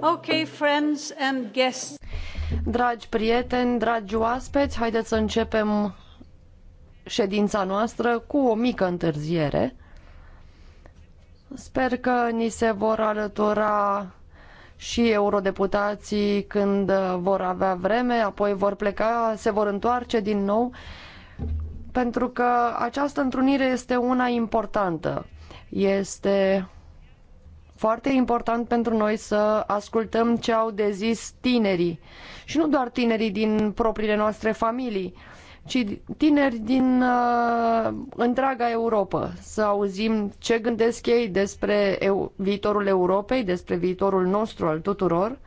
Okay, friends and guests. Dragi prieteni, dragi oaspeți, haideți să începem ședința noastră cu o mică întârziere. Sper că ni se vor alătura și eurodeputații când vor avea vreme, apoi vor pleca, se vor întoarce din nou, pentru că această întrunire este una importantă. Este foarte important pentru noi să ascultăm ce au de zis tinerii. Și nu doar tinerii din propriile noastre familii, ci tineri din uh, întreaga Europa. Să auzim ce gândesc ei despre eu, viitorul Europei, despre viitorul nostru al tuturor.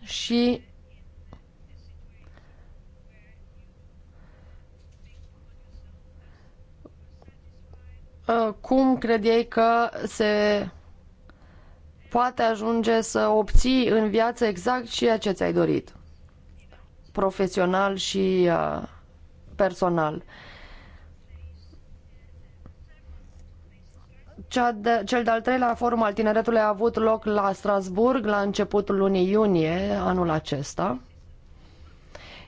Și Uh, cum cred ei că se poate ajunge să obții în viață exact ceea ce ți-ai dorit, profesional și uh, personal. cel de-al treilea forum al tineretului a avut loc la Strasbourg la începutul lunii iunie anul acesta.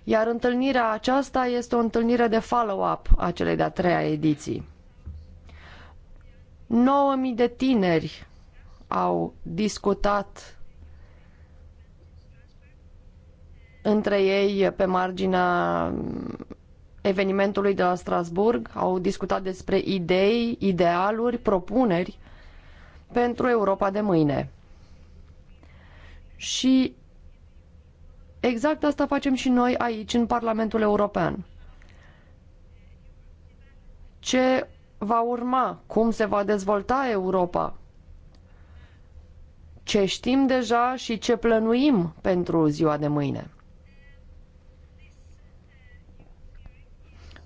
Iar întâlnirea aceasta este o întâlnire de follow-up a celei de-a treia ediții. 9.000 de tineri au discutat între ei pe marginea evenimentului de la Strasburg, au discutat despre idei, idealuri, propuneri pentru Europa de mâine. Și exact asta facem și noi aici, în Parlamentul European. Ce va urma, cum se va dezvolta Europa, ce știm deja și ce plănuim pentru ziua de mâine.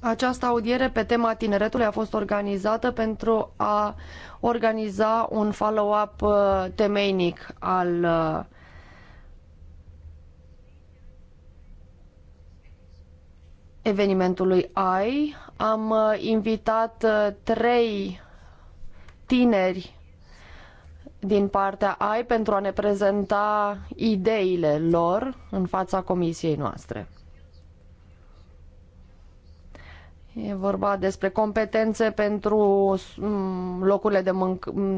Această audiere pe tema tineretului a fost organizată pentru a organiza un follow-up uh, temeinic al uh, evenimentului AI, am uh, invitat uh, trei tineri din partea AI pentru a ne prezenta ideile lor în fața comisiei noastre. E vorba despre competențe pentru mm, locurile de,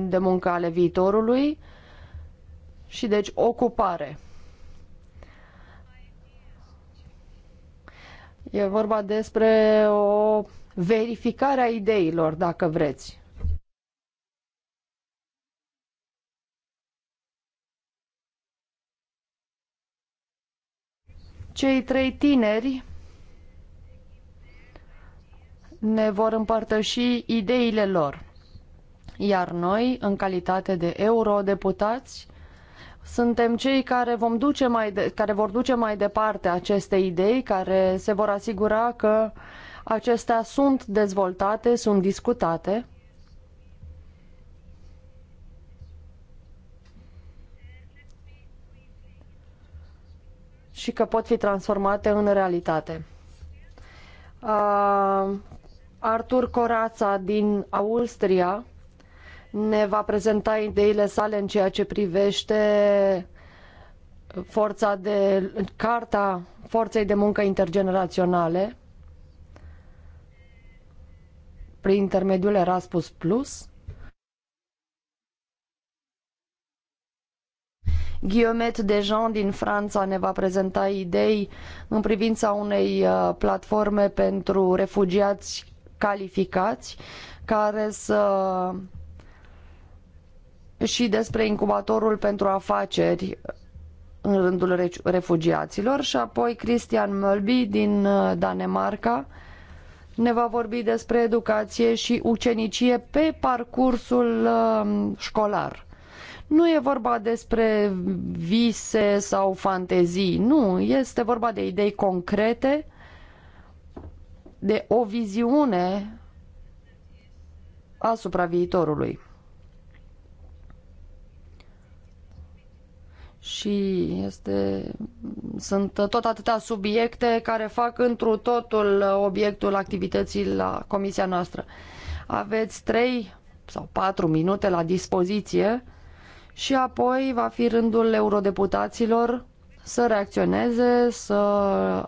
de muncă ale viitorului și deci ocupare. E vorba despre o verificare a ideilor, dacă vreți. Cei trei tineri ne vor împărtăși ideile lor, iar noi, în calitate de eurodeputați, suntem cei care, vom duce mai de, care vor duce mai departe aceste idei, care se vor asigura că acestea sunt dezvoltate, sunt discutate. și că pot fi transformate în realitate. Uh, Artur Corața din Austria ne va prezenta ideile sale în ceea ce privește forța de, carta forței de muncă intergeneraționale prin intermediul Erasmus Plus. Guillaumet Dejean din Franța ne va prezenta idei în privința unei uh, platforme pentru refugiați calificați care să și despre incubatorul pentru afaceri în rândul refugiaților și apoi Cristian Mölby din uh, Danemarca ne va vorbi despre educație și ucenicie pe parcursul uh, școlar. Nu e vorba despre vise sau fantezii, nu, este vorba de idei concrete, de o viziune asupra viitorului. și este, sunt tot atâtea subiecte care fac întru totul obiectul activității la comisia noastră. Aveți trei sau patru minute la dispoziție și apoi va fi rândul eurodeputaților să reacționeze, să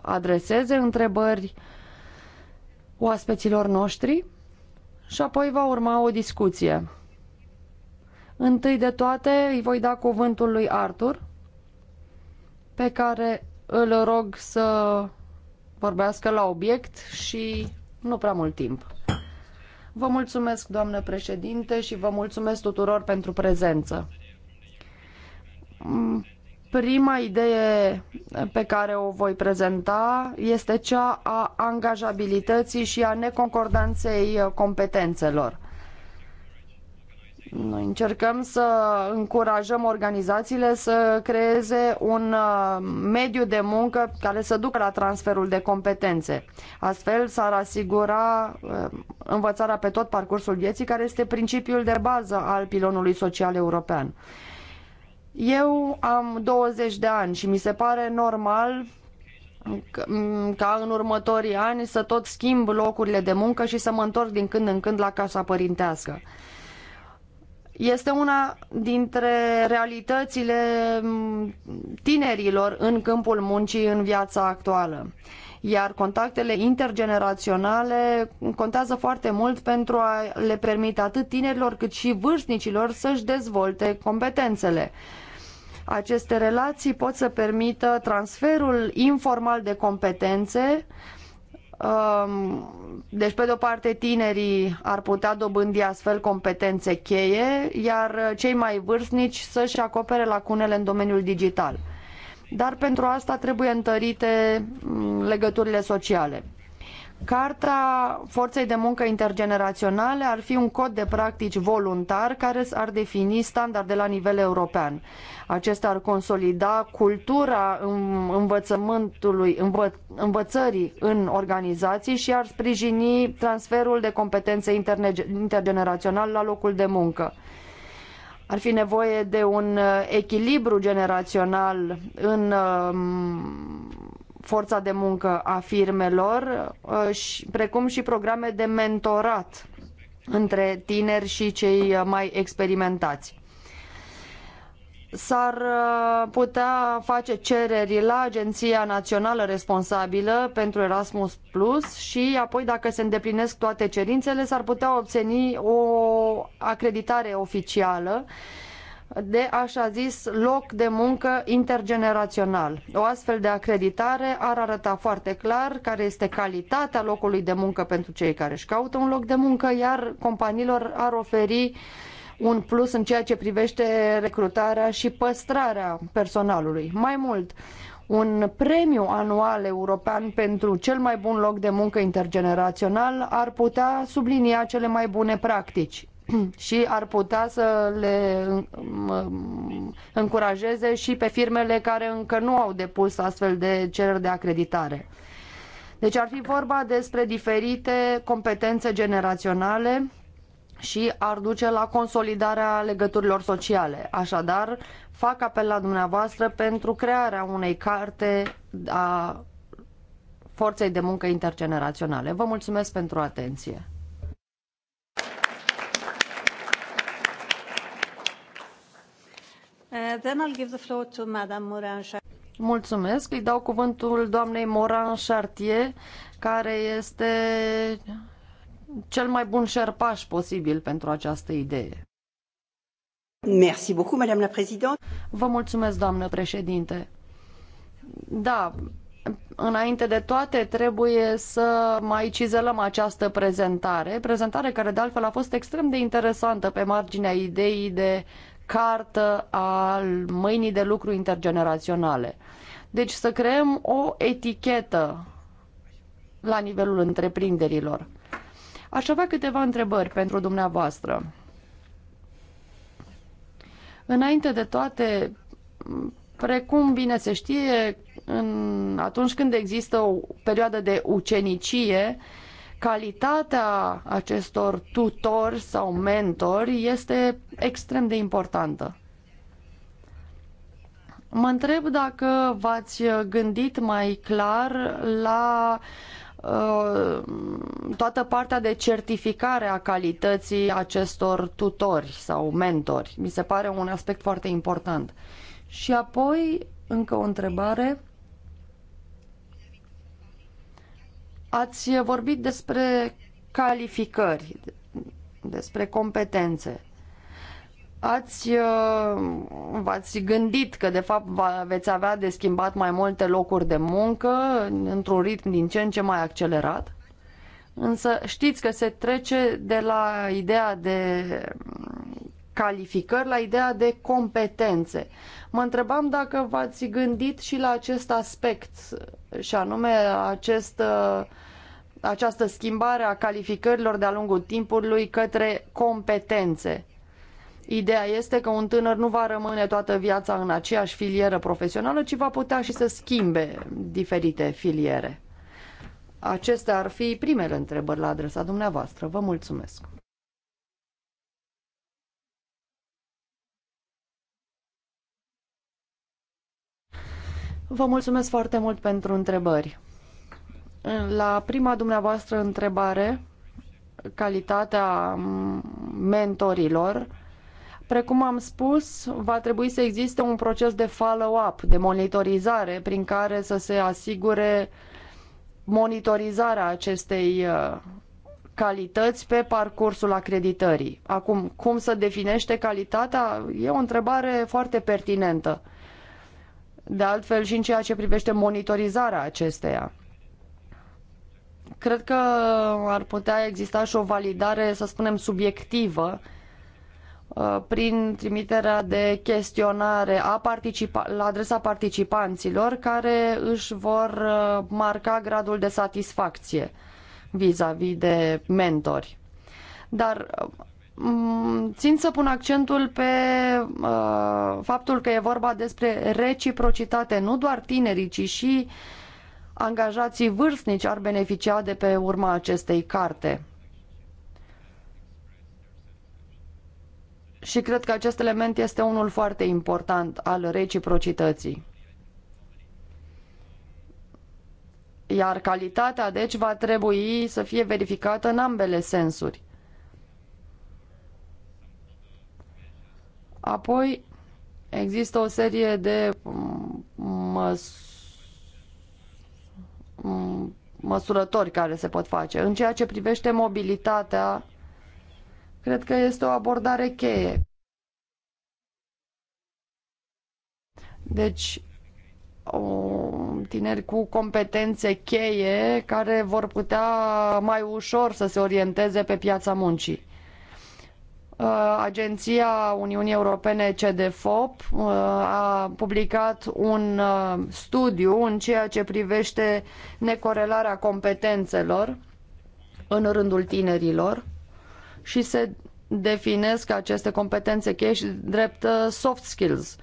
adreseze întrebări oaspeților noștri și apoi va urma o discuție. Întâi de toate îi voi da cuvântul lui Arthur pe care îl rog să vorbească la obiect și nu prea mult timp. Vă mulțumesc, doamnă președinte, și vă mulțumesc tuturor pentru prezență. Mm, prima idee pe care o voi prezenta este cea a angajabilității și a neconcordanței competențelor. Noi încercăm să încurajăm organizațiile să creeze un uh, mediu de muncă care să ducă la transferul de competențe. Astfel s-ar asigura uh, învățarea pe tot parcursul vieții, care este principiul de bază al pilonului social european. Eu am 20 de ani și mi se pare normal mm, ca în următorii ani să tot schimb locurile de muncă și să mă întorc din când în când la casa părintească este una dintre realitățile mm, tinerilor în câmpul muncii în viața actuală. Iar contactele intergeneraționale contează foarte mult pentru a le permite atât tinerilor cât și vârstnicilor să-și dezvolte competențele. Aceste relații pot să permită transferul informal de competențe, uh, Um, deci, pe de-o parte, tinerii ar putea dobândi astfel competențe cheie, iar cei mai vârstnici să-și acopere lacunele în domeniul digital. Dar pentru asta trebuie întărite um, legăturile sociale. Carta forței de muncă intergeneraționale ar fi un cod de practici voluntar care ar defini standarde la nivel european. Acesta ar consolida cultura învățământului, învă, învățării în organizații și ar sprijini transferul de competențe intergenerațional la locul de muncă. Ar fi nevoie de un echilibru generațional în um, forța de muncă a firmelor, uh, precum și programe de mentorat între tineri și cei uh, mai experimentați s-ar uh, putea face cereri la Agenția Națională Responsabilă pentru Erasmus Plus și apoi dacă se îndeplinesc toate cerințele s-ar putea obține o acreditare oficială uh, de așa zis loc de muncă intergenerațional. O astfel de acreditare ar arăta foarte clar care este calitatea locului de muncă pentru cei care își caută un loc de muncă, iar companiilor ar oferi un plus în ceea ce privește recrutarea și păstrarea personalului. Mai mult, un premiu anual european pentru cel mai bun loc de muncă intergenerațional ar putea sublinia cele mai bune practici și ar putea să le încurajeze și pe firmele care încă nu au depus astfel de cereri de acreditare. Deci ar fi vorba despre diferite competențe generaționale și ar duce la consolidarea legăturilor sociale. Așadar, fac apel la dumneavoastră pentru crearea unei carte a forței de muncă intergeneraționale. Vă mulțumesc pentru atenție. Uh, then I'll give the floor to Madame Mulțumesc. Îi dau cuvântul doamnei Moran Chartier, care este cel mai bun șerpaș posibil pentru această idee. Merci beaucoup, Madame la Présidente. Vă mulțumesc, doamnă președinte. Da, înainte de toate trebuie să mai cizelăm această prezentare, prezentare care de altfel a fost extrem de interesantă pe marginea ideii de cartă al mâinii de lucru intergeneraționale. Deci să creăm o etichetă la nivelul întreprinderilor. Aș avea câteva întrebări pentru dumneavoastră. Înainte de toate, precum bine se știe, în, atunci când există o perioadă de ucenicie, Calitatea acestor tutori sau mentori este extrem de importantă. Mă întreb dacă v-ați gândit mai clar la uh, toată partea de certificare a calității acestor tutori sau mentori. Mi se pare un aspect foarte important. Și apoi, încă o întrebare. Ați vorbit despre calificări, despre competențe. Ați, uh, v-ați gândit că de fapt veți avea de schimbat mai multe locuri de muncă într-un ritm din ce în ce mai accelerat? Însă știți că se trece de la ideea de calificări, la ideea de competențe. Mă întrebam dacă v-ați gândit și la acest aspect, și anume acest, această schimbare a calificărilor de-a lungul timpului către competențe. Ideea este că un tânăr nu va rămâne toată viața în aceeași filieră profesională, ci va putea și să schimbe diferite filiere. Acestea ar fi primele întrebări la adresa dumneavoastră. Vă mulțumesc. Vă mulțumesc foarte mult pentru întrebări. La prima dumneavoastră întrebare, calitatea mentorilor, precum am spus, va trebui să existe un proces de follow-up, de monitorizare, prin care să se asigure monitorizarea acestei uh, calități pe parcursul acreditării. Acum, cum să definește calitatea? E o întrebare foarte pertinentă de altfel și în ceea ce privește monitorizarea acesteia. Cred că ar putea exista și o validare, să spunem, subiectivă uh, prin trimiterea de chestionare a participa- la adresa participanților care își vor uh, marca gradul de satisfacție vis-a-vis -vis de mentori. Dar uh, Mm, țin să pun accentul pe uh, faptul că e vorba despre reciprocitate. Nu doar tinerii, ci și angajații vârstnici ar beneficia de pe urma acestei carte. Și cred că acest element este unul foarte important al reciprocității. Iar calitatea, deci, va trebui să fie verificată în ambele sensuri. Apoi există o serie de mm, măs mm, măsurători care se pot face. În ceea ce privește mobilitatea, cred că este o abordare cheie. Deci, tineri cu competențe cheie care vor putea mai ușor să se orienteze pe piața muncii. Uh, Agenția Uniunii Europene CDFOP uh, a publicat un uh, studiu în ceea ce privește necorelarea competențelor în rândul tinerilor și se definesc aceste competențe cheie și drept soft skills.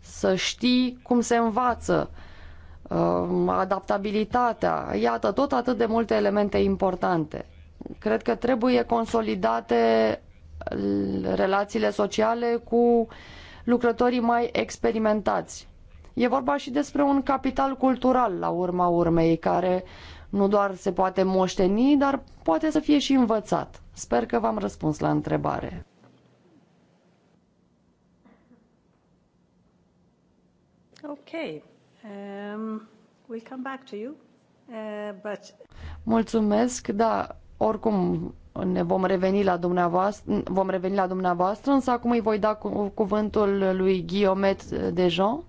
Să știi cum se învață, um, adaptabilitatea, iată, tot atât de multe elemente importante. Cred că trebuie consolidate relațiile sociale cu lucrătorii mai experimentați. E vorba și despre un capital cultural, la urma urmei, care nu doar se poate moșteni, dar poate să fie și învățat. Sper că v-am răspuns la întrebare. Um, we'll come back to you. Uh, but... Mulțumesc, da, oricum ne vom reveni la dumneavoastră, vom reveni la dumneavoastră însă acum îi voi da cu, cuvântul lui Guillaumet Dejean.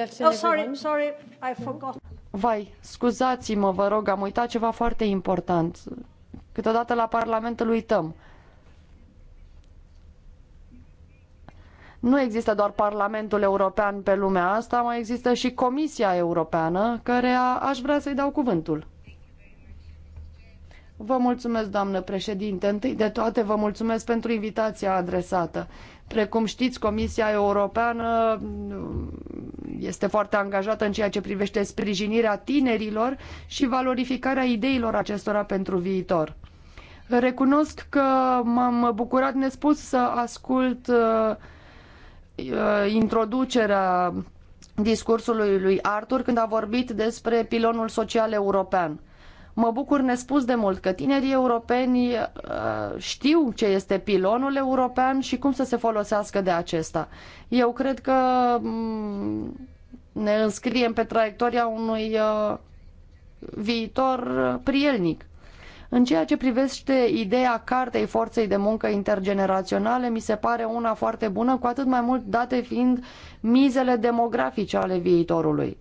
Oh, sorry, sorry, I forgot. Vai, scuzați-mă, vă rog, am uitat ceva foarte important. Câteodată la Parlament îl uităm. Nu există doar Parlamentul European pe lumea asta, mai există și Comisia Europeană, care aș vrea să-i dau cuvântul. Vă mulțumesc, doamnă președinte. Întâi de toate, vă mulțumesc pentru invitația adresată. Precum știți, Comisia Europeană mm, este foarte angajată în ceea ce privește sprijinirea tinerilor și valorificarea ideilor acestora pentru viitor. Recunosc că m-am bucurat nespus să ascult uh, uh, introducerea discursului lui Arthur când a vorbit despre pilonul social european. Mă bucur nespus de mult că tinerii europeni uh, știu ce este pilonul european și cum să se folosească de acesta. Eu cred că mm, ne înscriem pe traiectoria unui uh, viitor uh, prielnic. În ceea ce privește ideea cartei forței de muncă intergeneraționale, mi se pare una foarte bună, cu atât mai mult date fiind mizele demografice ale viitorului.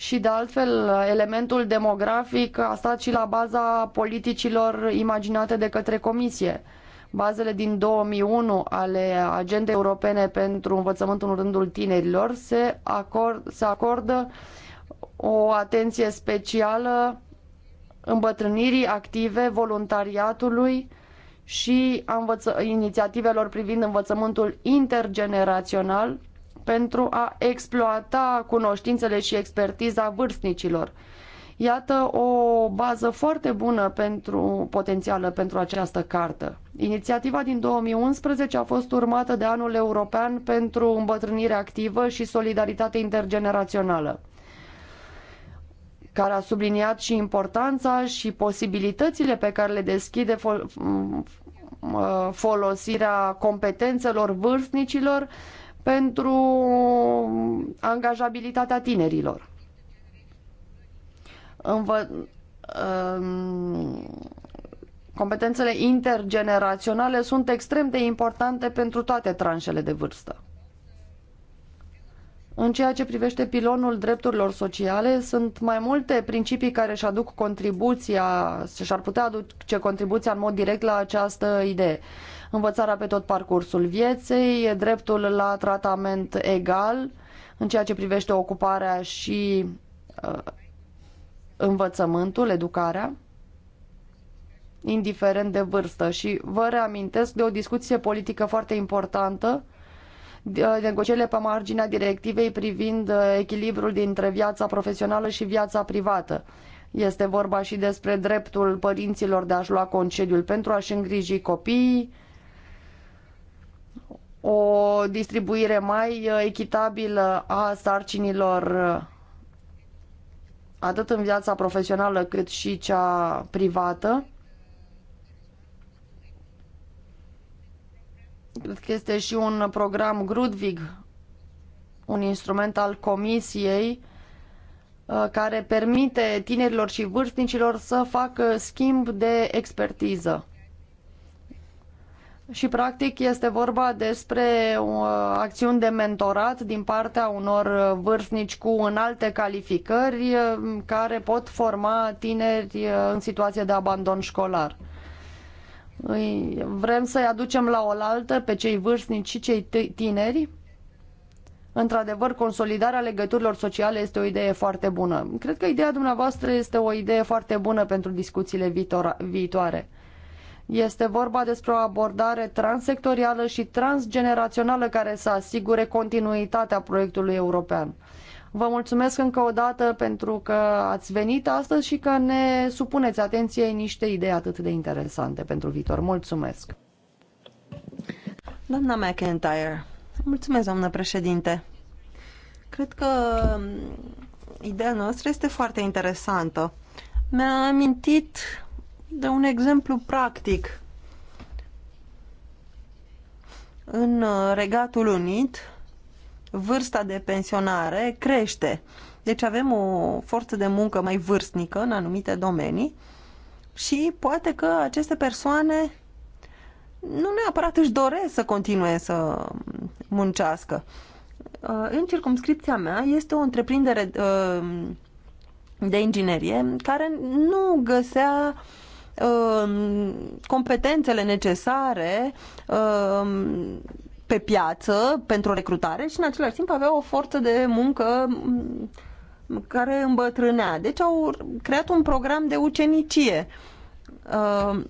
și de altfel elementul demografic a stat și la baza politicilor imaginate de către Comisie. Bazele din 2001 ale Agendei Europene pentru Învățământul în rândul tinerilor se, acord, se acordă o atenție specială îmbătrânirii active, voluntariatului și a inițiativelor privind învățământul intergenerațional pentru a exploata cunoștințele și expertiza vârstnicilor. Iată o bază foarte bună pentru, potențială pentru această cartă. Inițiativa din 2011 a fost urmată de anul european pentru îmbătrânire activă și solidaritate intergenerațională care a subliniat și importanța și posibilitățile pe care le deschide fol folosirea competențelor vârstnicilor pentru angajabilitatea tinerilor. Învă, competențele intergeneraționale sunt extrem de importante pentru toate tranșele de vârstă. În ceea ce privește pilonul drepturilor sociale, sunt mai multe principii care își aduc contribuția, și ar putea aduce contribuția în mod direct la această idee. Învățarea pe tot parcursul vieței, dreptul la tratament egal, în ceea ce privește ocuparea și uh, învățământul, educarea, indiferent de vârstă. Și vă reamintesc de o discuție politică foarte importantă negocierile pe marginea directivei privind uh, echilibrul dintre viața profesională și viața privată. Este vorba și despre dreptul părinților de a-și lua concediul pentru a-și îngriji copiii, o distribuire mai uh, echitabilă a sarcinilor uh, atât în viața profesională cât și cea privată Cred că este și un program Grudvig, un instrument al comisiei uh, care permite tinerilor și vârstnicilor să facă schimb de expertiză. Și practic este vorba despre o acțiuni de mentorat din partea unor vârstnici cu înalte calificări uh, care pot forma tineri uh, în situație de abandon școlar. Îi, vrem să-i aducem la oaltă pe cei vârstnici și cei tineri? Într-adevăr, consolidarea legăturilor sociale este o idee foarte bună. Cred că ideea dumneavoastră este o idee foarte bună pentru discuțiile viitoare. Este vorba despre o abordare transsectorială și transgenerațională care să asigure continuitatea proiectului european. Vă mulțumesc încă o dată pentru că ați venit astăzi și că ne supuneți atenției niște idei atât de interesante pentru viitor. Mulțumesc! Doamna McIntyre, mulțumesc, doamnă președinte. Cred că um, ideea noastră este foarte interesantă. Mi-a amintit de un exemplu practic. În uh, Regatul Unit, vârsta de pensionare crește. Deci avem o forță de muncă mai vârstnică în anumite domenii și poate că aceste persoane nu neapărat își doresc să continue să muncească. Uh, în circumscripția mea este o întreprindere uh, de inginerie care nu găsea uh, competențele necesare pe piață pentru recrutare și în același timp avea o forță de muncă mm, care îmbătrânea. Deci au creat un program de ucenicie. Uh,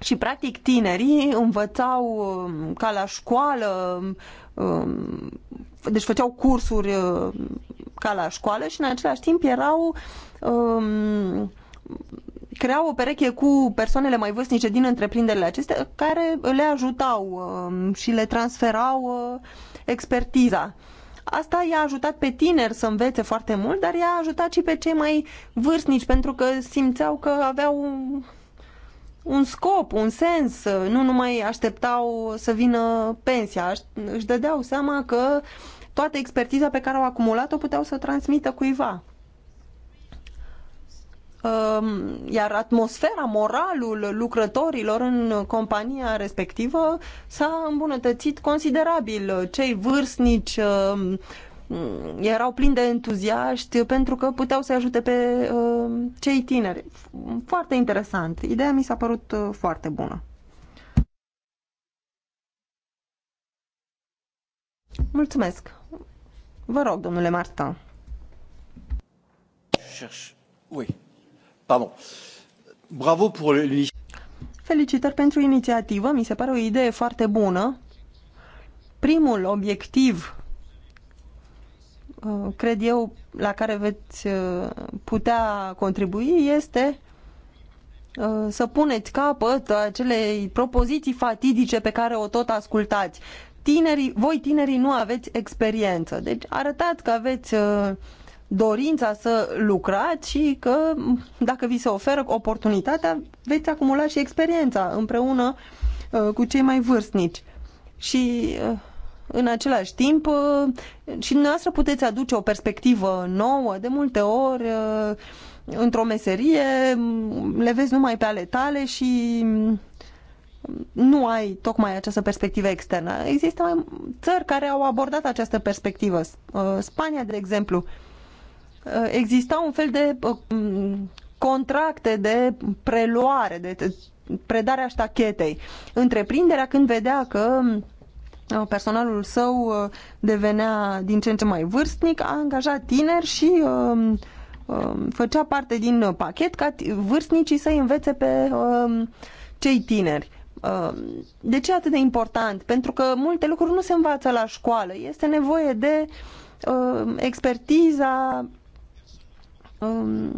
și practic tinerii învățau um, ca la școală, um, deci făceau cursuri uh, ca la școală și în același timp erau um, creau o pereche cu persoanele mai vârstnice din întreprinderile acestea care le ajutau um, și le transferau uh, expertiza. Asta i-a ajutat pe tineri să învețe foarte mult, dar i-a ajutat și pe cei mai vârstnici pentru că simțeau că aveau un, un scop, un sens, uh, nu numai așteptau să vină pensia, își dădeau seama că toată expertiza pe care au acumulat-o puteau să o transmită cuiva. Um, iar atmosfera, moralul lucrătorilor în compania respectivă s-a îmbunătățit considerabil. Cei vârstnici um, erau plini de entuziaști pentru că puteau să ajute pe um, cei tineri. Foarte interesant. Ideea mi s-a părut uh, foarte bună. Mulțumesc. Vă rog, domnule Marta. Cherche. Oui. Pardon. Bravo pour Felicitări pentru inițiativă, mi se pare o idee foarte bună. Primul obiectiv, uh, cred eu, la care veți uh, putea contribui este uh, să puneți capăt acelei propoziții fatidice pe care o tot ascultați. Tinerii, voi tinerii nu aveți experiență, deci arătați că aveți dorința să lucrați și că dacă vi se oferă oportunitatea, veți acumula și experiența împreună uh, cu cei mai vârstnici. Și uh, în același timp uh, și dumneavoastră puteți aduce o perspectivă nouă, de multe ori într-o meserie mm, le vezi numai pe ale tale și mm, nu ai tocmai această perspectivă externă. Există mai țări care au abordat această perspectivă. Spania, de exemplu, Uh, exista un fel de uh, mm, contracte de preluare, de predarea ștachetei. Întreprinderea când vedea că uh, personalul său devenea din ce în ce mai vârstnic, a angajat tineri și făcea parte din pachet ca vârstnicii să-i învețe pe cei tineri. De ce atât de important? Pentru că multe lucruri nu se învață la școală. Este nevoie de expertiza Um,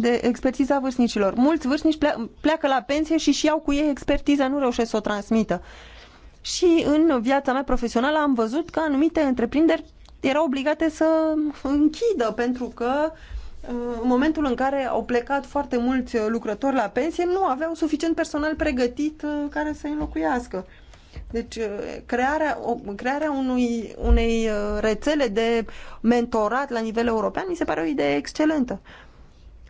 de expertiza vârstnicilor. Mulți vârstnici pleacă la pensie și și iau cu ei expertiza, nu reușesc să o transmită. Și în viața mea profesională am văzut că anumite întreprinderi erau obligate să închidă pentru că uh, în momentul în care au plecat foarte mulți lucrători la pensie, nu aveau suficient personal pregătit uh, care să înlocuiască. Deci, uh, crearea, o, crearea unui, unei uh, rețele de mentorat la nivel european mi se pare o idee excelentă.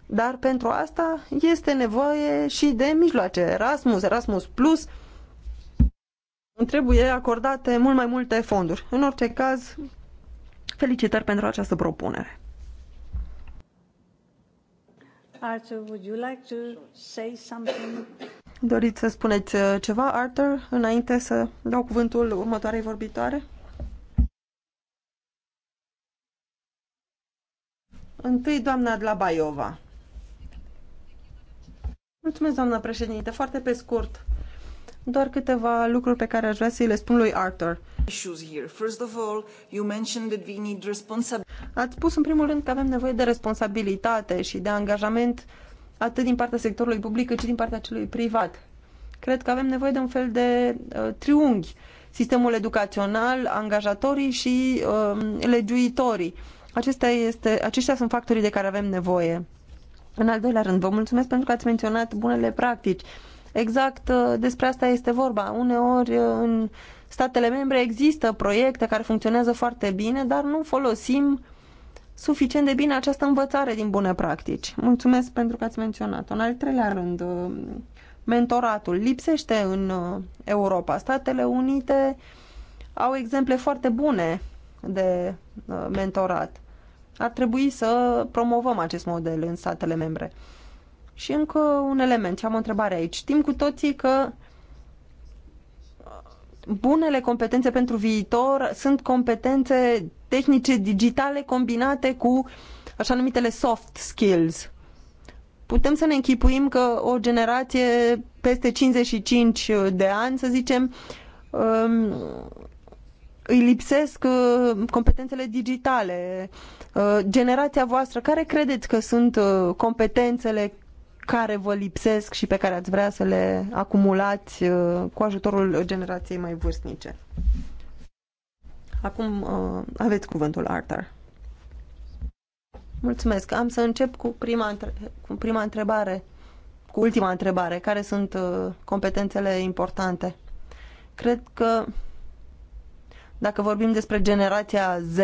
Dar pentru asta este nevoie și de mijloace. Erasmus, Erasmus Plus, trebuie acordate mult mai multe fonduri. În orice caz, felicitări pentru această propunere. Arthur, would you like to say something Doriți să spuneți uh, ceva, Arthur, înainte să dau cuvântul următoarei vorbitoare? Întâi, doamna Dlabaiova. Mulțumesc, doamna președinte. Foarte pe scurt. Doar câteva lucruri pe care aș vrea să le spun lui Arthur. Ați spus în primul rând că avem nevoie de responsabilitate și de angajament uh, atât din partea sectorului public, cât și din partea celui privat. Cred că avem nevoie de un fel de uh, triunghi, sistemul educațional, angajatorii și uh, legiuitorii. Acestea, este, aceștia sunt factorii de care avem nevoie. În al doilea rând, vă mulțumesc pentru că ați menționat bunele practici. Exact uh, despre asta este vorba. Uneori uh, în statele membre există proiecte care funcționează foarte bine, dar nu folosim suficient de bine această învățare din bune practici. Mulțumesc pentru că ați menționat-o. În al treilea rând, mentoratul lipsește în uh, Europa. Statele Unite au exemple foarte bune de uh, mentorat. Ar trebui să promovăm acest model în statele membre. Și încă un element, am o întrebare aici. Știm cu toții că bunele competențe pentru viitor sunt competențe tehnice digitale combinate cu așa numitele soft skills. Putem să ne închipuim că o generație peste 55 de ani, să zicem, um, îi lipsesc uh, competențele digitale. Uh, generația voastră, care credeți că sunt uh, competențele care vă lipsesc și pe care ați vrea să le acumulați uh, cu ajutorul generației mai vârstnice. Acum uh, aveți cuvântul, Arthur. Mulțumesc. Am să încep cu prima, cu prima întrebare, cu ultima întrebare. Care sunt uh, competențele importante? Cred că dacă vorbim despre generația Z,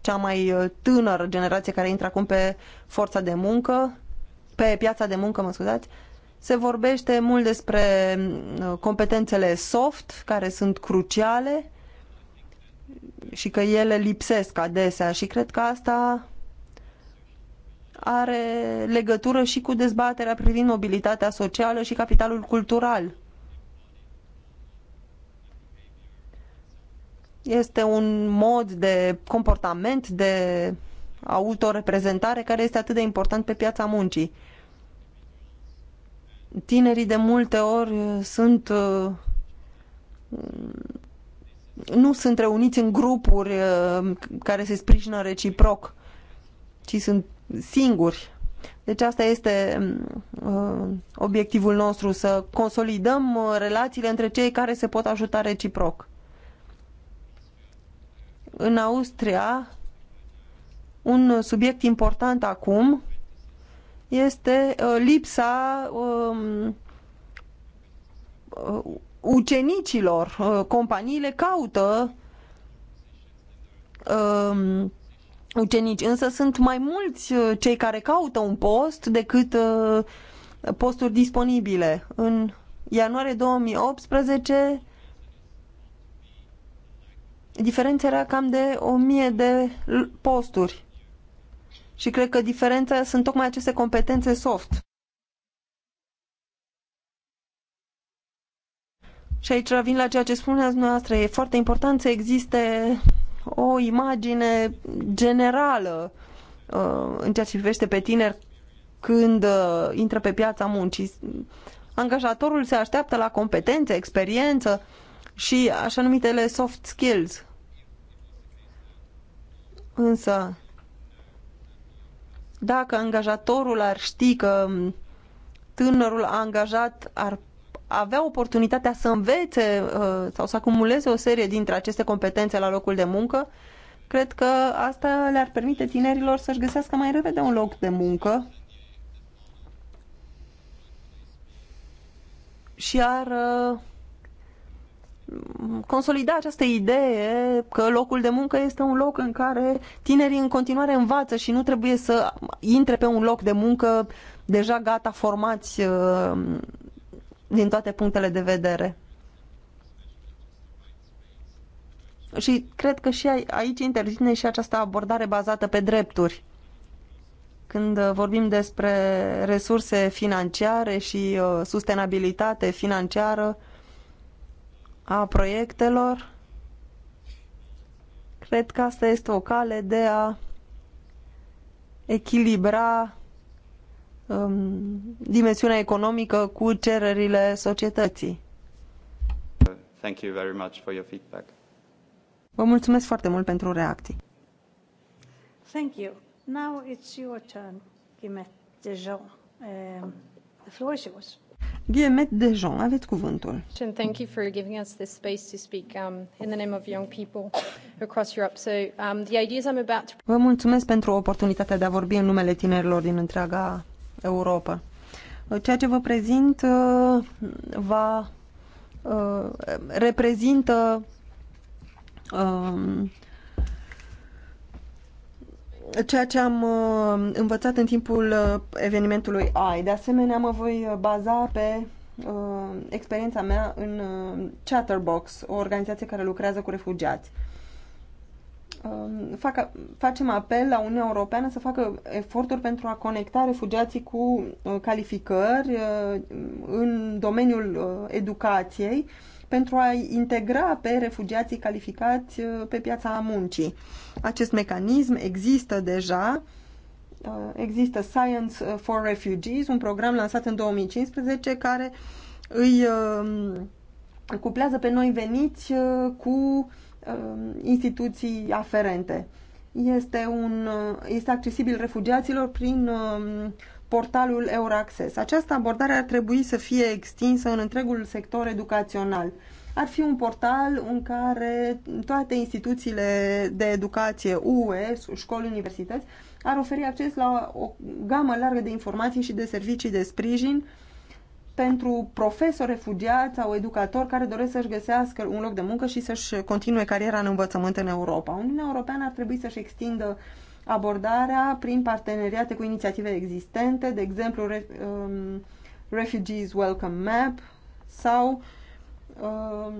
cea mai tânără generație care intră acum pe forța de muncă, pe piața de muncă, mă scuzați, se vorbește mult despre uh, competențele soft, care sunt cruciale și că ele lipsesc adesea și cred că asta are legătură și cu dezbaterea privind mobilitatea socială și capitalul cultural. Este un mod de comportament, de autoreprezentare care este atât de important pe piața muncii tinerii de multe ori uh, sunt uh, nu sunt reuniți în grupuri uh, care se sprijină reciproc, ci sunt singuri. Deci asta este mm, obiectivul nostru, să consolidăm relațiile între cei care se pot ajuta reciproc. În Austria, un subiect important acum este uh, lipsa um, uh, ucenicilor. Uh, companiile caută um, ucenici, însă sunt mai mulți cei care caută un post decât posturi disponibile. În ianuarie 2018 diferența era cam de 1000 de posturi. Și cred că diferența sunt tocmai aceste competențe soft. Și aici revin la ceea ce spuneați noastră. E foarte important să existe o imagine generală uh, în ceea ce privește pe tineri când uh, intră pe piața muncii. Angajatorul se așteaptă la competențe, experiență și așa numitele soft skills. Însă, dacă angajatorul ar ști că tânărul angajat ar avea oportunitatea să învețe uh, sau să acumuleze o serie dintre aceste competențe la locul de muncă, cred că asta le-ar permite tinerilor să-și găsească mai repede un loc de muncă și ar uh, consolida această idee că locul de muncă este un loc în care tinerii în continuare învață și nu trebuie să intre pe un loc de muncă deja gata, formați uh, din toate punctele de vedere. Și cred că și aici intervine și această abordare bazată pe drepturi. Când uh, vorbim despre resurse financiare și uh, sustenabilitate financiară, a proiectelor. Cred că asta este o cale de a echilibra um, dimensiunea economică cu cererile societății. Thank you very much for your feedback. Vă mulțumesc foarte mult pentru reacții. Thank you. Now it's your turn, Guillemette Dejean. Um, the floor is yours. Guillemette Dejean, aveți cuvântul. And thank you for giving us this space to speak um, in the name of young people across Europe. So um, the ideas I'm about to... Vă mulțumesc pentru oportunitatea de a vorbi în numele tinerilor din întreaga Europa. Ceea ce vă prezint uh, va uh, reprezintă uh, ceea ce am uh, învățat în timpul uh, evenimentului AI. De asemenea, mă voi uh, baza pe experiența mea în Chatterbox, o organizație care lucrează cu refugiați. Um, fac, facem apel la Uniunea Europeană să facă eforturi pentru a conecta refugiații cu calificări în domeniul educației pentru a integra pe refugiații calificați uh, pe piața muncii. Acest mecanism există deja, uh, există Science uh, for Refugees, un program lansat în 2015 care îi cuplează pe noi veniți cu instituții aferente. Este, un, este accesibil refugiaților prin portalul Euraccess. Această abordare ar trebui să fie extinsă în întregul sector educațional. Ar fi un portal în care toate instituțiile de educație UE, școli, universități, ar oferi acces la o gamă largă de informații și de servicii de sprijin pentru profesori refugiați sau educatori care doresc să-și găsească un loc de muncă și să-și continue cariera în învățământ în Europa. Uniunea Europeană ar trebui să-și extindă uh, abordarea prin parteneriate cu inițiative existente, de exemplu Re um, Refugees Welcome Map sau um,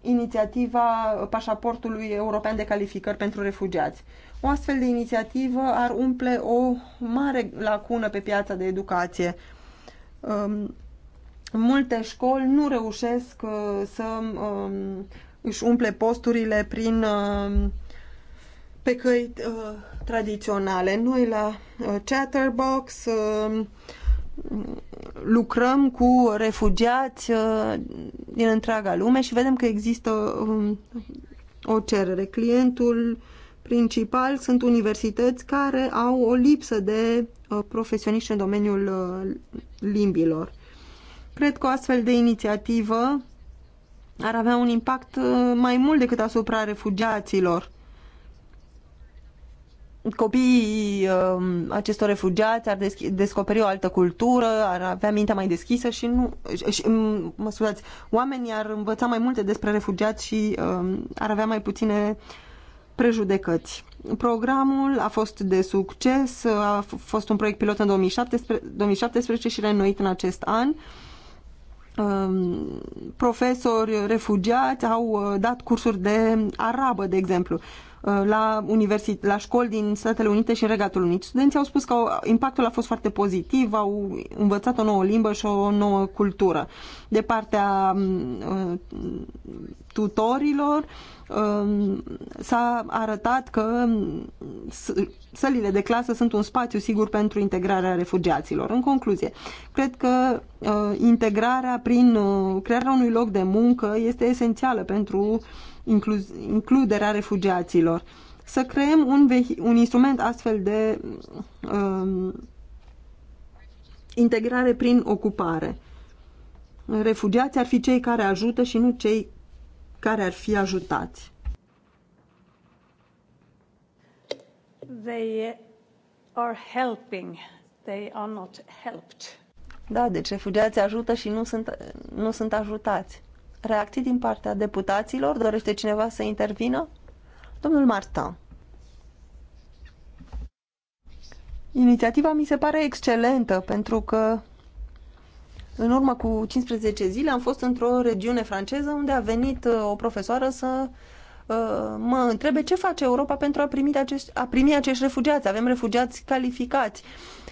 inițiativa pașaportului european de calificări pentru refugiați. O astfel de inițiativă ar umple o mare lacună pe piața de educație. Um, multe școli nu reușesc uh, să um, își umple posturile prin uh, pe căi uh, tradiționale. Noi la uh, Chatterbox uh, lucrăm cu refugiați uh, din întreaga lume și vedem că există um, o cerere. Clientul principal sunt universități care au o lipsă de uh, profesioniști în domeniul uh, limbilor. Cred că o astfel de inițiativă ar avea un impact uh, mai mult decât asupra refugiaților copiii um, acestor refugiați ar descoperi o altă cultură, ar avea mintea mai deschisă și nu... Și, mă scuzați, oamenii ar învăța mai multe despre refugiați și um, ar avea mai puține prejudecăți. Programul a fost de succes, a fost un proiect pilot în 2017, 2017 și reînnoit în acest an. Um, profesori refugiați au uh, dat cursuri de arabă, de exemplu. Uh, la, universit- la școli din Statele Unite și în Regatul Unit. Studenții au spus că impactul a fost foarte pozitiv, au învățat o nouă limbă și o nouă cultură. De partea um, uh, tutorilor um, s-a arătat că um, sălile de clasă sunt un spațiu sigur pentru integrarea refugiaților. În concluzie, cred că uh, integrarea prin crearea unui loc de muncă este esențială pentru includerea refugiaților. Să creăm un, un instrument astfel de uh, integrare prin ocupare. Refugiații ar fi cei care ajută și nu cei care ar fi ajutați. They are helping. They are not helped. Da, deci refugiații ajută și nu sunt, nu sunt ajutați reacții din partea deputaților? Dorește cineva să intervină? Domnul Martin. Inițiativa mi se pare excelentă pentru că în urmă cu 15 zile am fost într-o regiune franceză unde a venit uh, o profesoară să uh, mă întrebe ce face Europa pentru a primi, acești, a primi acești refugiați. Avem refugiați calificați.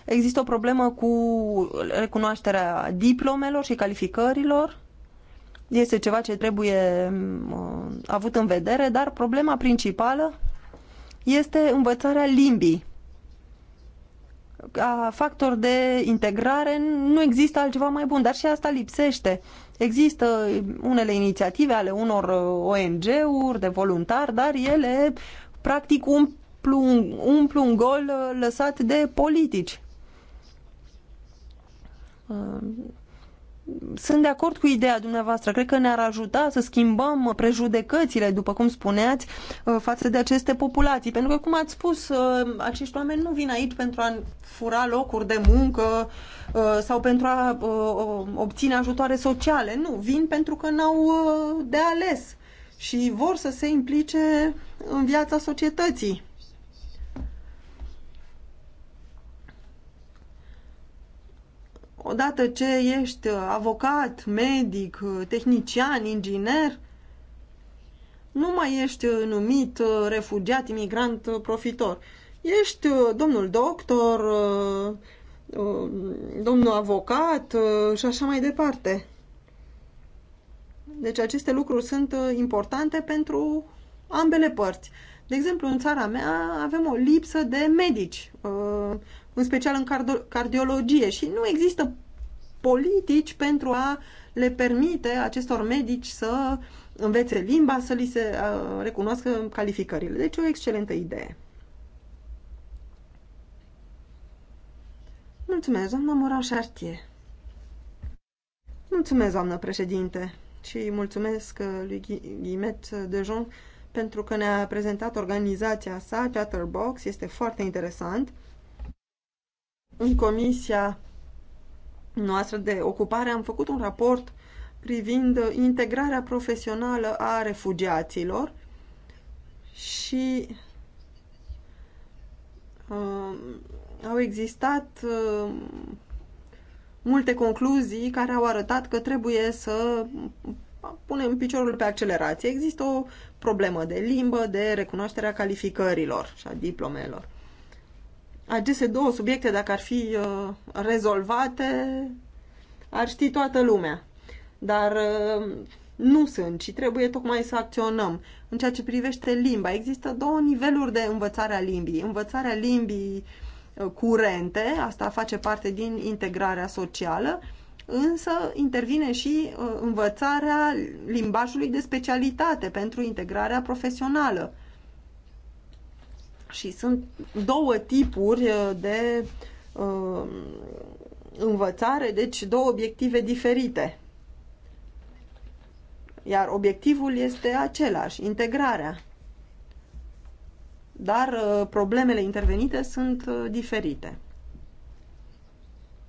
Există o problemă cu recunoașterea diplomelor și calificărilor este ceva ce trebuie mm, uh, avut în vedere, dar problema principală este învățarea limbii. Ca factor de integrare nu există altceva mai bun, dar și asta lipsește. Există mm, unele inițiative ale unor uh, ONG-uri de voluntari, dar ele practic umplu, umplu un gol uh, lăsat de politici sunt de acord cu ideea dumneavoastră. Cred că ne-ar ajuta să schimbăm prejudecățile, după cum spuneați, uh, față de aceste populații. Pentru că, cum ați spus, uh, acești oameni nu vin aici pentru a fura locuri de muncă uh, sau pentru a obține ajutoare sociale. Nu, vin pentru că n-au de ales și vor să se implice în viața societății. odată ce ești uh, avocat, medic, uh, tehnician, inginer, nu mai ești uh, numit refugiat, imigrant, profitor. Ești domnul doctor, domnul avocat și așa mai departe. Deci aceste lucruri sunt importante pentru ambele părți. De exemplu, în țara mea avem o lipsă de medici, uh, în special în cardiologie și nu există politici pentru a le permite acestor medici să învețe limba, să li se uh, recunoască calificările. Deci o excelentă idee. Mulțumesc, doamna Moraș-Artie. Mulțumesc, doamnă președinte, și mulțumesc uh, lui Ghimet Dejon pentru că ne-a prezentat organizația sa, Chatterbox, este foarte interesant. În comisia noastră de ocupare am făcut un raport privind integrarea profesională a refugiaților și uh, au existat uh, multe concluzii care au arătat că trebuie să punem piciorul pe accelerație. Există o problemă de limbă, de recunoașterea calificărilor și a diplomelor. Aceste două subiecte, dacă ar fi uh, rezolvate, ar ști toată lumea. Dar uh, nu sunt și trebuie tocmai să acționăm. În ceea ce privește limba, există două niveluri de învățare a limbii. Învățarea limbii uh, curente, asta face parte din integrarea socială, însă intervine și uh, învățarea limbajului de specialitate pentru integrarea profesională. Și sunt două tipuri uh, de uh, învățare, deci două obiective diferite. Iar obiectivul este același, integrarea. Dar uh, problemele intervenite sunt uh, diferite.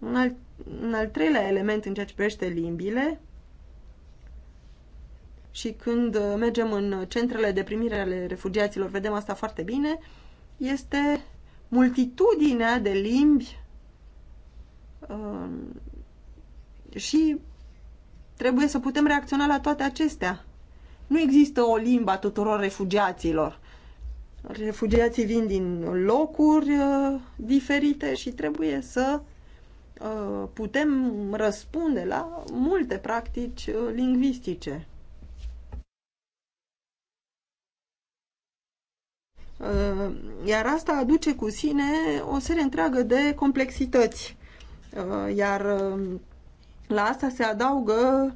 Un al, un al treilea element în ceea ce privește limbile și când uh, mergem în uh, centrele de primire ale refugiaților, vedem asta foarte bine, este multitudinea de limbi um, și trebuie să putem reacționa la toate acestea. Nu există o limbă a tuturor refugiaților. Refugiații vin din locuri uh, diferite și trebuie să Uh, putem răspunde la multe practici uh, lingvistice. Uh, iar asta aduce cu sine o serie întreagă de complexități. Iar la asta se adaugă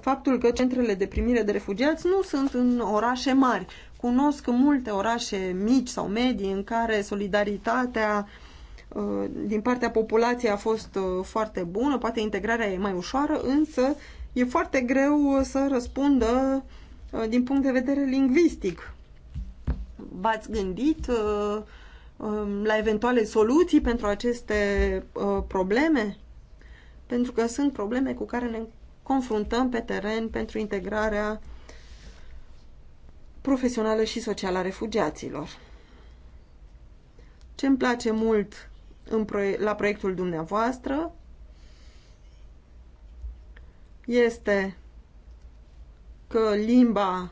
faptul că centrele de primire de refugiați nu sunt în orașe mari. Cunosc multe orașe mici sau medii în care solidaritatea uh, Uh, din partea populației a fost uh, foarte bună, poate integrarea e mai ușoară, însă e foarte greu să răspundă uh, din punct de vedere lingvistic. V-ați gândit um, la eventuale soluții pentru aceste probleme? Pentru că sunt probleme cu care ne confruntăm pe teren pentru integrarea profesională și socială a refugiaților. Ce îmi place mult în proie la proiectul dumneavoastră este că limba,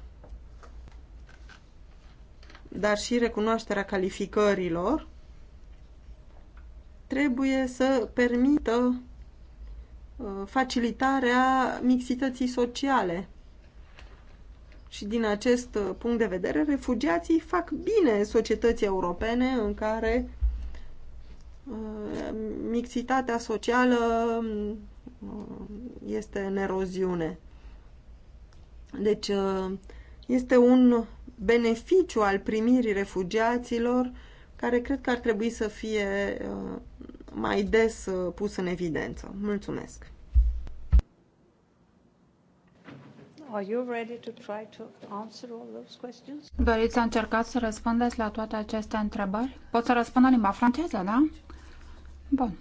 dar și recunoașterea calificărilor trebuie să permită uh, facilitarea mixității sociale. Și din acest uh, punct de vedere, refugiații fac bine societății europene în care Uh, mixitatea socială uh, este în eroziune. Deci uh, este un beneficiu al primirii refugiaților care cred că ar trebui să fie mai des pus în evidență. Mulțumesc! Are you ready to try to answer all those questions? Doriți să încercați să răspundeți la toate aceste întrebări? Pot să răspund în limba franceză, da? Bun.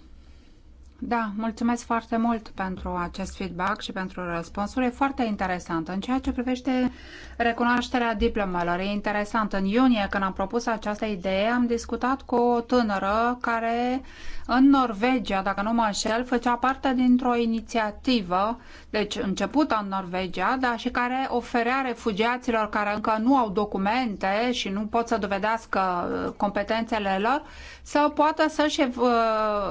Da, mulțumesc foarte mult pentru acest feedback și pentru răspunsul. E foarte interesant. În ceea ce privește recunoașterea diplomelor, e interesant. În iunie, când am propus această idee, am discutat cu o tânără care în Norvegia, dacă nu mă înșel, făcea parte dintr-o inițiativă, deci începută în Norvegia, dar și care oferea refugiaților care încă nu au documente și nu pot să dovedească uh, competențele lor, să poată să-și uh,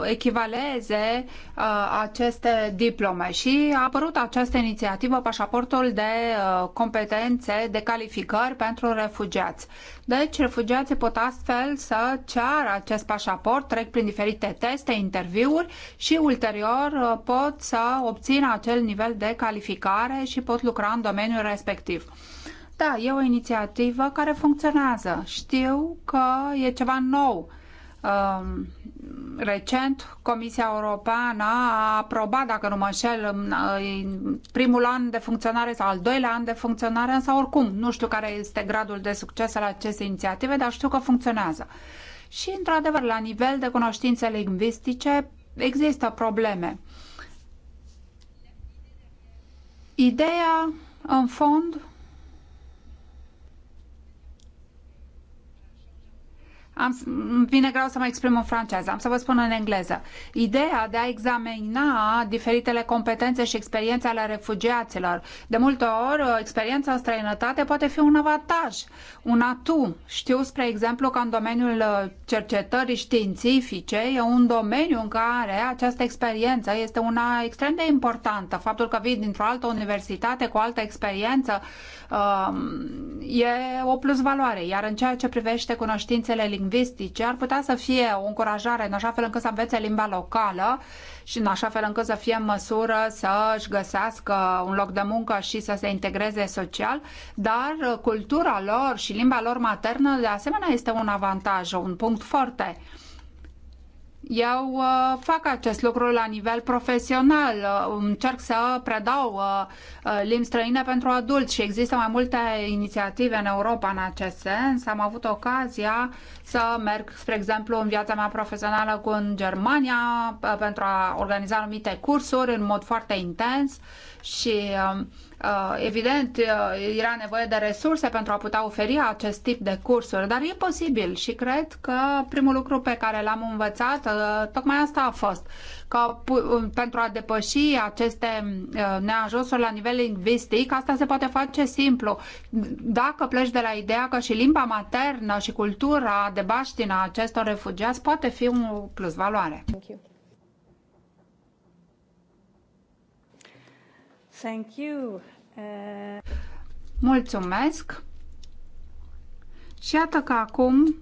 echivaleze uh, aceste diplome și a apărut această inițiativă, pașaportul de uh, competențe, de calificări pentru refugiați. Deci, refugiații pot astfel să ceară acest pașaport, trec prin diferite teste, interviuri și ulterior uh, pot să obțină acel nivel de calificare și pot lucra în domeniul respectiv. Da, e o inițiativă care funcționează. Știu că e ceva nou Um, recent, Comisia Europeană a aprobat, dacă nu mă înșel, uh, primul an de funcționare sau al doilea an de funcționare, însă oricum nu știu care este gradul de succes al acestei inițiative, dar știu că funcționează. Și, într-adevăr, la nivel de cunoștințe lingvistice există probleme. Ideea, în fond, am, îmi vine greu să mă exprim în franceză, am să vă spun în engleză. Ideea de a examina diferitele competențe și experiențe ale refugiaților. De multe ori, experiența în străinătate poate fi un avantaj, un atu. Știu, spre exemplu, că în domeniul uh, cercetării științifice e un domeniu în care această experiență este una extrem de importantă. Faptul că vii dintr-o altă universitate cu altă experiență um, e o plusvaloare. Iar în ceea ce privește cunoștințele lingvistice, lingvistice ar putea să fie o încurajare în așa fel încât să învețe limba locală și în așa fel încât să fie în măsură să își găsească un loc de muncă și să se integreze social, dar cultura lor și limba lor maternă de asemenea este un avantaj, un punct foarte. Eu uh, fac acest lucru la nivel profesional, uh, încerc să predau uh, uh, limbi străine pentru adulți și există mai multe inițiative în Europa în acest sens. Am avut ocazia să merg, spre exemplu, în viața mea profesională cu în Germania uh, pentru a organiza anumite cursuri în mod foarte intens și um, Uh, evident, uh, era nevoie de resurse pentru a putea oferi acest tip de cursuri, dar e posibil și cred că primul lucru pe care l-am învățat, uh, tocmai asta a fost, că pentru a depăși aceste neajunsuri la nivel lingvistic, asta se poate face simplu. Dacă pleci de la ideea că și limba maternă și cultura de baștină a acestor refugiați poate fi un plus valoare. Thank you. Thank you. Mulțumesc! Și iată că acum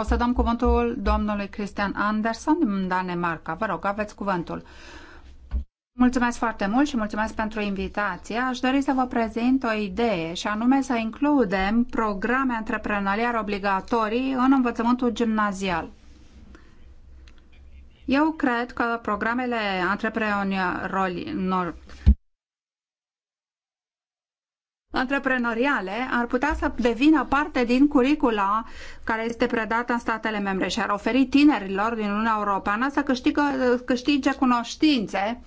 o să dăm cuvântul domnului Christian Anderson din Danemarca. Vă rog, aveți cuvântul. Mulțumesc foarte mult și mulțumesc pentru invitație. Aș dori să vă prezint o idee și anume să includem programe antreprenoriale obligatorii în învățământul gimnazial. Eu cred că programele antreprenoriale antreprenoriale ar putea să devină parte din curicula care este predată în statele membre și ar oferi tinerilor din Uniunea Europeană să câștigă, câștige cunoștințe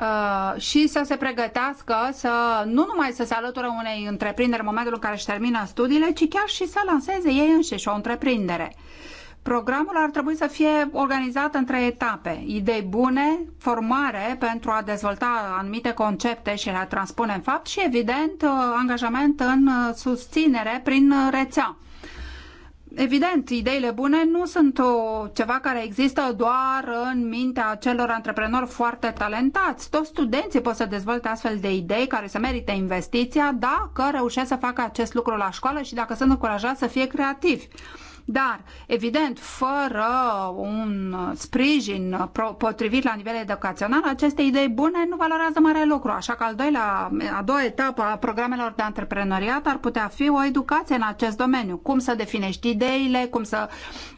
uh, și să se pregătească să nu numai să se alăture unei întreprinderi în momentul în care își termină studiile, ci chiar și să lanseze ei înșiși o întreprindere. Programul ar trebui să fie organizat în trei etape. Idei bune, formare pentru a dezvolta anumite concepte și a transpune în fapt și, evident, uh, angajament în uh, susținere prin uh, rețea. Evident, ideile bune nu sunt o, ceva care există doar în mintea celor antreprenori foarte talentați. Toți studenții pot să dezvolte astfel de idei care să merite investiția dacă reușesc să facă acest lucru la școală și dacă sunt încurajați să fie creativi. Dar, evident, fără un sprijin potrivit la nivel educațional, aceste idei bune nu valorează mare lucru. Așa că al doilea, a doua etapă a programelor de antreprenoriat ar putea fi o educație în acest domeniu. Cum să definești ideile, cum să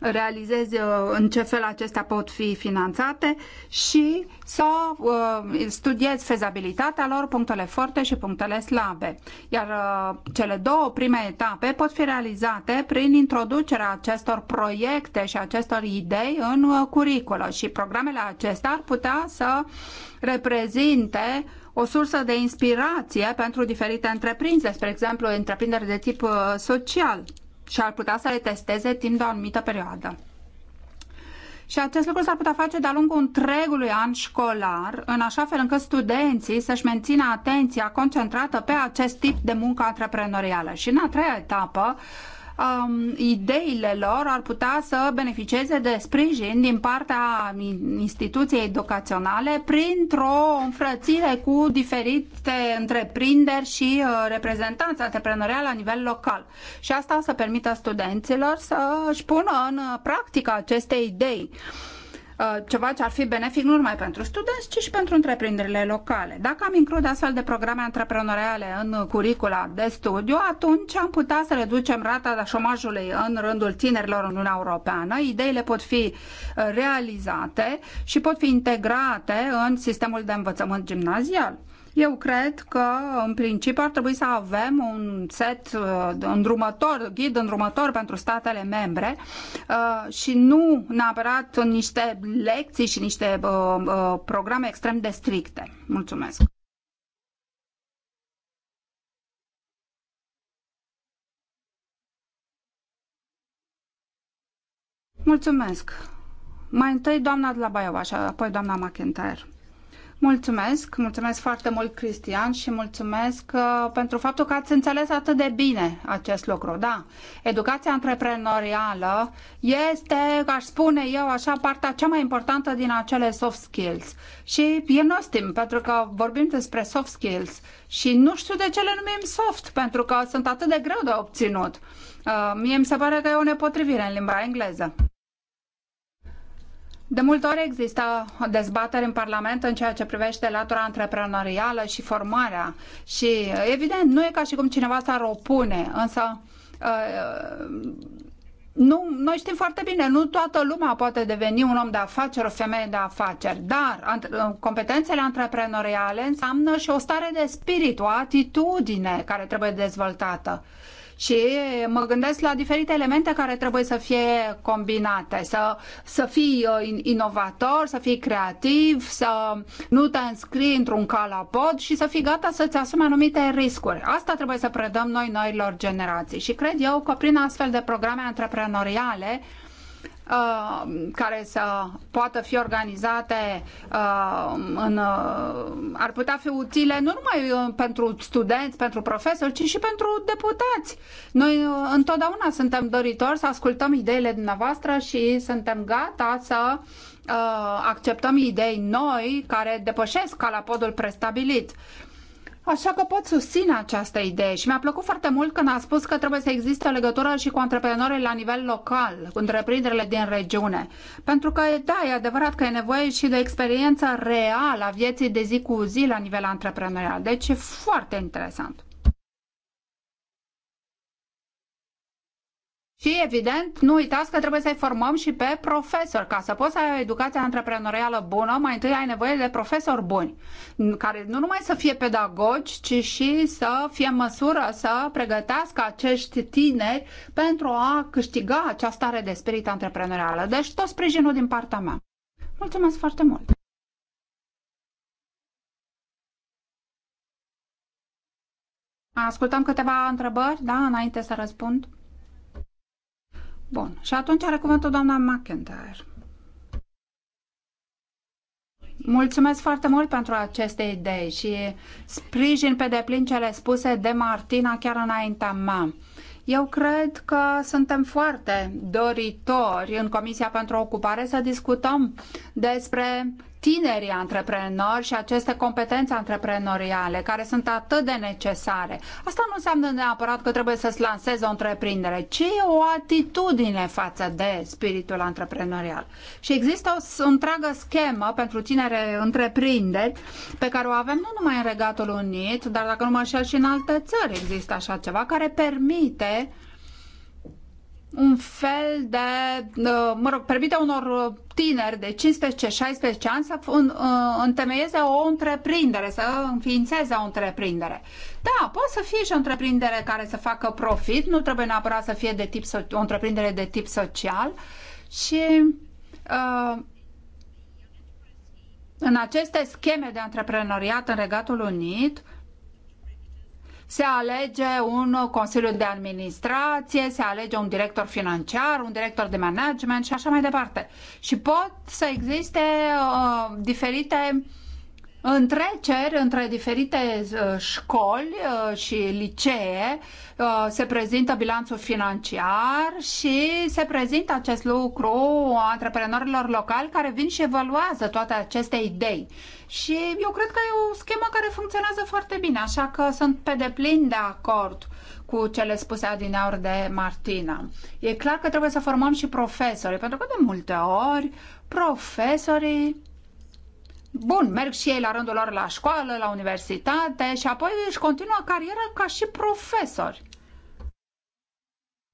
realizezi uh, în ce fel acestea pot fi finanțate și să uh, studiez fezabilitatea lor, punctele forte și punctele slabe. Iar uh, cele două prime etape pot fi realizate prin introducerea acestor proiecte și acestor idei în uh, și programele acestea ar putea să reprezinte o sursă de inspirație pentru diferite întreprinderi, spre exemplu întreprinderi de tip uh, social și ar putea să le testeze timp de o anumită perioadă. Și acest lucru s-ar putea face de-a lungul întregului an școlar, în așa fel încât studenții să-și mențină atenția concentrată pe acest tip de muncă antreprenorială. Și în a treia etapă, um, ideile lor ar putea să beneficieze de sprijin din partea instituției educaționale printr-o înfrățire cu diferite întreprinderi și uh, reprezentanți antreprenoriale la nivel local. Și asta să permită studenților să își pună în practică aceste idei. Uh, Uh, ceva ce ar fi benefic nu numai pentru studenți, ci și pentru întreprinderile locale. Dacă am include astfel de programe antreprenoriale în curicula de studiu, atunci am putea să reducem rata de șomajului în rândul tinerilor în Uniunea Europeană. Ideile pot fi uh, realizate și pot fi integrate în sistemul de învățământ gimnazial. Eu cred că, în principiu, ar trebui să avem un set uh, îndrumător, ghid îndrumător pentru statele membre uh, și nu neapărat niște lecții și niște uh, programe extrem de stricte. Mulțumesc! Mulțumesc! Mai întâi doamna de la Baiova și apoi doamna McIntyre. Mulțumesc, mulțumesc foarte mult, Cristian, și mulțumesc uh, pentru faptul că ați înțeles atât de bine acest lucru. Da, educația antreprenorială este, aș spune eu, așa, partea cea mai importantă din acele soft skills. Și e nostim, pentru că vorbim despre soft skills și nu știu de ce le numim soft, pentru că sunt atât de greu de obținut. Uh, mie mi se pare că e o nepotrivire în limba engleză. De multe ori există dezbateri în Parlament în ceea ce privește latura antreprenorială și formarea și evident nu e ca și cum cineva s-ar opune, însă uh, nu, noi știm foarte bine, nu toată lumea poate deveni un om de afaceri, o femeie de afaceri, dar uh, competențele antreprenoriale înseamnă și o stare de spirit, o atitudine care trebuie dezvoltată. Și mă gândesc la diferite elemente care trebuie să fie combinate, să, să fii uh, inovator, să fii creativ, să nu te înscrii într-un calapod și să fii gata să-ți asumi anumite riscuri. Asta trebuie să predăm noi noilor generații și cred eu că prin astfel de programe antreprenoriale Uh, care să poată fi organizate uh, în, uh, ar putea fi utile nu numai pentru studenți, pentru profesori, ci și pentru deputați. Noi întotdeauna suntem doritori să ascultăm ideile dumneavoastră și suntem gata să acceptăm idei noi care depășesc calapodul prestabilit. Așa că pot susține această idee și mi-a plăcut foarte mult când a spus că trebuie să existe o legătură și cu antreprenorii la nivel local, cu întreprinderile din regiune. Pentru că, da, e adevărat că e nevoie și de experiența reală a vieții de zi cu zi la nivel antreprenorial. Deci e foarte interesant. Și, evident, nu uitați că trebuie să-i formăm și pe profesori. Ca să poți să ai o educație antreprenorială bună, mai întâi ai nevoie de profesori buni, care nu numai să fie pedagogi, ci și să fie în măsură să pregătească acești tineri pentru a câștiga această stare de spirit antreprenorială. Deci tot sprijinul din partea mea. Mulțumesc foarte mult! Ascultăm câteva întrebări, da, înainte să răspund. Bun. Și atunci are cuvântul doamna McIntyre. Mulțumesc foarte mult pentru aceste idei și sprijin pe deplin cele spuse de Martina chiar înaintea mea. Eu cred că suntem foarte doritori în Comisia pentru Ocupare să discutăm despre tinerii antreprenori și aceste competențe antreprenoriale care sunt atât de necesare. Asta nu înseamnă neapărat că trebuie să-ți lansezi o întreprindere, ci o atitudine față de spiritul antreprenorial. Și există o întreagă schemă pentru tinere întreprinderi pe care o avem nu numai în Regatul Unit, dar dacă nu mă și în alte țări există așa ceva care permite uh, un fel de, uh, mă rog, permite unor tineri de 15-16 ani să uh, întemeieze o întreprindere, să înființeze o întreprindere. Da, poate să fie și o întreprindere care să facă profit, nu trebuie neapărat să fie de tip, o întreprindere de tip social și uh, în aceste scheme de antreprenoriat în Regatul Unit, se alege un consiliu de administrație, se alege un director financiar, un director de management și așa mai departe. Și pot să existe uh, diferite întreceri între diferite uh, școli uh, și licee, uh, se prezintă bilanțul financiar și se prezintă acest lucru antreprenorilor locali care vin și evaluează toate aceste idei. Și eu cred că e o schemă care funcționează foarte bine, așa că sunt pe deplin de acord cu cele spuse adineori de Martina. E clar că trebuie să formăm și profesorii, pentru că de multe ori profesorii Bun, merg și ei la rândul lor la școală, la universitate și apoi își continuă cariera ca și profesori.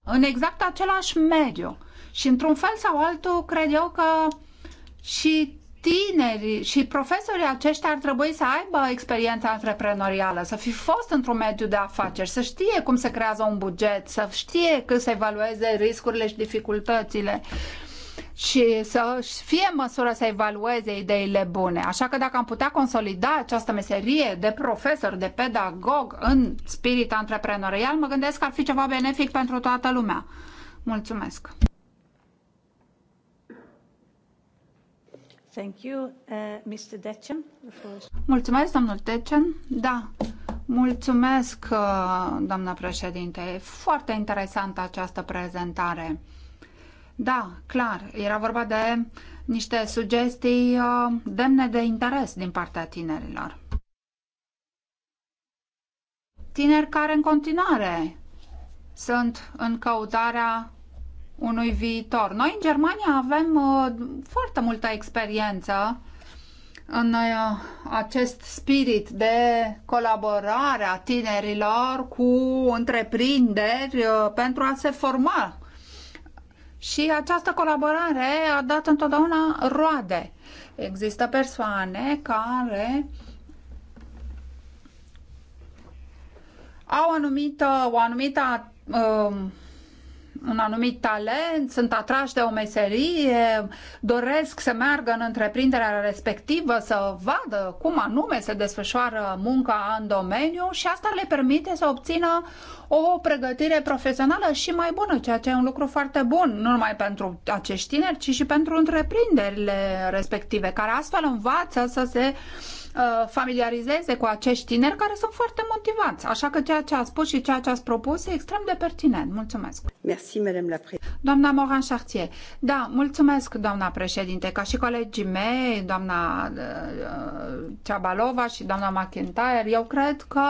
În exact același mediu. Și într-un fel sau altul, cred eu că și tineri și profesorii aceștia ar trebui să aibă experiența antreprenorială, să fi fost într-un mediu de afaceri, să știe cum se creează un buget, să știe cât să evalueze riscurile și dificultățile și să fie în măsură să evalueze ideile bune. Așa că dacă am putea consolida această meserie de profesor, de pedagog în spirit antreprenorial, mă gândesc că ar fi ceva benefic pentru toată lumea. Mulțumesc! Thank you. Uh, mulțumesc, domnul Decen. Da, mulțumesc, uh, doamna președinte. E foarte interesantă această prezentare. Da, clar, era vorba de niște sugestii uh, demne de interes din partea tinerilor. Tineri care în continuare sunt în căutarea unui viitor. Noi în Germania avem uh, foarte multă experiență în uh, acest spirit de colaborare a tinerilor cu întreprinderi uh, pentru a se forma. Și această colaborare a dat întotdeauna roade. Există persoane care au anumită, o anumită uh, un anumit talent, sunt atrași de o meserie, doresc să meargă în întreprinderea respectivă, să vadă cum anume se desfășoară munca în domeniu și asta le permite să obțină o pregătire profesională și mai bună, ceea ce e un lucru foarte bun, nu numai pentru acești tineri, ci și pentru întreprinderile respective, care astfel învață să se uh, Uh, familiarizeze cu acești tineri care sunt foarte motivați. Așa că ceea ce a spus și ceea ce ați propus e extrem de pertinent. Mulțumesc. Merci, Madame la Doamna Moran Chartier. Da, mulțumesc, doamna președinte. Ca și colegii mei, doamna uh, Ceabalova și doamna McIntyre, eu cred că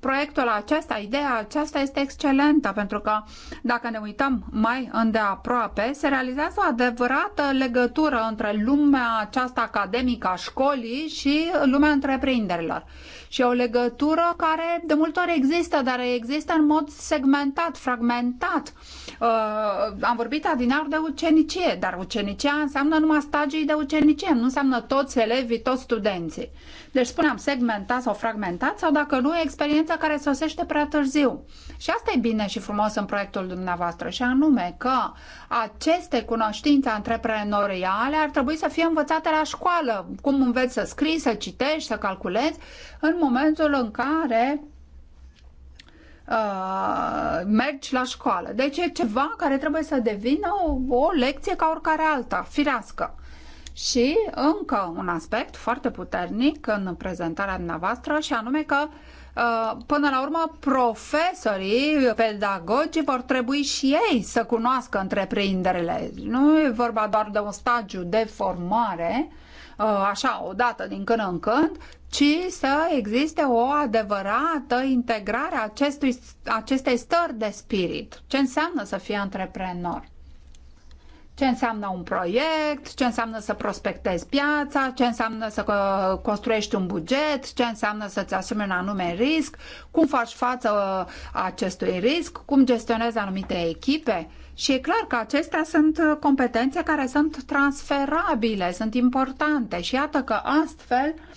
proiectul acesta, ideea aceasta este excelentă, pentru că dacă ne uităm mai îndeaproape, se realizează o adevărată legătură între lumea aceasta academică a școlii și lumea întreprinderilor. Și o legătură care de multe ori există, dar există în mod segmentat, fragmentat. Uh, am vorbit adinar de ucenicie, dar ucenicia înseamnă numai stagii de ucenicie, nu înseamnă toți elevii, toți studenții. Deci spuneam segmentat sau fragmentat sau dacă nu, experiența care sosește prea târziu. Și asta e bine și frumos în proiectul dumneavoastră și anume că aceste cunoștințe antreprenoriale ar trebui să fie învățate la școală, cum înveți să scrii, să citești, să calculezi, în momentul în care uh, mergi la școală. Deci e ceva care trebuie să devină o, o lecție ca oricare alta, firească. Și încă un aspect foarte puternic în prezentarea dumneavoastră și anume că uh, Până la urmă, profesorii, pedagogii vor trebui și ei să cunoască întreprinderile. Nu e vorba doar de un stagiu de formare, uh, așa, o dată din când în când, ci să existe o adevărată integrare a acestui, acestei stări de spirit. Ce înseamnă să fii antreprenor? ce înseamnă un proiect, ce înseamnă să prospectezi piața, ce înseamnă să construiești un buget, ce înseamnă să-ți asumi un anume risc, cum faci față uh, acestui risc, cum gestionezi anumite echipe. Și e clar că acestea sunt uh, competențe care sunt transferabile, sunt importante și iată că astfel uh,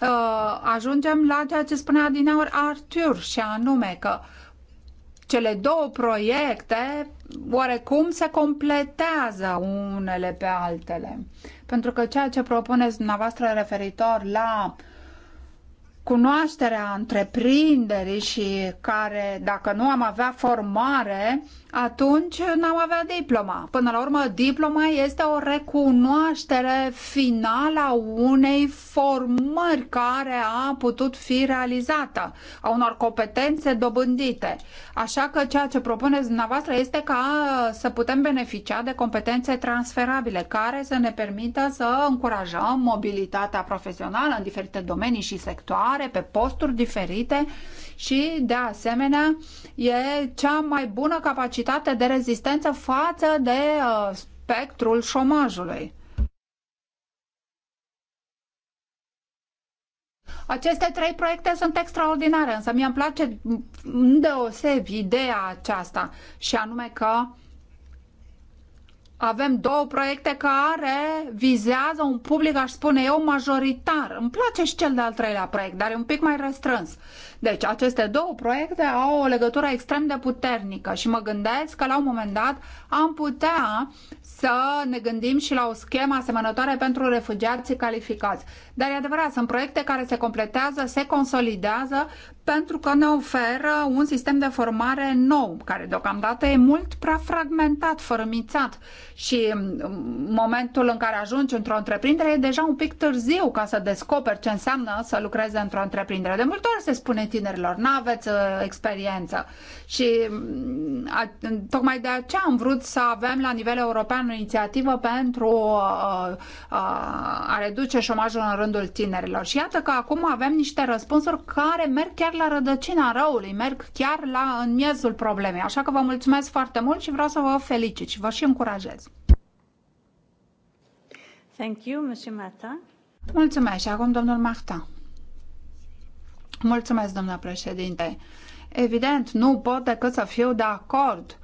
Uh, ajungem la ceea ce spunea din aur Artur și anume că cele două proiecte oarecum se completează unele pe altele. Pentru că ceea ce propuneți dumneavoastră referitor la cunoașterea întreprinderii și care, dacă nu am avea formare, atunci n-am avea diploma. Până la urmă, diploma este o recunoaștere finală a unei formări care a putut fi realizată, a unor competențe dobândite. Așa că ceea ce propuneți dumneavoastră este ca să putem beneficia de competențe transferabile, care să ne permită să încurajăm mobilitatea profesională în diferite domenii și sectoare, pe posturi diferite și, de asemenea, e cea mai bună capacitate de rezistență față de uh, spectrul șomajului. Aceste trei proiecte sunt extraordinare, însă mi-am place îndeosebi ideea aceasta și anume că avem două proiecte care vizează un public, aș spune eu, majoritar. Îmi place și cel de-al treilea proiect, dar e un pic mai restrâns. Deci, aceste două proiecte au o legătură extrem de puternică și mă gândesc că la un moment dat am putea să ne gândim și la o schemă asemănătoare pentru refugiații calificați. Dar e adevărat, sunt proiecte care se completează, se consolidează, pentru că ne oferă un sistem de formare nou, care deocamdată e mult prea fragmentat, fărâmițat și mm, momentul în care ajungi într-o întreprindere e deja un pic târziu ca să descoperi ce înseamnă să lucrezi într-o întreprindere. De multe ori se spune tinerilor, nu aveți uh, experiență și mm, a, tocmai de aceea am vrut să avem la nivel european o inițiativă pentru a, uh, a, uh, a reduce șomajul în rândul tinerilor. Și iată că acum avem niște răspunsuri care merg chiar chiar la rădăcina răului, merg chiar la în miezul problemei. Așa că vă mulțumesc foarte mult și vreau să vă felicit și vă și încurajez. Thank you, Monsieur Mulțumesc. Și acum domnul Martin. Mulțumesc, domnule președinte. Evident, nu pot decât să fiu de acord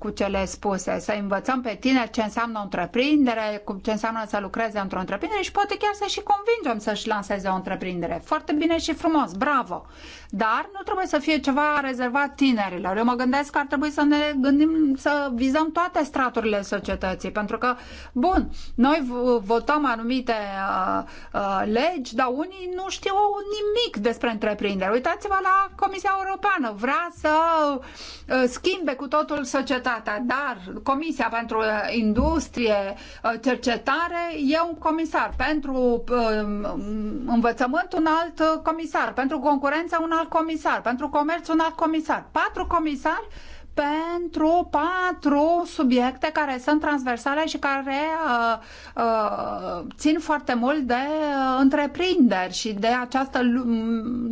cu cele spuse, să învățăm pe tine ce înseamnă o întreprindere, ce înseamnă să lucreze într-o întreprindere și poate chiar să și convingem să-și lanseze o întreprindere. Foarte bine și frumos, bravo! Dar nu trebuie să fie ceva rezervat tinerilor. Eu mă gândesc că ar trebui să ne gândim, să vizăm toate straturile societății, pentru că, bun, noi votăm anumite uh, uh, legi, dar unii nu știu nimic despre întreprindere. Uitați-vă la Comisia Europeană, vrea să uh, schimbe cu totul societatea gata, dar Comisia pentru Industrie, Cercetare e un comisar, pentru um, învățământ un alt comisar, pentru concurență un alt comisar, pentru comerț un alt comisar. Patru comisari pentru patru subiecte care sunt transversale și care uh, uh, țin foarte mult de uh, întreprinderi și de această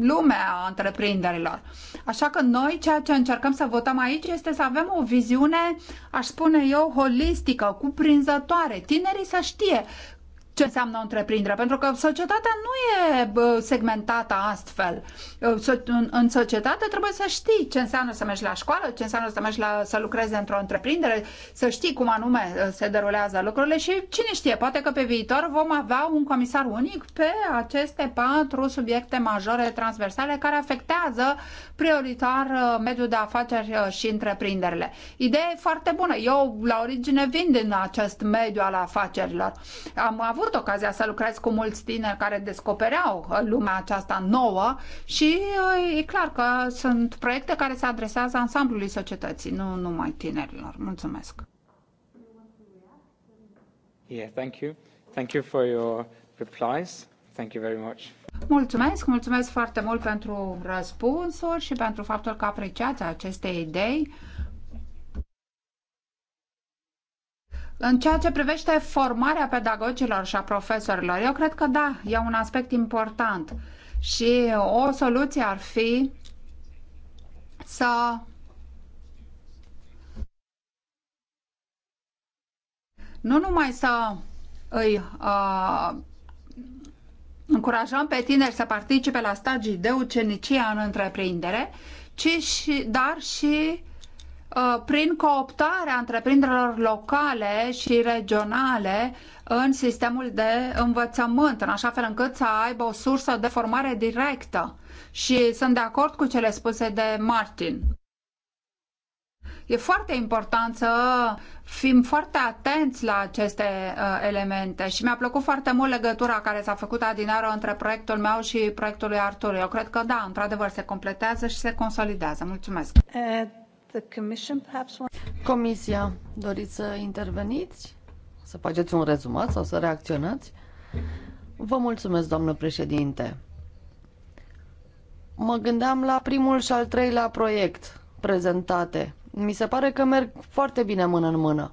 lume a întreprinderilor. Așa că noi ceea ce încercăm să votăm aici este să avem o viziune, aș spune eu, holistică, cuprinzătoare. Tinerii să știe ce înseamnă o întreprindere, pentru că societatea nu e segmentată astfel. În societate trebuie să știi ce înseamnă să mergi la școală, ce înseamnă să mergi la, să lucrezi într-o întreprindere, să știi cum anume uh, se derulează lucrurile și cine știe, poate că pe viitor vom avea un comisar unic pe aceste patru subiecte majore transversale care afectează prioritar uh, mediul de afaceri uh, și întreprinderile. Ideea e foarte bună. Eu la origine vin din acest mediu al afacerilor. Am avut avut ocazia să lucrez cu mulți tineri care descopereau lumea aceasta nouă și uh, e clar că sunt proiecte care se adresează ansamblului societății, nu numai tinerilor. Mulțumesc! Yeah, thank you. Thank you for your replies. Thank you very much. Mulțumesc, mulțumesc foarte mult pentru răspunsuri și pentru faptul că apreciați aceste idei. În ceea ce privește formarea pedagogilor și a profesorilor, eu cred că da, e un aspect important și o soluție ar fi să nu numai să îi uh, încurajăm pe tineri să participe la stagii de ucenicie în întreprindere, ci și, dar și Uh, prin cooptarea întreprinderilor locale și regionale în sistemul de învățământ, în așa fel încât să aibă o sursă de formare directă. Și sunt de acord cu cele spuse de Martin. E foarte important să fim foarte atenți la aceste uh, elemente și mi-a plăcut foarte mult legătura care s-a făcut adinară între proiectul meu și proiectul lui Artur. Eu cred că da, într-adevăr, se completează și se consolidează. Mulțumesc! Uh, Comisia, doriți să interveniți? Să faceți un rezumat sau să reacționați? Vă mulțumesc, doamnă președinte. Mă gândeam la primul și al treilea proiect prezentate. Mi se pare că merg foarte bine mână în mână.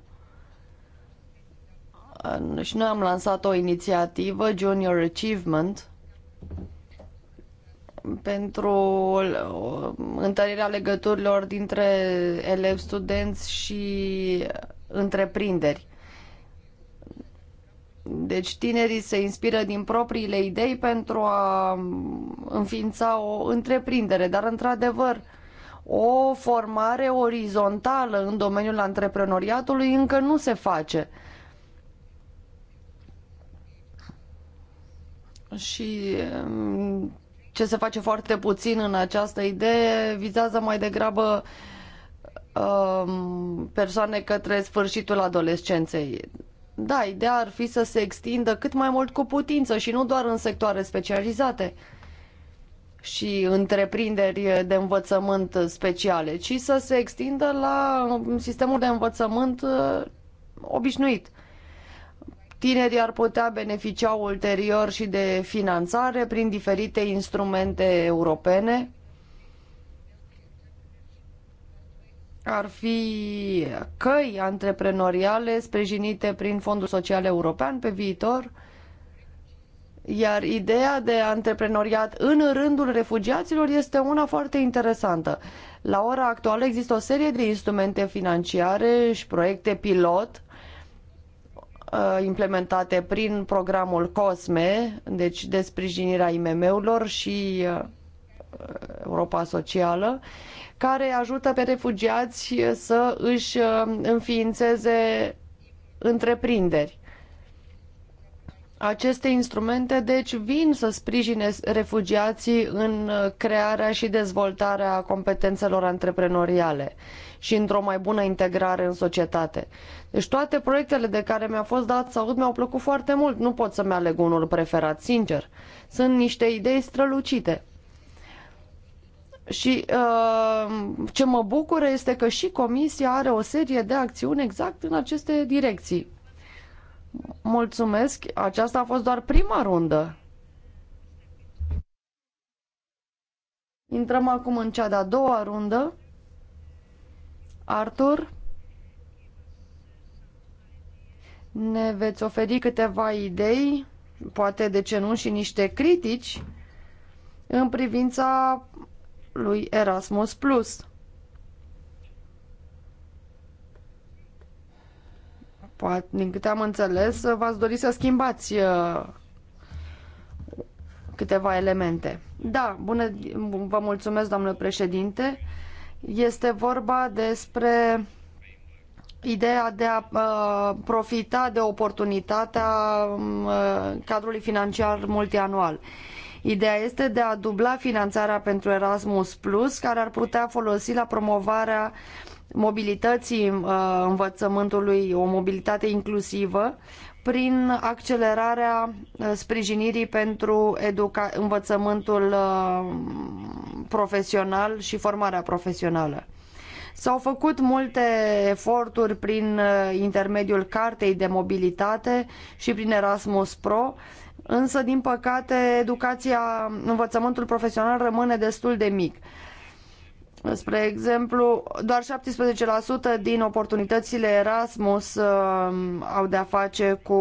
Și noi am lansat o inițiativă, Junior Achievement, pentru uh, întărirea legăturilor dintre elevi, studenți și întreprinderi. Deci tinerii se inspiră din propriile idei pentru a înființa o întreprindere, dar într-adevăr o formare orizontală în domeniul antreprenoriatului încă nu se face. Și um, ce se face foarte puțin în această idee vizează mai degrabă um, persoane către sfârșitul adolescenței. Da, ideea ar fi să se extindă cât mai mult cu putință și nu doar în sectoare specializate și întreprinderi de învățământ speciale, ci să se extindă la sistemul de învățământ uh, obișnuit. Tinerii ar putea beneficia ulterior și de finanțare prin diferite instrumente europene. Ar fi căi antreprenoriale sprijinite prin Fondul Social European pe viitor iar ideea de antreprenoriat în rândul refugiaților este una foarte interesantă. La ora actuală există o serie de instrumente financiare și proiecte pilot Uh, implementate prin programul COSME, deci de sprijinirea IMM-urilor și uh, Europa Socială, care ajută pe refugiați să își uh, înființeze întreprinderi. Aceste instrumente, deci, vin să sprijine refugiații în crearea și dezvoltarea competențelor antreprenoriale și într-o mai bună integrare în societate. Deci toate proiectele de care mi-a fost dat să aud mi-au plăcut foarte mult. Nu pot să-mi aleg unul preferat, sincer. Sunt niște idei strălucite. Și uh, ce mă bucură este că și Comisia are o serie de acțiuni exact în aceste direcții. Mulțumesc, aceasta a fost doar prima rundă. Intrăm acum în cea de-a doua rundă. Arthur, ne veți oferi câteva idei, poate de ce nu și niște critici, în privința lui Erasmus+. Plus. Poate, din câte am înțeles, v-ați dori să schimbați uh, câteva elemente. Da, bună, vă mulțumesc, doamnă președinte. Este vorba despre ideea de a uh, profita de oportunitatea um, uh, cadrului financiar multianual. Ideea este de a dubla finanțarea pentru Erasmus Plus, care ar putea folosi la promovarea mobilității uh, învățământului, o mobilitate inclusivă, uh, prin accelerarea uh, sprijinirii pentru educa- învățământul uh, profesional și formarea profesională. S-au făcut multe eforturi prin uh, intermediul Cartei de Mobilitate și prin Erasmus Pro, însă, din păcate, educația, învățământul profesional rămâne destul de mic. Spre exemplu, doar 17% din oportunitățile Erasmus um, au de-a face cu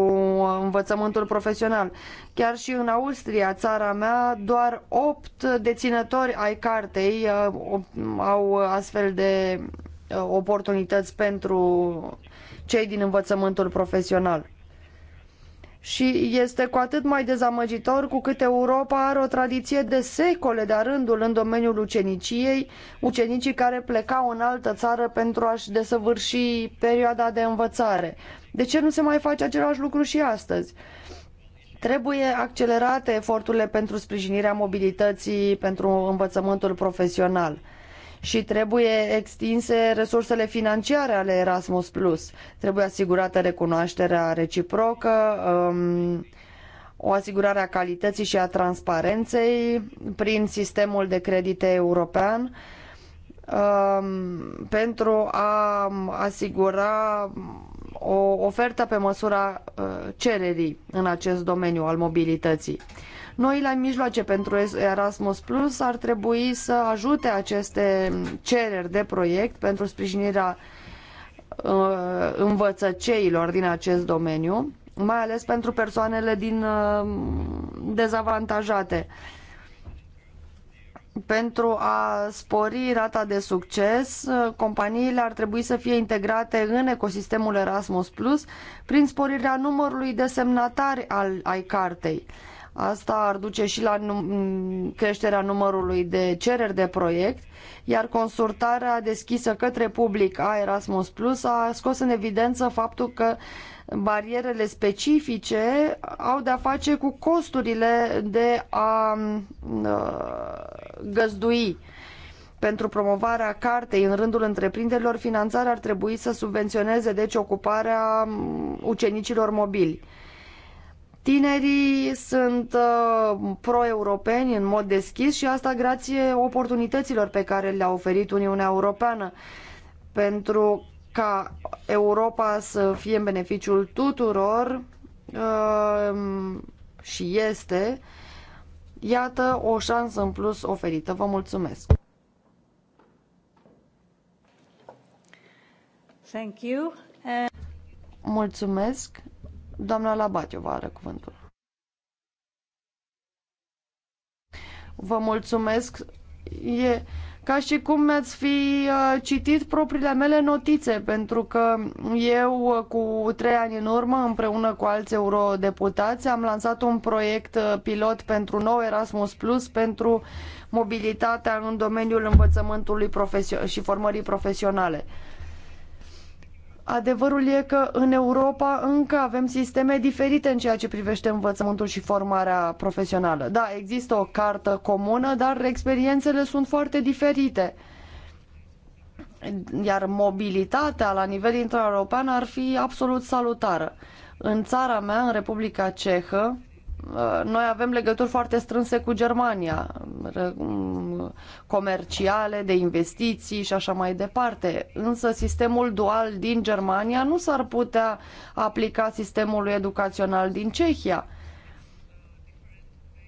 învățământul profesional. Chiar și în Austria, țara mea, doar 8 deținători ai cartei uh, au astfel de uh, oportunități pentru cei din învățământul profesional și este cu atât mai dezamăgitor cu cât Europa are o tradiție de secole de-a rândul în domeniul uceniciei, ucenicii care plecau în altă țară pentru a-și desăvârși perioada de învățare. De ce nu se mai face același lucru și astăzi? Trebuie accelerate eforturile pentru sprijinirea mobilității pentru învățământul profesional și trebuie extinse resursele financiare ale Erasmus+. Trebuie asigurată recunoașterea reciprocă, um, o asigurare a calității și a transparenței prin sistemul de credite european um, pentru a asigura o ofertă pe măsura uh, cererii în acest domeniu al mobilității. Noile mijloace pentru Erasmus Plus ar trebui să ajute aceste cereri de proiect pentru sprijinirea uh, învățăceilor din acest domeniu, mai ales pentru persoanele din uh, dezavantajate pentru a spori rata de succes, uh, companiile ar trebui să fie integrate în ecosistemul Erasmus Plus prin sporirea numărului de semnatari al, ai cartei. Asta ar duce și la num creșterea numărului de cereri de proiect, iar consultarea deschisă către public a Erasmus Plus a scos în evidență faptul că barierele specifice au de-a face cu costurile de a uh, găzdui. Pentru promovarea cartei în rândul întreprinderilor, finanțarea ar trebui să subvenționeze deci ocuparea um, ucenicilor mobili. Tinerii sunt uh, pro-europeni în mod deschis și asta grație oportunităților pe care le-a oferit Uniunea Europeană pentru ca Europa să fie în beneficiul tuturor uh, și este. Iată o șansă în plus oferită. Vă mulțumesc! Thank you. Uh, mulțumesc! Doamna Labatiu are cuvântul. Vă mulțumesc. E ca și cum mi-ați fi uh, citit propriile mele notițe, pentru că eu uh, cu trei ani în urmă, împreună cu alți eurodeputați, am lansat un proiect uh, pilot pentru nou Erasmus Plus, pentru mobilitatea în domeniul învățământului și formării profesionale. Adevărul e că în Europa încă avem sisteme diferite în ceea ce privește învățământul și formarea profesională. Da, există o cartă comună, dar experiențele sunt foarte diferite. Iar mobilitatea la nivel intraeuropean ar fi absolut salutară. În țara mea, în Republica Cehă, Uh, noi avem legături foarte strânse cu Germania, um, comerciale, de investiții și așa mai departe. Însă sistemul dual din Germania nu s-ar putea aplica sistemului educațional din Cehia.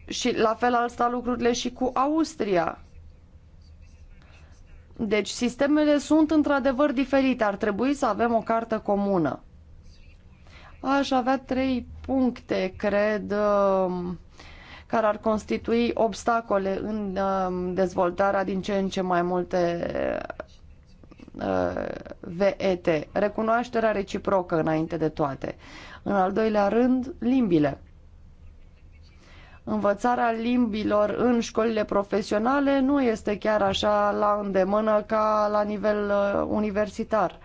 Și la fel ar sta lucrurile și cu Austria. Deci sistemele sunt într-adevăr diferite. Ar trebui să avem o cartă comună. Aș avea trei puncte, cred, um, care ar constitui obstacole în um, dezvoltarea din ce în ce mai multe uh, VET, recunoașterea reciprocă înainte de toate. În al doilea rând, limbile. Învățarea limbilor în școlile profesionale nu este chiar așa la îndemână ca la nivel uh, universitar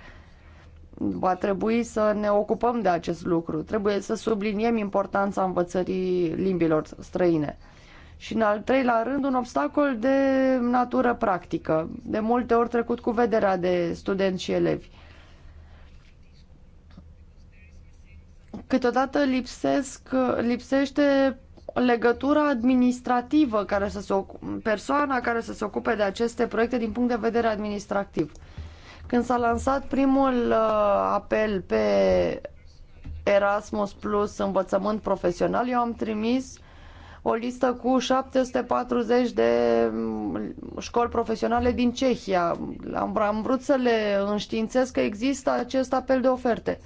va trebui să ne ocupăm de acest lucru. Trebuie să subliniem importanța învățării limbilor străine. Și în al treilea rând, un obstacol de natură practică, de multe ori trecut cu vederea de studenți și elevi. Câteodată lipsesc, lipsește legătura administrativă, care să se, persoana care să se ocupe de aceste proiecte din punct de vedere administrativ. Când s-a lansat primul uh, apel pe Erasmus Plus învățământ profesional, eu am trimis o listă cu 740 de mm, școli profesionale din Cehia. Am, am vrut să le înștiințez că există acest apel de oferte.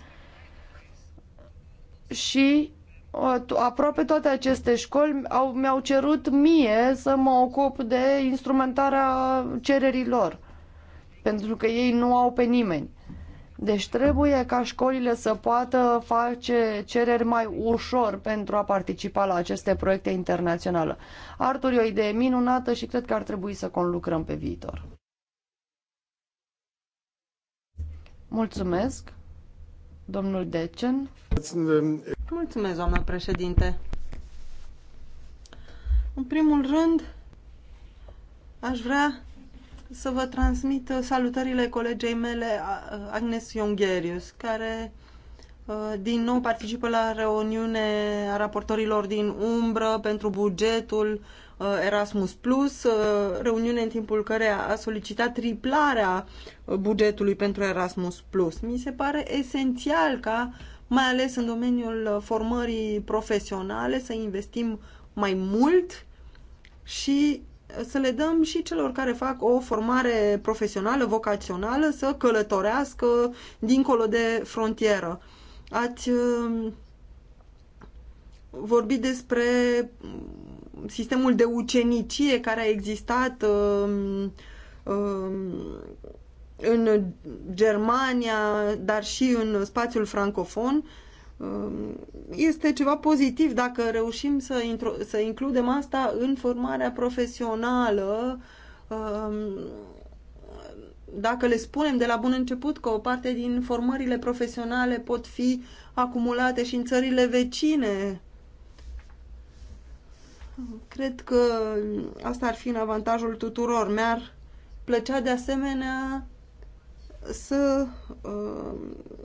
Și uh, aproape toate aceste școli au, mi-au cerut mie să mă ocup de instrumentarea cererilor pentru că ei nu au pe nimeni. Deci trebuie ca școlile să poată face cereri mai ușor pentru a participa la aceste proiecte internaționale. Artur e o idee minunată și cred că ar trebui să conlucrăm pe viitor. Mulțumesc, domnul Decen. Mulțumesc, doamna președinte. În primul rând, aș vrea să vă transmit uh, salutările colegei mele, uh, Agnes Iongherius, care uh, din nou participă la reuniune a raportorilor din umbră pentru bugetul Erasmus Plus, reuniune în timpul care a solicitat triplarea bugetului pentru Erasmus Plus. Mi se pare esențial ca, mai ales în domeniul formării profesionale, să investim mai mult și să le dăm și celor care fac o formare profesională, vocațională, să călătorească dincolo de frontieră. Ați um, vorbit despre um, sistemul de ucenicie care a existat um, în Germania, dar și în spațiul francofon Um, este ceva pozitiv dacă reușim să, să includem asta în formarea profesională, um, dacă le spunem de la bun început că o parte din formările profesionale pot fi acumulate și în țările vecine. Cred că asta ar fi în avantajul tuturor. Mi-ar plăcea de asemenea să uh,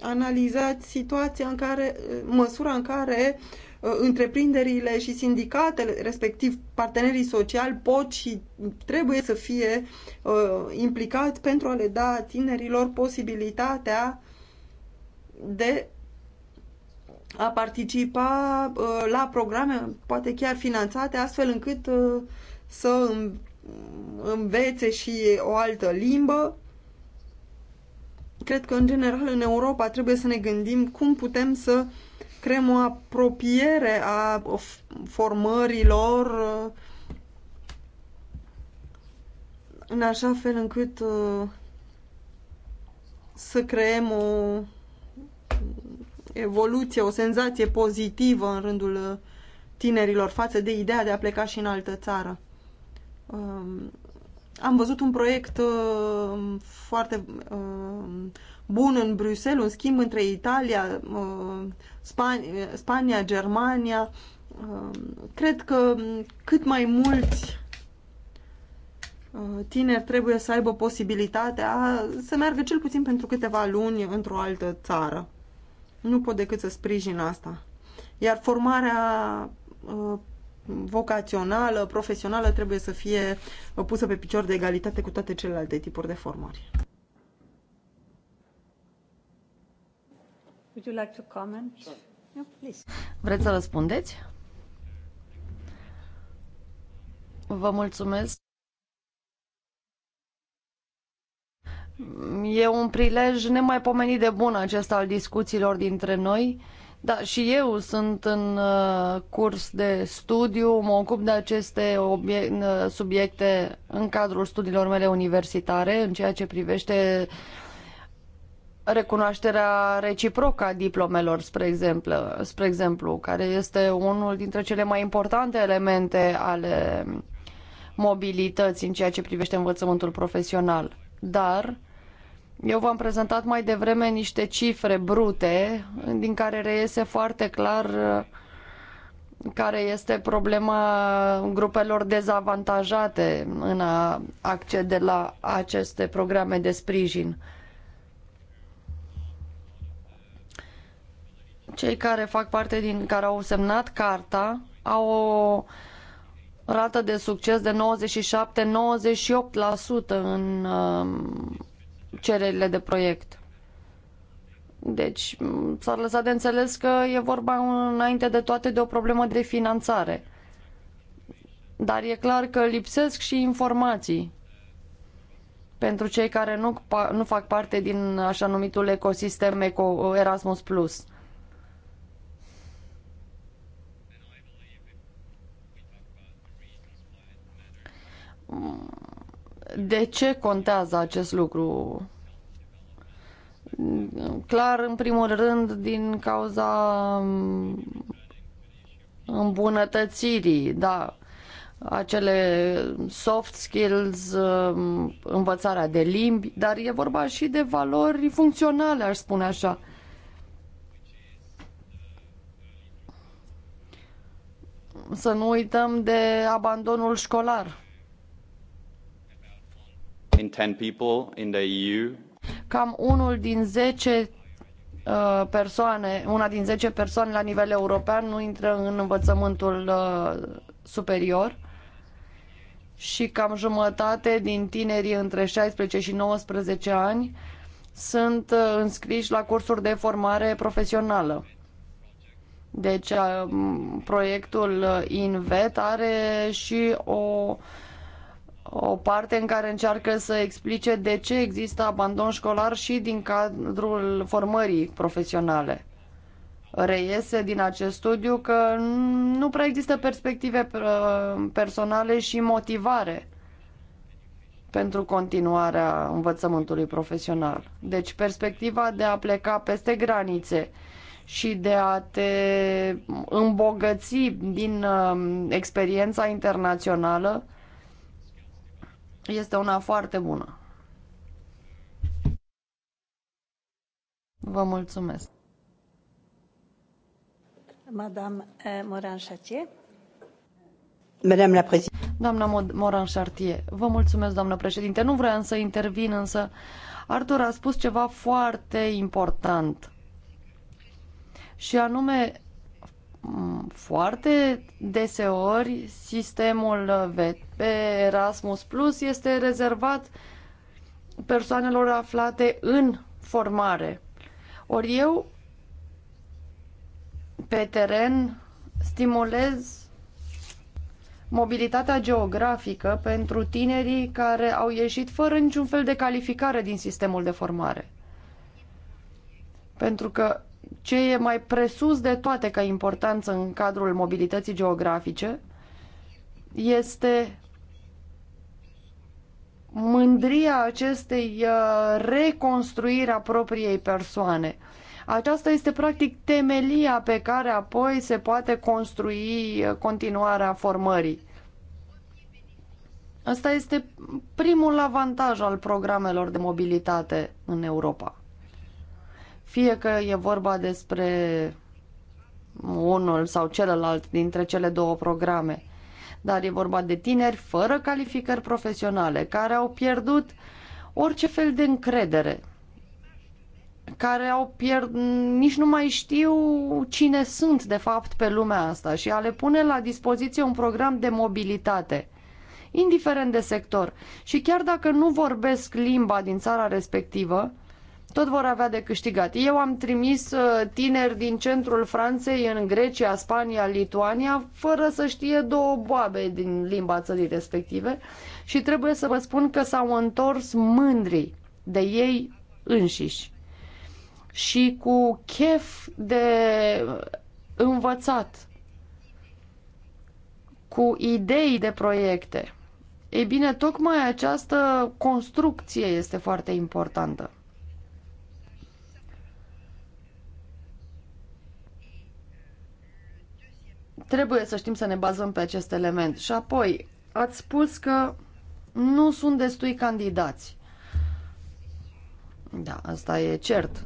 analizați situația în care, uh, măsura în care uh, întreprinderile și sindicatele, respectiv partenerii sociali, pot și trebuie să fie uh, implicați pentru a le da tinerilor posibilitatea de a participa uh, la programe, poate chiar finanțate, astfel încât uh, să învețe și o altă limbă, cred că, în general, în Europa trebuie să ne gândim cum putem să creăm o apropiere a formărilor uh, în așa fel încât uh, să creăm o evoluție, o senzație pozitivă în rândul uh, tinerilor față de ideea de a pleca și în altă țară. Um, am văzut un proiect uh, foarte uh, bun în Bruxelles, un schimb între Italia, uh, Spania, Spania, Germania. Uh, cred că cât mai mulți uh, tineri trebuie să aibă posibilitatea să meargă cel puțin pentru câteva luni într-o altă țară. Nu pot decât să sprijin asta. Iar formarea uh, vocațională, profesională trebuie să fie pusă pe picior de egalitate cu toate celelalte tipuri de formări. Would you like to comment? No, Vreți să răspundeți? Vă mulțumesc. E un prilej nemaipomenit de bun acesta al discuțiilor dintre noi. Da, și eu sunt în uh, curs de studiu, mă ocup de aceste uh, subiecte în cadrul studiilor mele universitare, în ceea ce privește recunoașterea reciprocă a diplomelor, spre exemplu, spre exemplu, care este unul dintre cele mai importante elemente ale mobilității în ceea ce privește învățământul profesional. Dar eu v-am prezentat mai devreme niște cifre brute din care reiese foarte clar uh, care este problema grupelor dezavantajate în a accede la aceste programe de sprijin. Cei care fac parte din care au semnat carta au o rată de succes de 97-98% în uh, cererile de proiect. Deci s-ar lăsa de înțeles că e vorba înainte de toate de o problemă de finanțare. Dar e clar că lipsesc și informații pentru cei care nu, nu fac parte din așa numitul ecosistem eco Erasmus+ de ce contează acest lucru? Clar, în primul rând, din cauza mm, îmbunătățirii, da, acele soft skills, mm, învățarea de limbi, dar e vorba și de valori funcționale, aș spune așa. Să nu uităm de abandonul școlar. Cam unul din 10 uh, persoane, una din 10 persoane la nivel european nu intră în învățământul uh, superior și cam jumătate din tinerii între 16 și 19 ani sunt uh, înscriși la cursuri de formare profesională. Deci proiectul INVET are și o o parte în care încearcă să explice de ce există abandon școlar și din cadrul formării profesionale. Reiese din acest studiu că nu prea există perspective uh, personale și motivare pentru continuarea învățământului profesional. Deci perspectiva de a pleca peste granițe și de a te îmbogăți din uh, experiența internațională este una foarte bună. Vă mulțumesc. Madame eh, Moran Chatier. Madame la președinte. Doamna Moran Chartier, vă mulțumesc, doamnă președinte. Nu vreau să intervin, însă Artur a spus ceva foarte important. Și anume Mm, foarte deseori sistemul pe Erasmus Plus este rezervat persoanelor aflate în formare. Ori eu pe teren stimulez mobilitatea geografică pentru tinerii care au ieșit fără niciun fel de calificare din sistemul de formare. Pentru că ce e mai presus de toate ca importanță în cadrul mobilității geografice este mândria acestei uh, reconstruiri a propriei persoane. Aceasta este practic temelia pe care apoi se poate construi uh, continuarea formării. Asta este primul avantaj al programelor de mobilitate în Europa. Fie că e vorba despre unul sau celălalt dintre cele două programe, dar e vorba de tineri fără calificări profesionale, care au pierdut orice fel de încredere, care au pierd, nici nu mai știu cine sunt de fapt pe lumea asta și a le pune la dispoziție un program de mobilitate indiferent de sector. Și chiar dacă nu vorbesc limba din țara respectivă, tot vor avea de câștigat. Eu am trimis uh, tineri din centrul Franței în Grecia, Spania, Lituania, fără să știe două boabe din limba țării respective și trebuie să vă spun că s-au întors mândri de ei înșiși și cu chef de uh, învățat, cu idei de proiecte. Ei bine, tocmai această construcție este foarte importantă. Trebuie să știm să ne bazăm pe acest element. Și apoi, ați spus că nu sunt destui candidați. Da, asta e cert.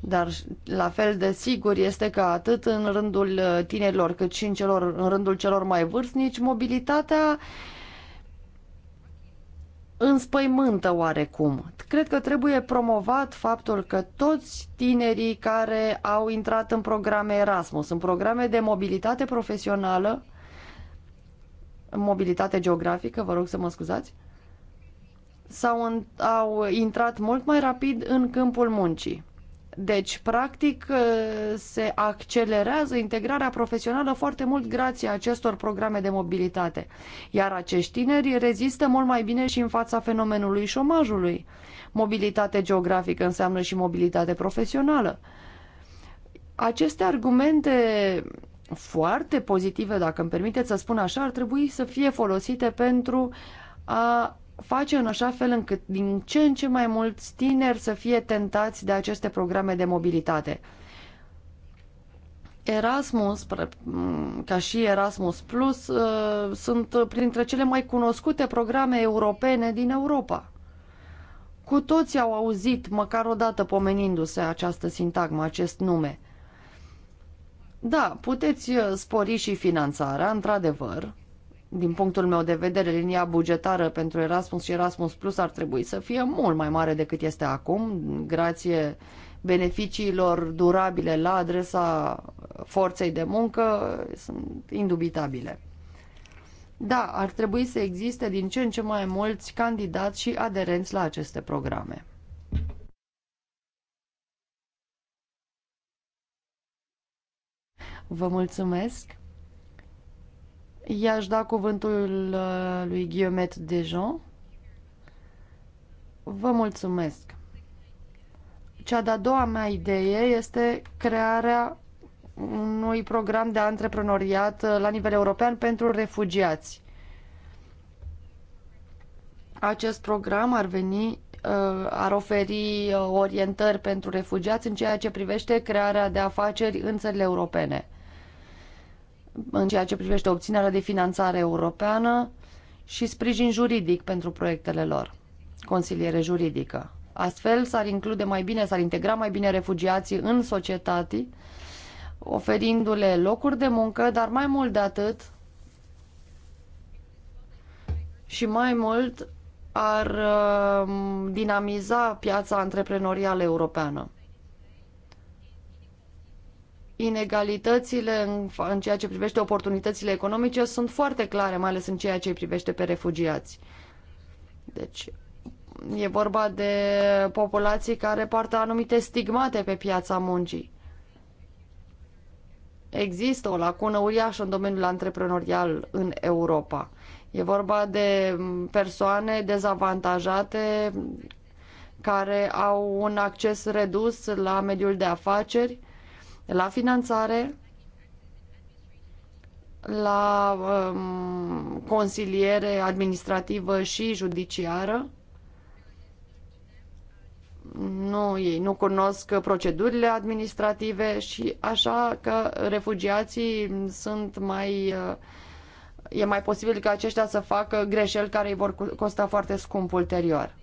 Dar la fel de sigur este că atât în rândul uh, tinerilor cât și în, celor, în rândul celor mai vârstnici, mobilitatea uh, înspăimântă oarecum. Cred că trebuie promovat faptul că toți tinerii care au intrat în programe Erasmus, în programe de mobilitate profesională, mobilitate geografică, vă rog să mă scuzați, sau au intrat mult mai rapid în câmpul muncii. Deci, practic, ă, se accelerează integrarea profesională foarte mult grație acestor programe de mobilitate. Iar acești tineri rezistă mult mai bine și în fața fenomenului șomajului. Mobilitate geografică înseamnă și mobilitate profesională. Aceste argumente foarte pozitive, dacă îmi permiteți să spun așa, ar trebui să fie folosite pentru a face în așa fel încât din ce în ce mai mulți tineri să fie tentați de aceste programe de mobilitate. Erasmus, ca și Erasmus Plus, uh, sunt printre cele mai cunoscute programe europene din Europa. Cu toți au auzit măcar o dată pomenindu-se această sintagmă, acest nume. Da, puteți uh, spori și finanțarea, într-adevăr, din punctul meu de vedere, linia bugetară pentru Erasmus și Erasmus Plus ar trebui să fie mult mai mare decât este acum, grație beneficiilor durabile la adresa forței de muncă sunt indubitabile. Da, ar trebui să existe din ce în ce mai mulți candidați și aderenți la aceste programe. Vă mulțumesc! I-aș da cuvântul uh, lui Guillomet Dejean. Vă mulțumesc. Cea de-a doua mea idee este crearea unui program de antreprenoriat uh, la nivel european pentru refugiați. Acest program ar veni uh, ar oferi orientări pentru refugiați în ceea ce privește crearea de afaceri în țările europene în ceea ce privește obținerea de finanțare europeană și sprijin juridic pentru proiectele lor, consiliere juridică. Astfel s-ar include mai bine, s-ar integra mai bine refugiații în societate, oferindu-le locuri de muncă, dar mai mult de atât și mai mult ar uh, dinamiza piața antreprenorială europeană inegalitățile în, în ceea ce privește oportunitățile economice sunt foarte clare, mai ales în ceea ce privește pe refugiați. Deci, e vorba de populații care poartă anumite stigmate pe piața muncii. Există o lacună uriașă în domeniul antreprenorial în Europa. E vorba de persoane dezavantajate care au un acces redus la mediul de afaceri la finanțare, la um, consiliere administrativă și judiciară. Nu, ei nu cunosc procedurile administrative și așa că refugiații sunt mai uh, e mai posibil ca aceștia să facă greșeli care îi vor costa foarte scump ulterior.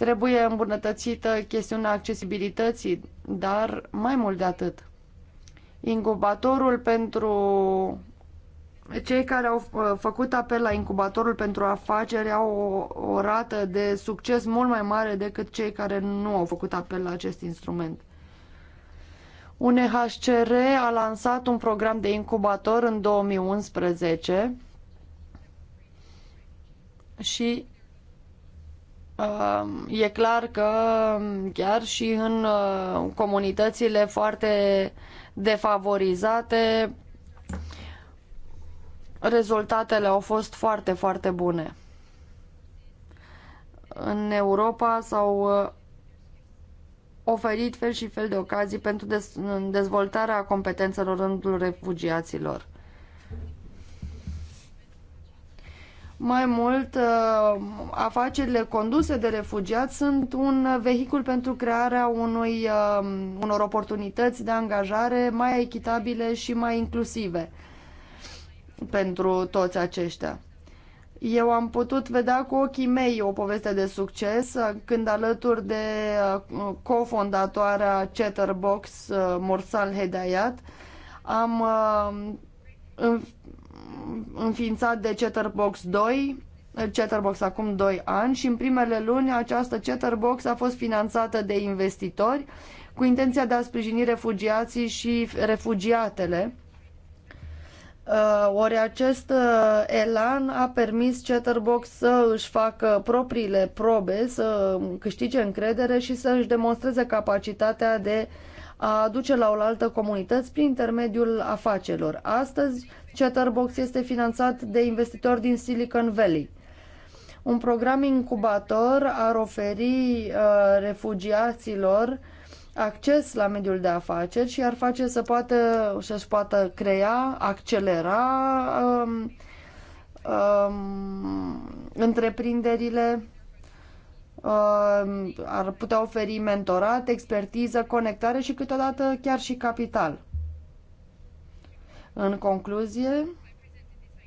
Trebuie îmbunătățită chestiunea accesibilității, dar mai mult de atât. Incubatorul pentru cei care au uh, făcut apel la incubatorul pentru afaceri au o, o rată de succes mult mai mare decât cei care nu au făcut apel la acest instrument. UNHCR a lansat un program de incubator în 2011 și Uh, e clar că chiar și în uh, comunitățile foarte defavorizate rezultatele au fost foarte, foarte bune. În Europa s-au uh, oferit fel și fel de ocazii pentru dezvoltarea competențelor rândul refugiaților. Mai mult, uh, afacerile conduse de refugiați sunt un vehicul pentru crearea unui, uh, unor oportunități de angajare mai echitabile și mai inclusive pentru toți aceștia. Eu am putut vedea cu ochii mei o poveste de succes uh, când alături de cofondatoarea Chatterbox, Morsal Hedayat, am înființat de Chatterbox 2, Chatterbox acum 2 ani și în primele luni această Chatterbox a fost finanțată de investitori cu intenția de a sprijini refugiații și refugiatele. Uh, Ori acest uh, elan a permis Chatterbox să își facă propriile probe, să câștige încredere și să își demonstreze capacitatea de uh, a aduce la oaltă comunități prin intermediul afacerilor. Astăzi, Chatterbox este finanțat de investitori din Silicon Valley. Un program incubator ar oferi uh, refugiaților acces la mediul de afaceri și ar face să poată, să-și poată crea, accelera um, um, întreprinderile Uh, ar putea oferi mentorat, expertiză, conectare și câteodată chiar și capital. În concluzie,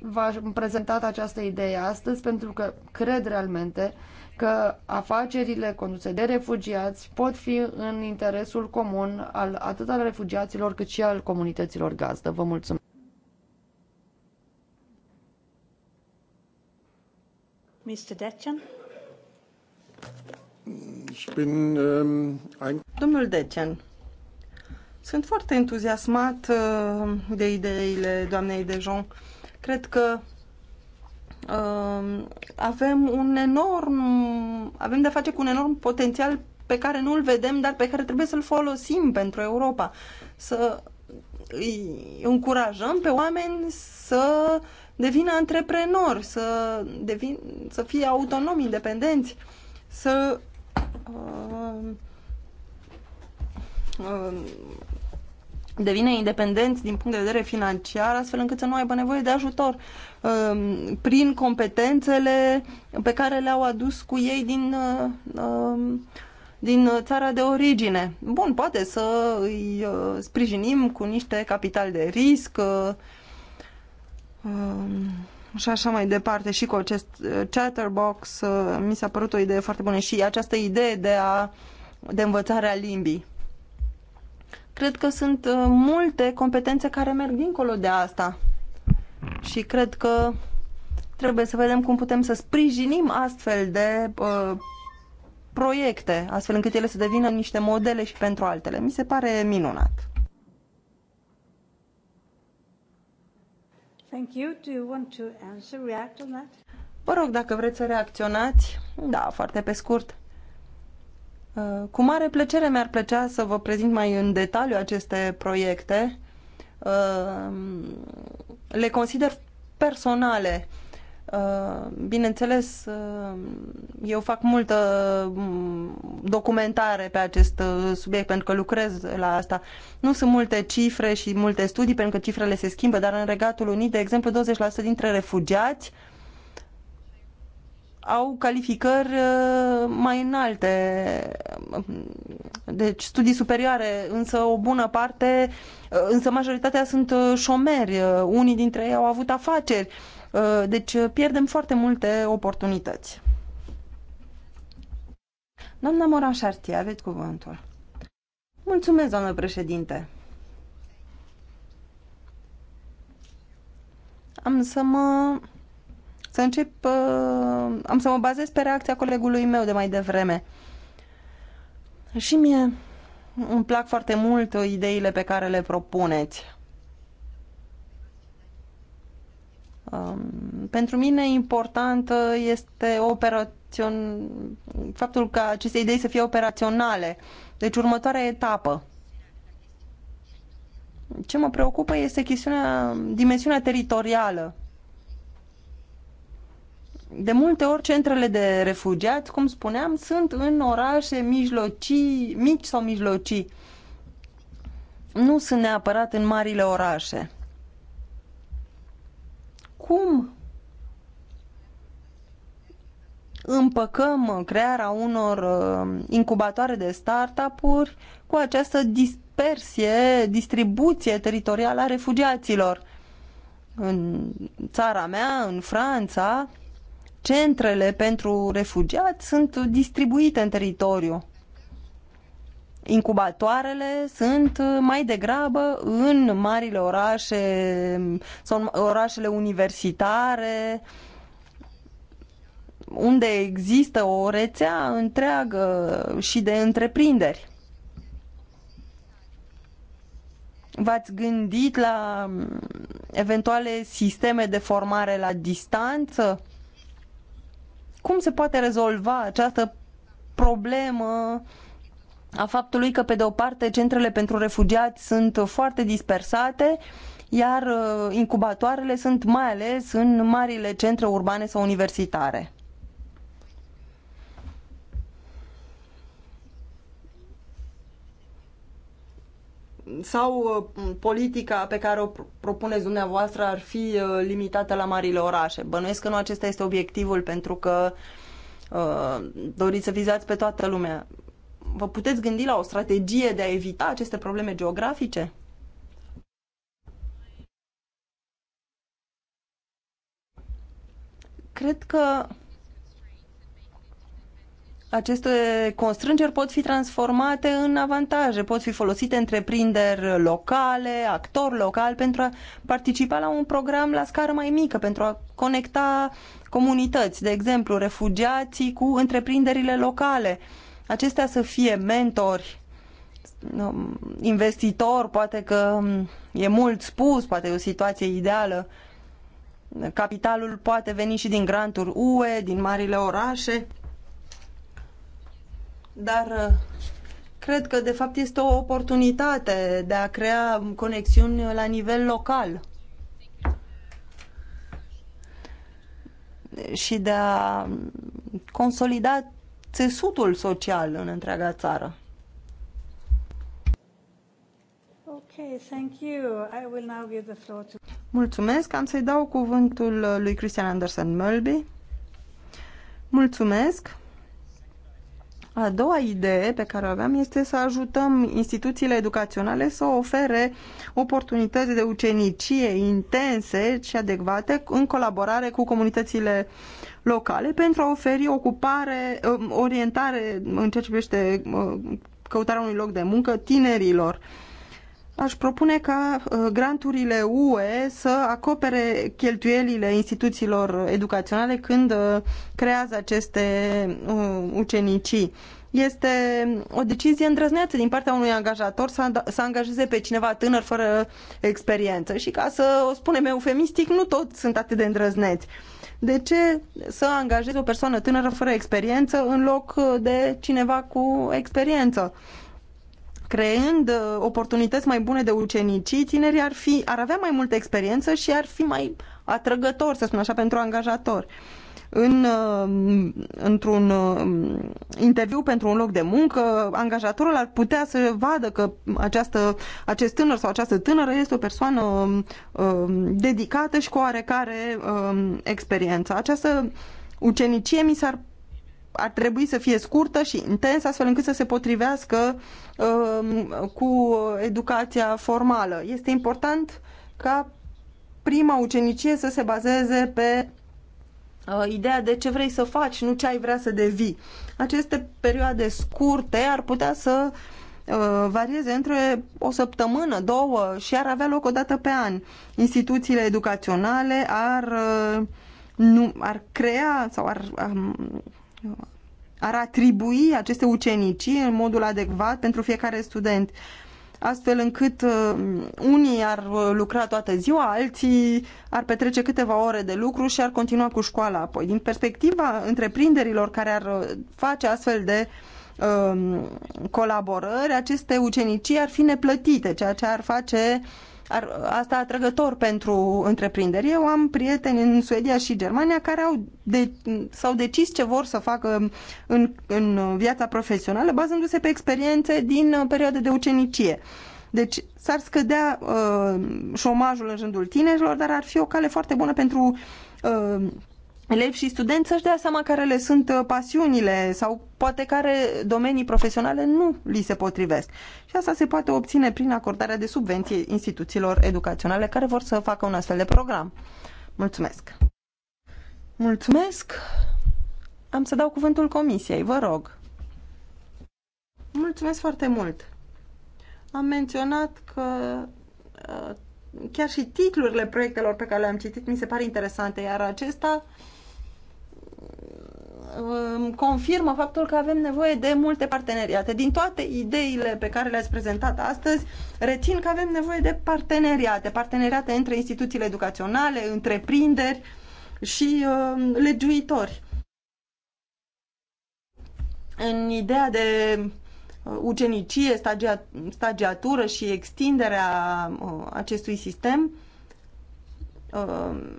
v-am prezentat această idee astăzi pentru că cred realmente că afacerile conduse de refugiați pot fi în interesul comun al atât al refugiaților cât și al comunităților gazdă. Vă mulțumesc! Mr. Detchen? Ähm, Domnul Decen, sunt foarte entuziasmat uh, de ideile doamnei Dejon. Cred că um, avem un enorm, avem de face cu un enorm potențial pe care nu-l vedem, dar pe care trebuie să-l folosim pentru Europa. Să îi încurajăm pe oameni să devină antreprenori, să, devin, să fie autonomi, independenți, să Um, um, devine independenți din punct de vedere financiar, astfel încât să nu aibă nevoie de ajutor um, prin competențele pe care le-au adus cu ei din, uh, din țara de origine. Bun, poate să îi uh, sprijinim cu niște capital de risc, uh, și așa mai departe și cu acest uh, chatterbox uh, mi s-a părut o idee foarte bună și această idee de, a, de învățarea limbii. Cred că sunt uh, multe competențe care merg dincolo de asta și cred că trebuie să vedem cum putem să sprijinim astfel de uh, proiecte, astfel încât ele să devină niște modele și pentru altele. Mi se pare minunat. Thank you. Do you want to answer, react on that? Vă rog, dacă vreți să reacționați, da, foarte pe scurt. Uh, cu mare plăcere mi-ar plăcea să vă prezint mai în detaliu aceste proiecte. Uh, le consider personale Uh, bineînțeles, uh, eu fac multă mm, documentare pe acest uh, subiect pentru că lucrez la asta. Nu sunt multe cifre și multe studii pentru că cifrele se schimbă, dar în Regatul Unit, de exemplu, 20% dintre refugiați au calificări mai înalte, deci studii superioare, însă o bună parte, însă majoritatea sunt șomeri, unii dintre ei au avut afaceri Uh, deci uh, pierdem foarte multe oportunități. Doamna Moran Șartie, aveți cuvântul. Mulțumesc, doamnă președinte. Am să mă... Să încep... Uh, am să mă bazez pe reacția colegului meu de mai devreme. Și mie îmi plac foarte mult ideile pe care le propuneți. Um, pentru mine important este operațion... faptul ca aceste idei să fie operaționale. Deci următoarea etapă. Ce mă preocupă este chestiunea, dimensiunea teritorială. De multe ori, centrele de refugiați, cum spuneam, sunt în orașe mijlocii, mici sau mijlocii. Nu sunt neapărat în marile orașe cum împăcăm crearea unor uh, incubatoare de startup-uri cu această dispersie, distribuție teritorială a refugiaților. În țara mea, în Franța, centrele pentru refugiați sunt distribuite în teritoriu. Incubatoarele sunt uh, mai degrabă în marile orașe, mm, sau orașele universitare, unde există o rețea întreagă și de întreprinderi. V-ați gândit la mm, eventuale sisteme de formare la distanță? Cum se poate rezolva această problemă a faptului că, pe de o parte, centrele pentru refugiați sunt foarte dispersate, iar uh, incubatoarele sunt mai ales în marile centre urbane sau universitare. sau uh, politica pe care o propuneți dumneavoastră ar fi uh, limitată la marile orașe. Bănuiesc că nu acesta este obiectivul pentru că uh, doriți să vizați pe toată lumea vă puteți gândi la o strategie de a evita aceste probleme geografice? Cred că aceste constrângeri pot fi transformate în avantaje, pot fi folosite întreprinderi locale, actori locali pentru a participa la un program la scară mai mică, pentru a conecta comunități, de exemplu, refugiații cu întreprinderile locale acestea să fie mentori, um, investitor, poate că um, e mult spus, poate e o situație ideală. Capitalul poate veni și din granturi UE, din marile orașe, dar uh, cred că de fapt este o oportunitate de a crea conexiuni la nivel local. și de a consolida țesutul social în întreaga țară. Mulțumesc. Am să-i dau cuvântul lui Christian Andersen Mölby. Mulțumesc. A doua idee pe care o aveam este să ajutăm instituțiile educaționale să ofere oportunități de ucenicie intense și adecvate în colaborare cu comunitățile locale pentru a oferi ocupare, orientare în ceea ce privește uh, căutarea unui loc de muncă tinerilor Aș propune ca uh, granturile UE să acopere cheltuielile instituțiilor educaționale când uh, creează aceste uh, ucenicii. Este o decizie îndrăzneață din partea unui angajator să angajeze pe cineva tânăr fără experiență și ca să o spunem eufemistic, nu toți sunt atât de îndrăzneți. De ce să angajezi o persoană tânără fără experiență în loc de cineva cu experiență? Creând uh, oportunități mai bune de ucenicii, tinerii ar, fi, ar avea mai multă experiență și ar fi mai atrăgători, să spun așa, pentru angajatori în, uh, într-un uh, interviu pentru un loc de muncă, angajatorul ar putea să vadă că această, acest tânăr sau această tânără este o persoană um, dedicată și cu oarecare um, experiență. Această ucenicie mi s-ar ar trebui să fie scurtă și intensă, astfel încât să se potrivească um, cu educația formală. Este important ca prima ucenicie să se bazeze pe uh, ideea de ce vrei să faci, nu ce ai vrea să devii. Aceste perioade scurte ar putea să uh, varieze între o săptămână, două și ar avea loc o dată pe an. Instituțiile educaționale ar, uh, nu, ar crea sau ar ar atribui aceste ucenicii în modul adecvat pentru fiecare student astfel încât uh, unii ar uh, lucra toată ziua, alții ar petrece câteva ore de lucru și ar continua cu școala apoi. Din perspectiva întreprinderilor care ar uh, face astfel de uh, colaborări, aceste ucenicii ar fi neplătite, ceea ce ar face uh, ar, asta atrăgător pentru întreprinderi. Eu am prieteni în Suedia și Germania care au de, s-au decis ce vor să facă în, în viața profesională bazându-se pe experiențe din uh, perioade de ucenicie. Deci s-ar scădea uh, șomajul în rândul tinerilor, dar ar fi o cale foarte bună pentru uh, elevi și studenți să-și dea seama care le sunt uh, pasiunile sau poate care domenii profesionale nu li se potrivesc. Și asta se poate obține prin acordarea de subvenții instituțiilor educaționale care vor să facă un astfel de program. Mulțumesc! Mulțumesc! Am să dau cuvântul comisiei, vă rog. Mulțumesc foarte mult! Am menționat că uh, chiar și titlurile proiectelor pe care le-am citit mi se pare interesante, iar acesta confirmă faptul că avem nevoie de multe parteneriate. Din toate ideile pe care le-ați prezentat astăzi, rețin că avem nevoie de parteneriate, parteneriate între instituțiile educaționale, întreprinderi și uh, legiuitori. În ideea de uh, ucenicie, stagia, stagiatură și extinderea uh, acestui sistem, uh,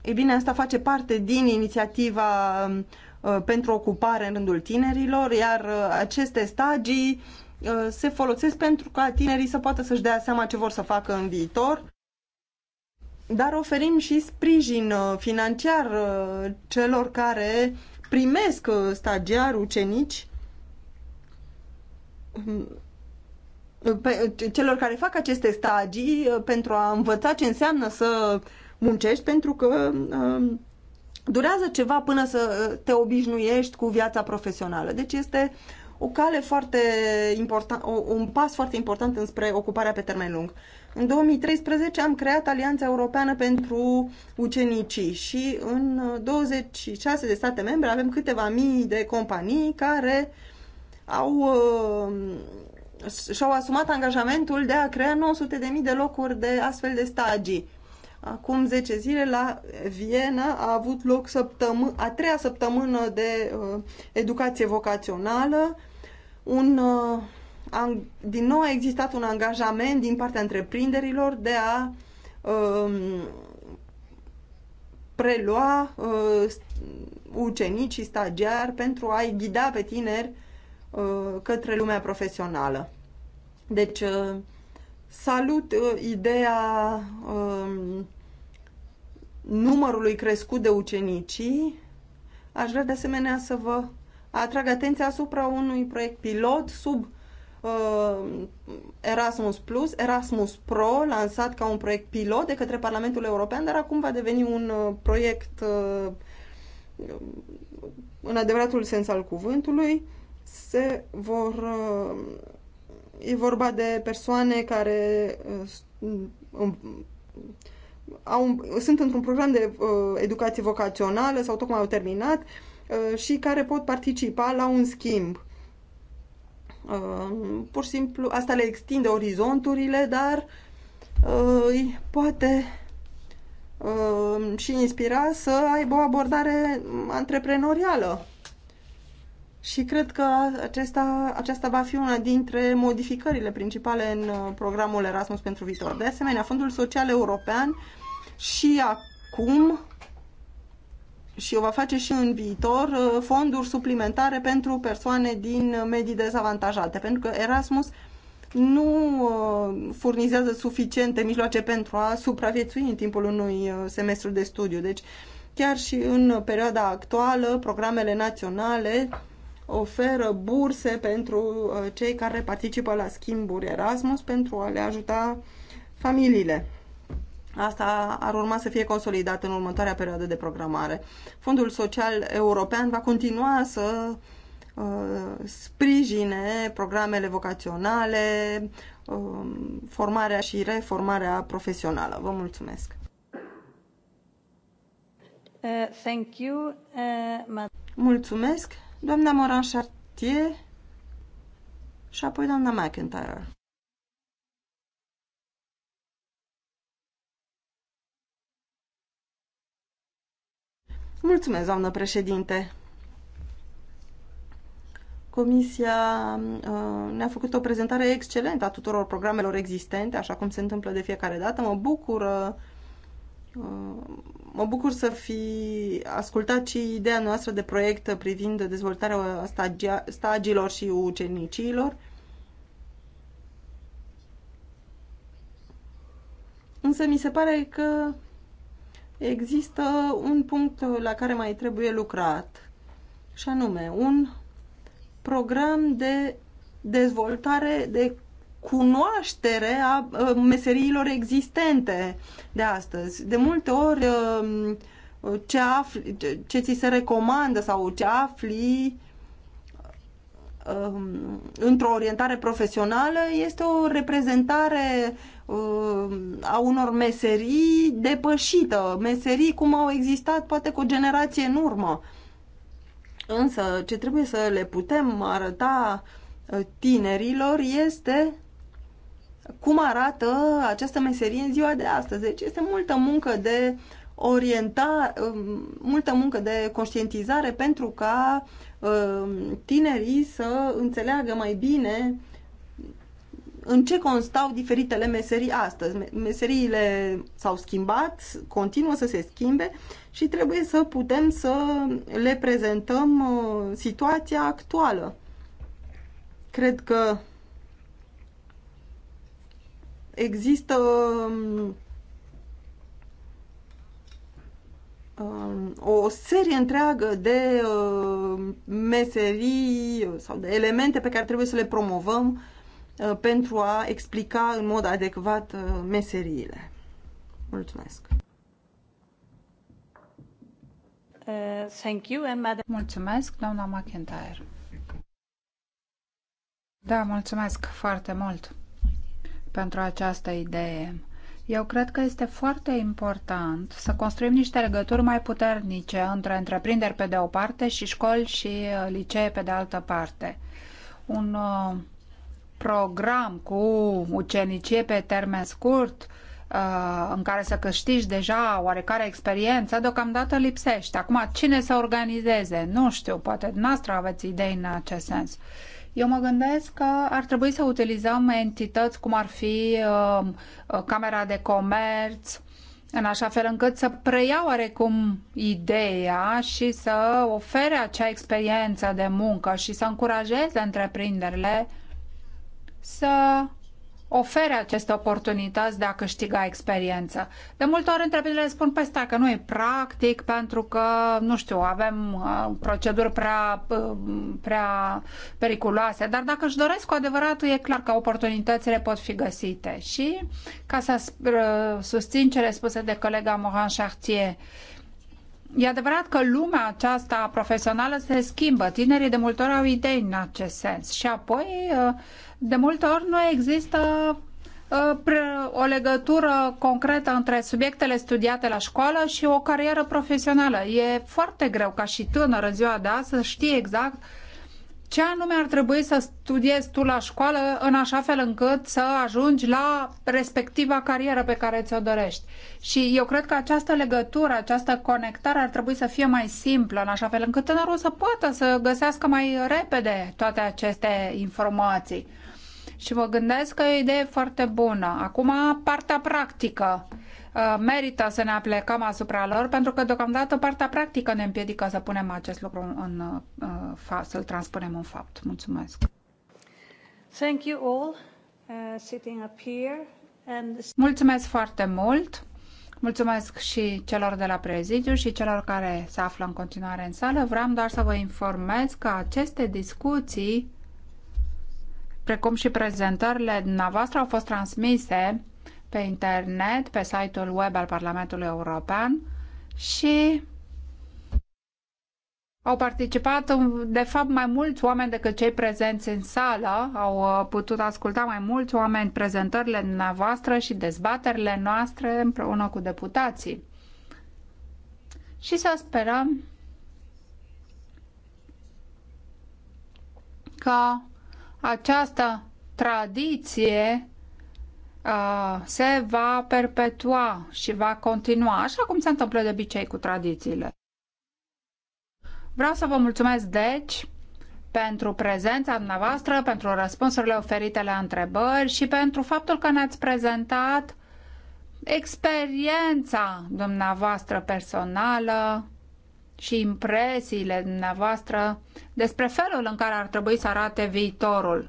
E bine, asta face parte din inițiativa uh, pentru ocupare în rândul tinerilor, iar uh, aceste stagii uh, se folosesc pentru ca tinerii să poată să-și dea seama ce vor să facă în viitor, dar oferim și sprijin financiar celor care primesc stagiar ucenici, celor care fac aceste stagii pentru a învăța ce înseamnă să muncești pentru că um, durează ceva până să uh, te obișnuiești cu viața profesională. Deci este o cale foarte importantă, un pas foarte important înspre ocuparea pe termen lung. În 2013 am creat Alianța Europeană pentru Ucenicii și în 26 uh, de state membre avem câteva mii de companii care au uh, și-au asumat angajamentul de a crea 900.000 de locuri de astfel de stagii. Acum 10 zile la Viena a avut loc săptămân- a treia săptămână de uh, educație vocațională. Un, uh, an- din nou a existat un angajament din partea întreprinderilor de a uh, prelua uh, ucenici și stagiari pentru a-i ghida pe tineri uh, către lumea profesională. Deci, uh, Salut uh, ideea uh, numărului crescut de ucenicii. Aș vrea de asemenea să vă atrag atenția asupra unui proiect pilot sub uh, Erasmus Plus, Erasmus Pro, lansat ca un proiect pilot de către Parlamentul European, dar acum va deveni un uh, proiect uh, în adevăratul sens al cuvântului. Se vor uh, e vorba de persoane care uh, au, sunt într-un program de uh, educație vocațională sau tocmai au terminat uh, și care pot participa la un schimb. Pur și simplu, asta le extinde orizonturile, dar îi poate și inspira să aibă o abordare antreprenorială. Și cred că acesta, aceasta va fi una dintre modificările principale în uh, programul Erasmus pentru viitor. De asemenea, Fondul Social European și acum și o va face și în viitor uh, fonduri suplimentare pentru persoane din medii dezavantajate, pentru că Erasmus nu uh, furnizează suficiente mijloace pentru a supraviețui în timpul unui semestru de studiu. Deci, chiar și în perioada actuală, programele naționale oferă burse pentru uh, cei care participă la schimburi Erasmus pentru a le ajuta familiile. Asta ar urma să fie consolidat în următoarea perioadă de programare. Fondul Social European va continua să uh, sprijine programele vocaționale, uh, formarea și reformarea profesională. Vă mulțumesc! Uh, thank you, uh, Mulțumesc! doamna Moran Chartier și apoi doamna McIntyre. Mulțumesc, doamnă președinte. Comisia uh, ne-a făcut o prezentare excelentă a tuturor programelor existente, așa cum se întâmplă de fiecare dată. Mă bucură uh, Mă bucur să fi ascultat și ideea noastră de proiect privind dezvoltarea stagia, stagiilor și ucenicilor. Însă mi se pare că există un punct la care mai trebuie lucrat, și anume un program de dezvoltare de cunoaștere a meseriilor existente de astăzi. De multe ori ce, afli, ce ți se recomandă sau ce afli într-o orientare profesională este o reprezentare a unor meserii depășită, meserii cum au existat poate cu o generație în urmă. Însă ce trebuie să le putem arăta tinerilor este cum arată această meserie în ziua de astăzi. Deci este multă muncă de orienta, um, multă muncă de conștientizare pentru ca um, tinerii să înțeleagă mai bine în ce constau diferitele meserii astăzi. Meseriile s-au schimbat, continuă să se schimbe și trebuie să putem să le prezentăm uh, situația actuală. Cred că există um, um, o serie întreagă de um, meserii sau de elemente pe care trebuie să le promovăm uh, pentru a explica în mod adecvat uh, meseriile. Mulțumesc! Uh, thank you and madam... Mulțumesc, doamna McIntyre. Da, mulțumesc foarte mult pentru această idee. Eu cred că este foarte important să construim niște legături mai puternice între întreprinderi pe de o parte și școli și uh, licee pe de altă parte. Un uh, program cu ucenicie pe termen scurt uh, în care să câștigi deja oarecare experiență, deocamdată lipsește. Acum, cine să organizeze? Nu știu, poate dumneavoastră aveți idei în acest sens. Uh, eu mă gândesc că ar trebui să utilizăm entități cum ar fi uh, uh, Camera de Comerț, în așa fel încât să preia oarecum ideea și să ofere acea experiență de muncă și să încurajeze întreprinderile să ofere aceste oportunități de a câștiga experiență. De multe ori întrebările spun, pe păi, stai că nu e practic pentru că, nu știu, avem uh, proceduri prea, uh, prea periculoase, dar dacă își doresc cu adevărat, e clar că oportunitățile pot fi găsite. Și ca să uh, susțin cele spuse de colega Mohan Chartier, uh, E adevărat că lumea aceasta profesională se schimbă. Tinerii de multe ori au idei în acest sens. Și apoi, uh, de multe ori, nu există uh, o legătură concretă între subiectele studiate la școală și o carieră profesională. E foarte greu ca și tânăr în ziua de azi să știi exact ce anume ar trebui să studiezi tu la școală în așa fel încât să ajungi la respectiva carieră pe care ți-o dorești. Și eu cred că această legătură, această conectare ar trebui să fie mai simplă, în așa fel încât tânărul să poată să găsească mai repede toate aceste informații. Și mă gândesc că e o idee foarte bună. Acum, partea practică. Uh, merită să ne aplecăm asupra lor, pentru că deocamdată partea practică ne împiedică să punem acest lucru în, uh, să-l transpunem în fapt. Mulțumesc! Thank you all, uh, sitting up here Mulțumesc foarte mult! Mulțumesc și celor de la prezidiu și celor care se află în continuare în sală. Vreau doar să vă informez că aceste discuții, precum și prezentările dumneavoastră, au fost transmise pe internet, pe site-ul web al Parlamentului European și au participat, de fapt, mai mulți oameni decât cei prezenți în sală, au uh, putut asculta mai mulți oameni prezentările noastre și dezbaterile noastre împreună cu deputații. Și să sperăm că această tradiție Uh, se va perpetua și va continua, așa cum se întâmplă de obicei cu tradițiile. Vreau să vă mulțumesc, deci, pentru prezența dumneavoastră, pentru răspunsurile oferite la întrebări și pentru faptul că ne-ați prezentat experiența dumneavoastră personală și impresiile dumneavoastră despre felul în care ar trebui să arate viitorul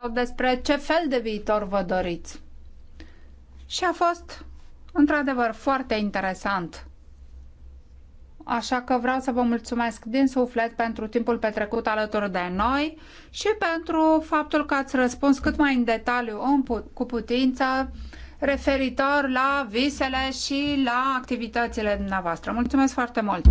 sau despre ce fel de viitor vă doriți. Și a fost, într-adevăr, foarte interesant. Așa că vreau să vă mulțumesc din suflet pentru timpul petrecut alături de noi și pentru faptul că ați răspuns cât mai în detaliu cu putință referitor la visele și la activitățile dumneavoastră. Mulțumesc foarte mult!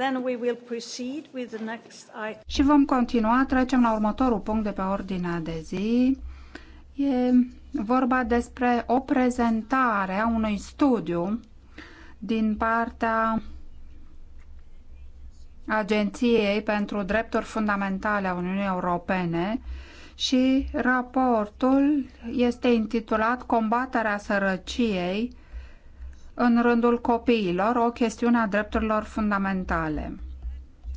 Then we will proceed with the next item. Și vom continua, trecem la următorul punct de pe ordinea de zi. E vorba despre o prezentare a unui studiu din partea Agenției pentru Drepturi Fundamentale a Uniunii Europene și raportul este intitulat Combaterea sărăciei în rândul copiilor o chestiune a drepturilor fundamentale.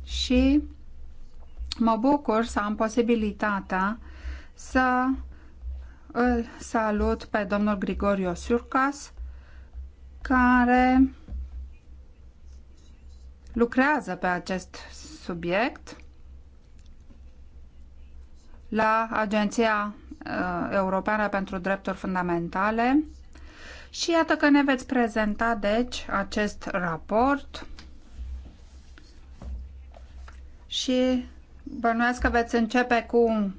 Și mă bucur să am posibilitatea să îl salut pe domnul Grigorio Surcas, care lucrează pe acest subiect la Agenția uh, Europeană pentru Drepturi Fundamentale și iată că ne veți prezenta, deci, acest raport și bănuiesc că veți începe cu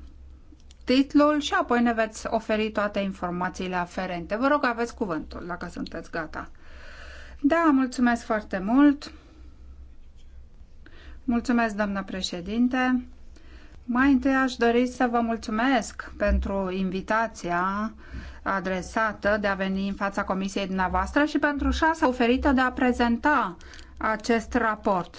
titlul și apoi ne veți oferi toate informațiile aferente. Vă rog, aveți cuvântul, dacă sunteți gata. Da, mulțumesc foarte mult. Mulțumesc, doamna președinte. Mai întâi aș dori să vă mulțumesc pentru invitația adresată de a veni în fața comisiei dumneavoastră și pentru șansa oferită de a prezenta acest raport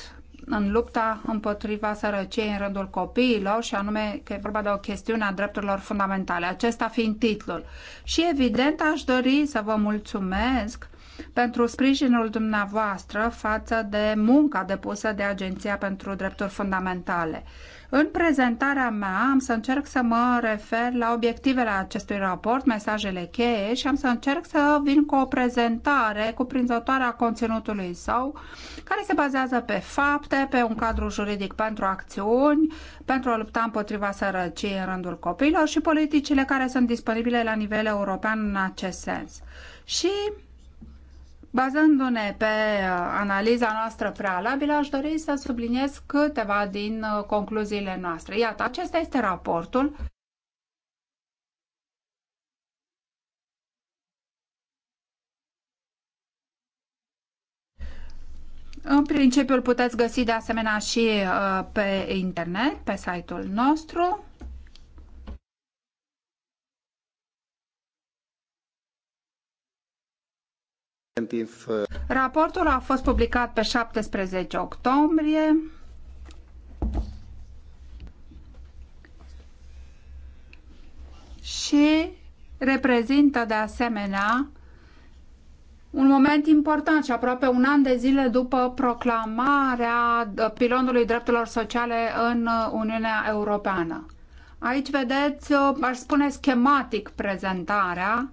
în lupta împotriva sărăciei în rândul copiilor și anume că e vorba de o chestiune a drepturilor fundamentale, acesta fiind titlul. Și evident aș dori să vă mulțumesc pentru sprijinul dumneavoastră față de munca depusă de Agenția pentru Drepturi Fundamentale. În prezentarea mea am să încerc să mă refer la obiectivele acestui raport, mesajele cheie și am să încerc să vin cu o prezentare cuprinzătoare a conținutului său, care se bazează pe fapte, pe un cadru juridic pentru acțiuni, pentru a lupta împotriva sărăciei în rândul copiilor și politicile care sunt disponibile la nivel european în acest sens. Și Bazându-ne pe uh, analiza noastră prealabilă, aș dori să subliniez câteva din uh, concluziile noastre. Iată, acesta este raportul. În principiu îl puteți găsi de asemenea și uh, pe internet, pe site-ul nostru. Raportul a fost publicat pe 17 octombrie. Și reprezintă de asemenea un moment important și aproape un an de zile după proclamarea pilonului drepturilor sociale în Uniunea Europeană. Aici vedeți, aș spune schematic prezentarea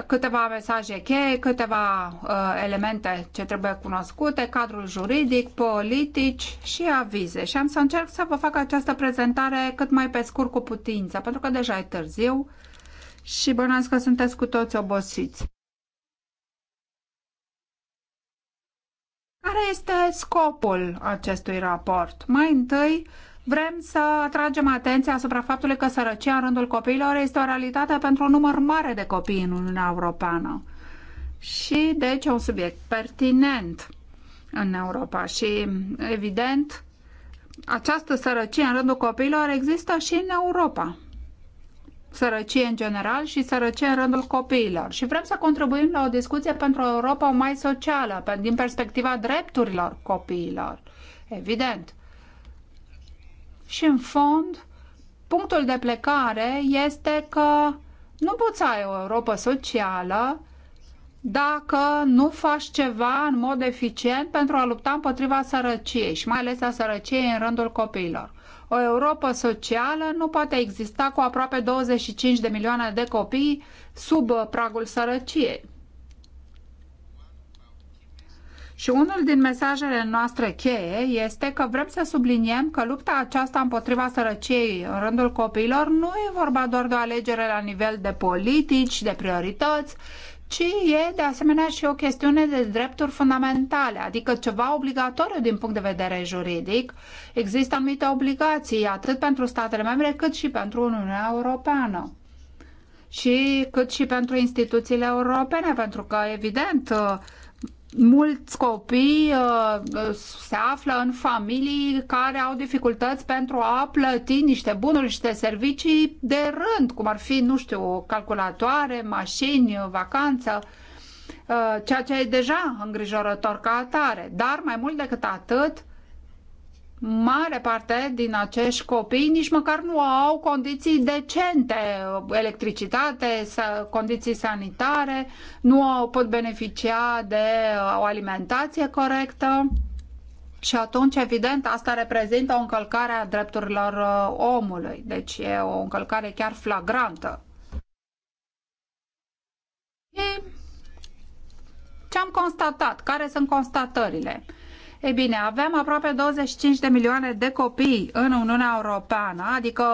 câteva mesaje cheie, câteva uh, elemente ce trebuie cunoscute, cadrul juridic, politici și avize. Și am să încerc să vă fac această prezentare cât mai pe scurt cu putință, pentru că deja e târziu și bănuiesc că sunteți cu toți obosiți. Care este scopul acestui raport? Mai întâi, uh, Vrem să atragem atenția asupra faptului că sărăcia în rândul copiilor este o realitate pentru un număr mare de copii în Uniunea Europeană. Și deci un subiect pertinent în Europa și evident această sărăcie în rândul copiilor există și în Europa. Sărăcie în general și sărăcie în rândul copiilor. Și vrem să contribuim la o discuție pentru o Europa mai socială, din perspectiva drepturilor copiilor. Evident și în fond punctul de plecare este că nu poți să ai o Europa socială dacă nu faci ceva în mod eficient pentru a lupta împotriva sărăciei și mai ales a sărăciei în rândul copiilor. O Europa socială nu poate exista cu aproape 25 de milioane de copii sub pragul sărăciei. Și unul din mesajele noastre cheie este că vrem să subliniem că lupta aceasta împotriva sărăciei în rândul copiilor nu e vorba doar de o alegere la nivel de politici, de priorități, ci e de asemenea și o chestiune de drepturi fundamentale, adică ceva obligatoriu din punct de vedere juridic. Există anumite obligații atât pentru statele membre cât și pentru Uniunea Europeană și cât și pentru instituțiile europene, pentru că, evident, mulți copii uh, uh, se află în familii care au dificultăți pentru a plăti niște bunuri, niște servicii de rând, cum ar fi, nu știu, calculatoare, mașini, vacanță, uh, ceea ce e deja îngrijorător ca atare. Dar mai mult decât atât, mare parte din acești copii nici măcar nu au condiții decente, electricitate, condiții sanitare, nu au, pot beneficia de uh, o alimentație corectă. Și atunci, evident, asta reprezintă o încălcare a drepturilor uh, omului. Deci e o încălcare chiar flagrantă. Ce am constatat? Care sunt constatările? Ei bine, avem aproape 25 de milioane de copii în Uniunea Europeană, adică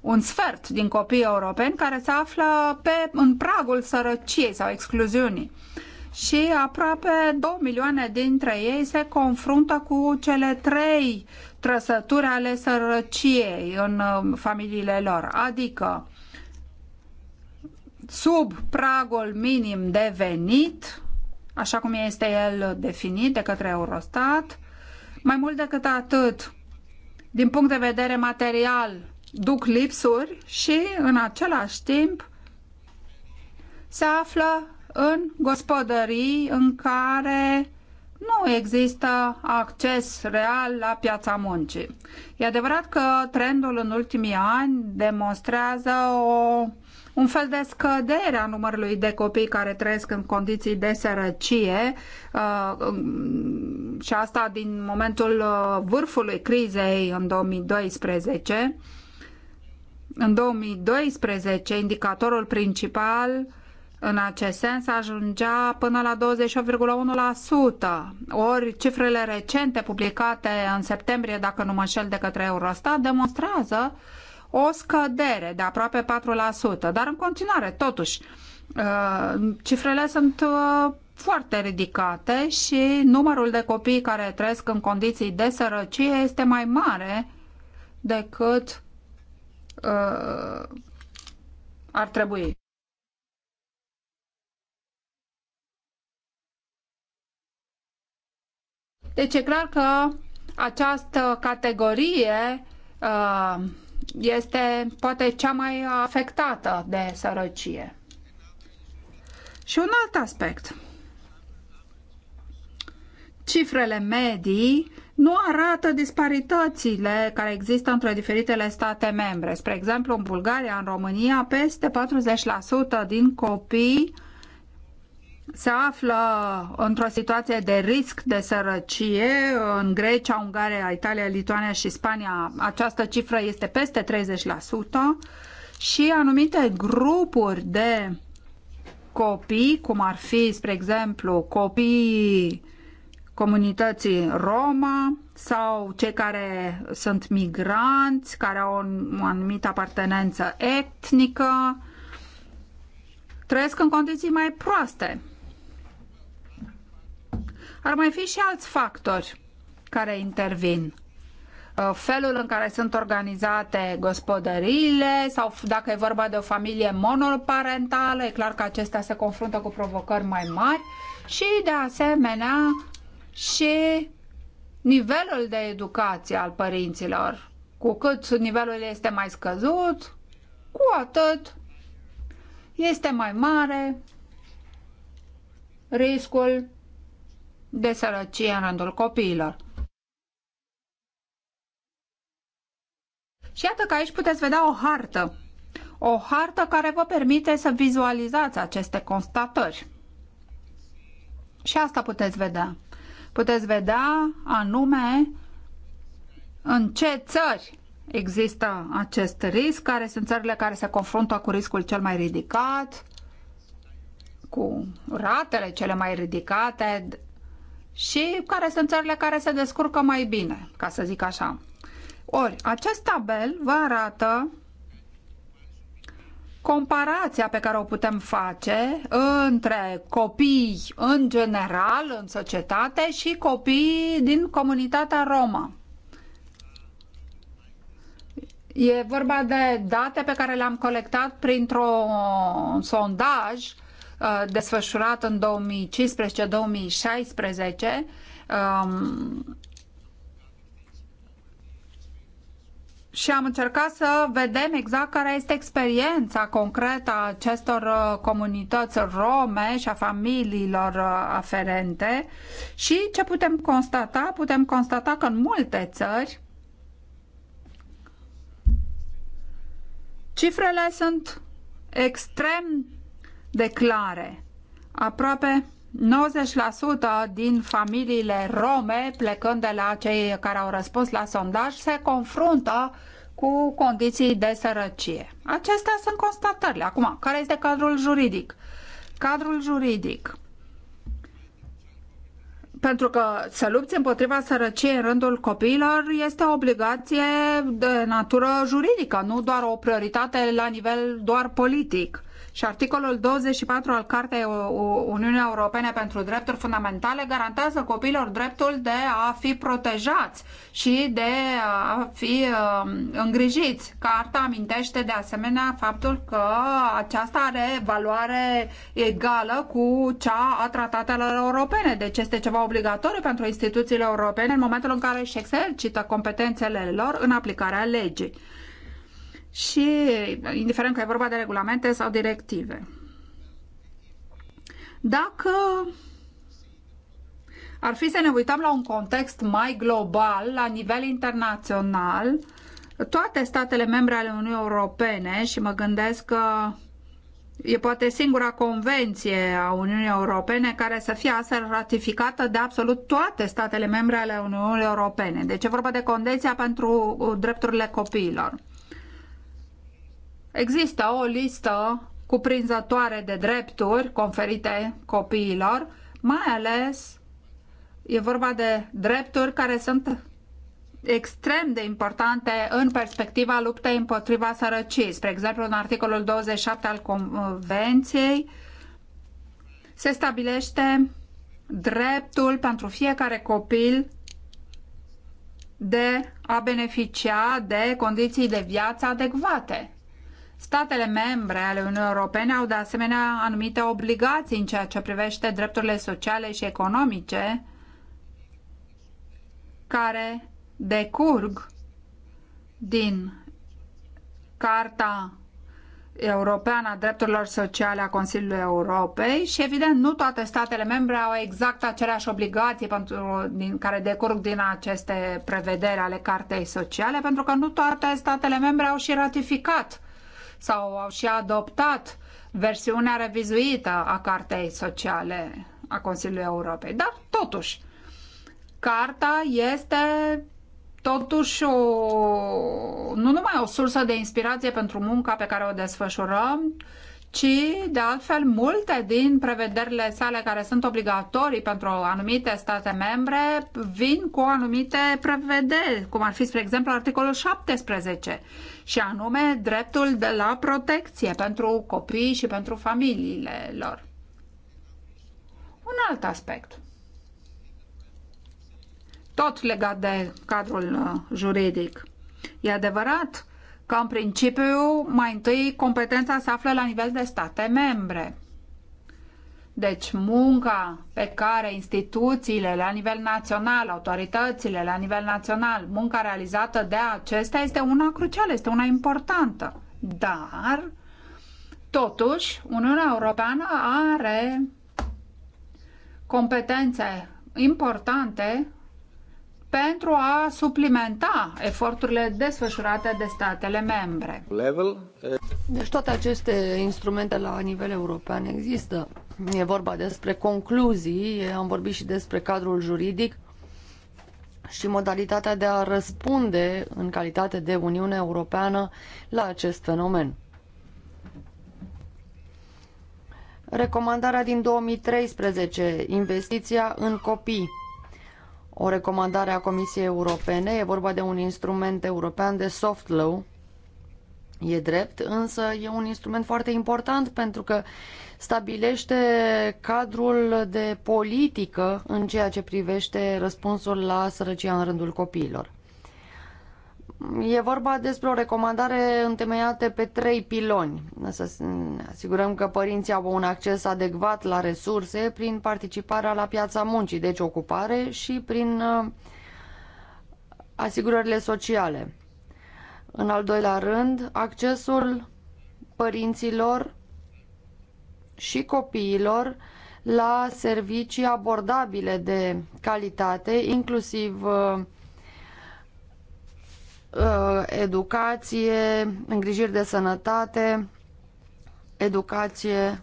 un sfert din copiii europeni care se află pe, în pragul sărăciei sau excluziunii și aproape 2 milioane dintre ei se confruntă cu cele trei trăsături ale sărăciei în uh, familiile lor, adică sub pragul minim de venit, așa cum este el definit de către Eurostat. Mai mult decât atât, din punct de vedere material, duc lipsuri și, în același timp, se află în gospodării în care nu există acces real la piața muncii. E adevărat că trendul în ultimii ani demonstrează o un fel de scădere a numărului de copii care trăiesc în condiții de sărăcie uh, um, și asta din momentul uh, vârfului crizei în 2012. În 2012, indicatorul principal în acest sens ajungea până la 28,1%. Ori cifrele recente publicate în septembrie, dacă nu mă șel de către Eurostat, demonstrează uh, o scădere de aproape 4%, dar în continuare, totuși, uh, cifrele sunt uh, foarte ridicate și numărul de copii care trăiesc în condiții de sărăcie este mai mare decât uh, ar trebui. Deci e clar că această categorie uh, este poate cea mai afectată de sărăcie. Și un alt aspect. Cifrele medii nu arată disparitățile care există între diferitele state membre. Spre exemplu, în Bulgaria, în România, peste 40% din copii se află într-o situație de risc de sărăcie. În Grecia, Ungaria, Italia, Lituania și Spania această cifră este peste 30% și anumite grupuri de copii, cum ar fi, spre exemplu, copiii comunității Roma sau cei care sunt migranți, care au o anumită apartenență etnică, trăiesc în condiții mai proaste. Ar mai fi și alți factori care intervin uh, felul în care sunt organizate gospodăriile sau dacă e vorba de o familie monoparentală, e clar că acestea se confruntă cu provocări mai mari și de asemenea și nivelul de educație al părinților. Cu cât nivelul este mai scăzut, cu atât este mai mare riscul de sărăcie în rândul copiilor. Și iată că aici puteți vedea o hartă. O hartă care vă permite să vizualizați aceste constatări. Și asta puteți vedea. Puteți vedea anume în ce țări există acest risc, care sunt țările care se confruntă cu riscul cel mai ridicat, cu ratele cele mai ridicate și care sunt țările care se descurcă mai bine, ca să zic așa. Ori, acest tabel vă arată comparația pe care o putem face între copii în general, în societate, și copii din comunitatea romă. E vorba de date pe care le-am colectat printr-un sondaj uh, Uh, desfășurat în 2015-2016 um, și am încercat să vedem exact care este experiența concretă a acestor uh, comunități rome și a familiilor uh, aferente și ce putem constata? Putem constata că în multe țări cifrele sunt extrem declare aproape 90% din familiile rome, plecând de la cei care au răspuns la sondaj, se confruntă cu condiții de sărăcie. Acestea sunt constatările. Acum, care este cadrul juridic? Cadrul juridic pentru că să lupți împotriva sărăciei în rândul copiilor este o obligație de natură juridică, nu doar o prioritate la nivel doar politic. Și articolul 24 al Cartei Uniunii Europene pentru Drepturi Fundamentale garantează copiilor dreptul de a fi protejați și de a fi um, îngrijiți. Carta amintește de asemenea faptul că aceasta are valoare egală cu cea a tratatelor europene, deci este ceva obligatoriu pentru instituțiile europene în momentul în care își exercită competențele lor în aplicarea legii și indiferent că e vorba de regulamente sau directive. Dacă ar fi să ne uităm la un context mai global, la nivel internațional, toate statele membre ale Uniunii Europene și mă gândesc că e poate singura convenție a Uniunii Europene care să fie astfel ratificată de absolut toate statele membre ale Uniunii Europene. Deci e vorba de Convenția pentru drepturile copiilor. Există o listă cuprinzătoare de drepturi conferite copiilor, mai ales e vorba de drepturi care sunt extrem de importante în perspectiva luptei împotriva sărăciei. Spre exemplu, în articolul 27 al Convenției se stabilește dreptul pentru fiecare copil de a beneficia de condiții de viață adecvate. Statele membre ale Uniunii Europene au de asemenea anumite obligații în ceea ce privește drepturile sociale și economice care decurg din Carta Europeană a Drepturilor Sociale a Consiliului Europei și evident nu toate statele membre au exact aceleași obligații pentru, din, care decurg din aceste prevederi ale Cartei Sociale pentru că nu toate statele membre au și ratificat sau au și adoptat versiunea revizuită a Cartei Sociale a Consiliului Europei. Dar, totuși, carta este totuși o, nu numai o sursă de inspirație pentru munca pe care o desfășurăm, ci, de altfel, multe din prevederile sale care sunt obligatorii pentru anumite state membre vin cu anumite prevederi, cum ar fi, spre exemplu, articolul 17, și anume dreptul de la protecție pentru copii și pentru familiile lor. Un alt aspect, tot legat de cadrul uh, juridic. E adevărat că, în principiu, mai întâi competența se află la nivel de state membre. Deci munca pe care instituțiile la nivel național, autoritățile la nivel național, munca realizată de acestea este una crucială, este una importantă. Dar, totuși, Uniunea Europeană are competențe importante pentru a suplimenta eforturile desfășurate de statele membre. Eh, deci toate aceste instrumente la nivel european există. E vorba despre concluzii, am vorbit și despre cadrul juridic și modalitatea de a răspunde în calitate de Uniune Europeană la acest fenomen. Recomandarea din 2013, investiția în copii. O recomandare a Comisiei Europene, e vorba de un instrument european de soft law E drept, însă e un instrument foarte important pentru că stabilește cadrul de politică în ceea ce privește răspunsul la sărăcia în rândul copiilor. E vorba despre o recomandare întemeiată pe trei piloni. Să asigurăm că părinții au un acces adecvat la resurse prin participarea la piața muncii, deci ocupare, și prin uh, asigurările sociale. În al doilea rând, accesul părinților și copiilor la servicii abordabile de calitate, inclusiv uh, uh, educație, îngrijiri de sănătate, educație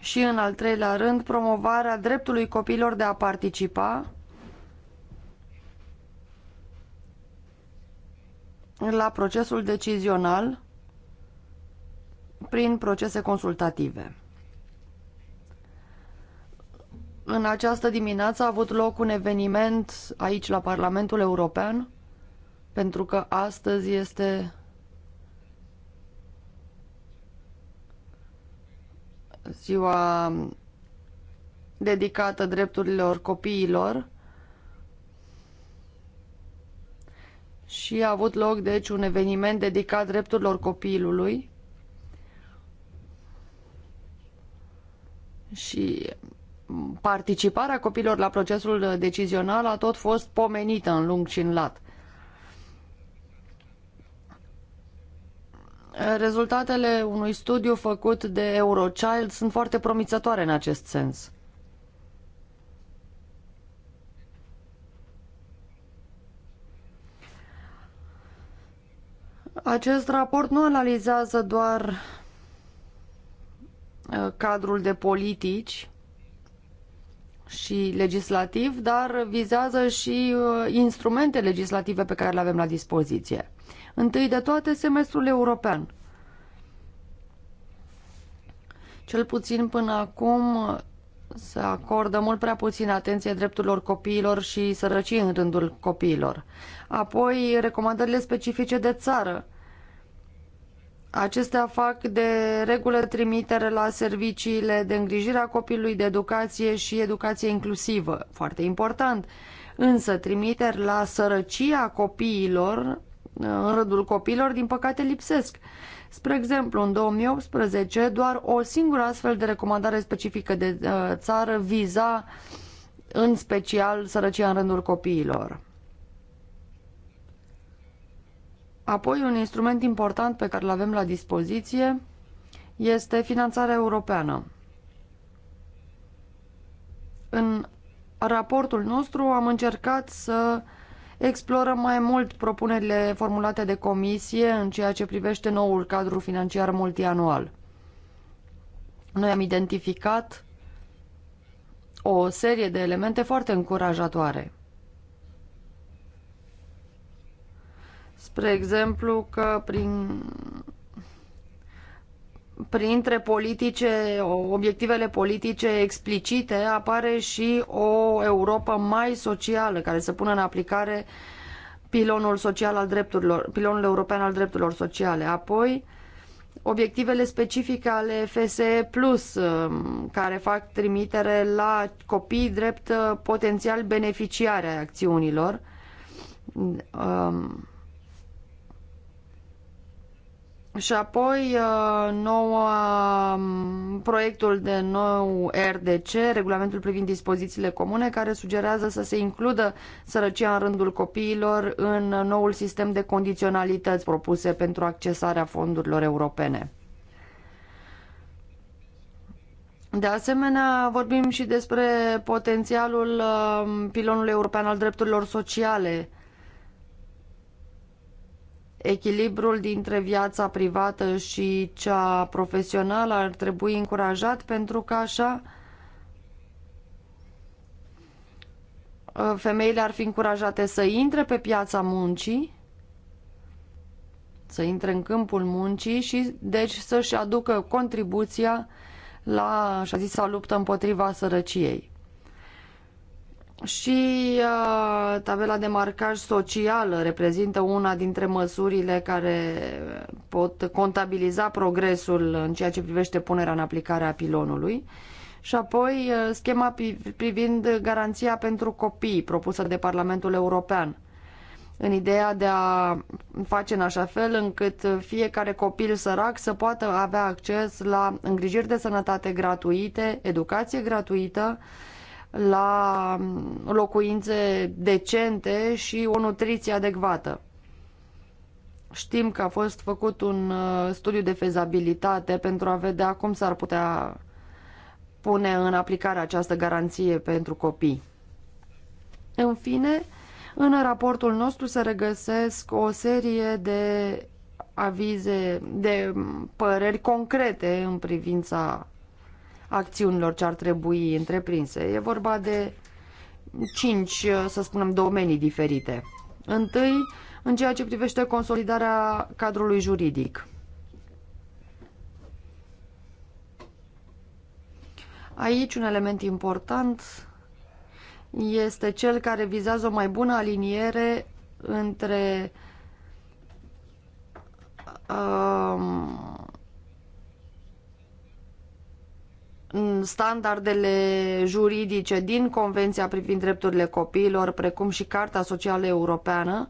și, în al treilea rând, promovarea dreptului copiilor de a participa la procesul decizional prin procese consultative. În această dimineață a avut loc un eveniment aici la Parlamentul European pentru că astăzi este ziua dedicată drepturilor copiilor și a avut loc deci un eveniment dedicat drepturilor copilului și participarea copilor la procesul decizional a tot fost pomenită în lung și în lat. Rezultatele unui studiu făcut de Eurochild sunt foarte promițătoare în acest sens. Acest raport nu analizează doar uh, cadrul de politici și legislativ, dar vizează și uh, instrumente legislative pe care le avem la dispoziție. Întâi de toate, semestrul european. Cel puțin până acum, se acordă mult prea puțină atenție drepturilor copiilor și sărăcii în rândul copiilor. Apoi, recomandările specifice de țară. Acestea fac de regulă trimitere la serviciile de îngrijire a copilului, de educație și educație inclusivă. Foarte important. Însă, trimiteri la sărăcia copiilor, în rândul copiilor, din păcate lipsesc. Spre exemplu, în 2018, doar o singură astfel de recomandare specifică de uh, țară viza în special sărăcia în rândul copiilor. Apoi, un instrument important pe care îl avem la dispoziție este finanțarea europeană. În raportul nostru am încercat să explorăm mai mult propunerile formulate de comisie în ceea ce privește noul cadru financiar multianual. Noi am identificat o serie de elemente foarte încurajatoare. Spre exemplu că prin printre politice, obiectivele politice explicite apare și o Europa mai socială, care să pună în aplicare pilonul social al drepturilor, pilonul european al drepturilor sociale. Apoi, obiectivele specifice ale FSE Plus, um, care fac trimitere la copii drept uh, potențial beneficiari ai acțiunilor. Um, și apoi uh, noua, um, proiectul de nou RDC, regulamentul privind dispozițiile comune, care sugerează să se includă sărăcia în rândul copiilor în noul sistem de condiționalități propuse pentru accesarea fondurilor europene. De asemenea, vorbim și despre potențialul um, pilonului european al drepturilor sociale, Echilibrul dintre viața privată și cea profesională ar trebui încurajat pentru că așa uh, femeile ar fi încurajate să intre pe piața muncii, să intre în câmpul muncii și deci să-și aducă contribuția la așa zisa luptă împotriva sărăciei. Și uh, tabela de marcaj socială reprezintă una dintre măsurile care pot contabiliza progresul în ceea ce privește punerea în aplicare a pilonului. Și apoi uh, schema privind garanția pentru copii propusă de Parlamentul European în ideea de a face în așa fel încât fiecare copil sărac să poată avea acces la îngrijiri de sănătate gratuite, educație gratuită, la locuințe decente și o nutriție adecvată. Știm că a fost făcut un uh, studiu de fezabilitate pentru a vedea cum s-ar putea pune în aplicare această garanție pentru copii. În fine, în raportul nostru se regăsesc o serie de avize, de păreri concrete în privința acțiunilor ce ar trebui întreprinse. E vorba de cinci, să spunem, domenii diferite. Întâi, în ceea ce privește consolidarea cadrului juridic. Aici un element important este cel care vizează o mai bună aliniere între um, standardele juridice din Convenția privind drepturile copiilor, precum și Carta Socială Europeană,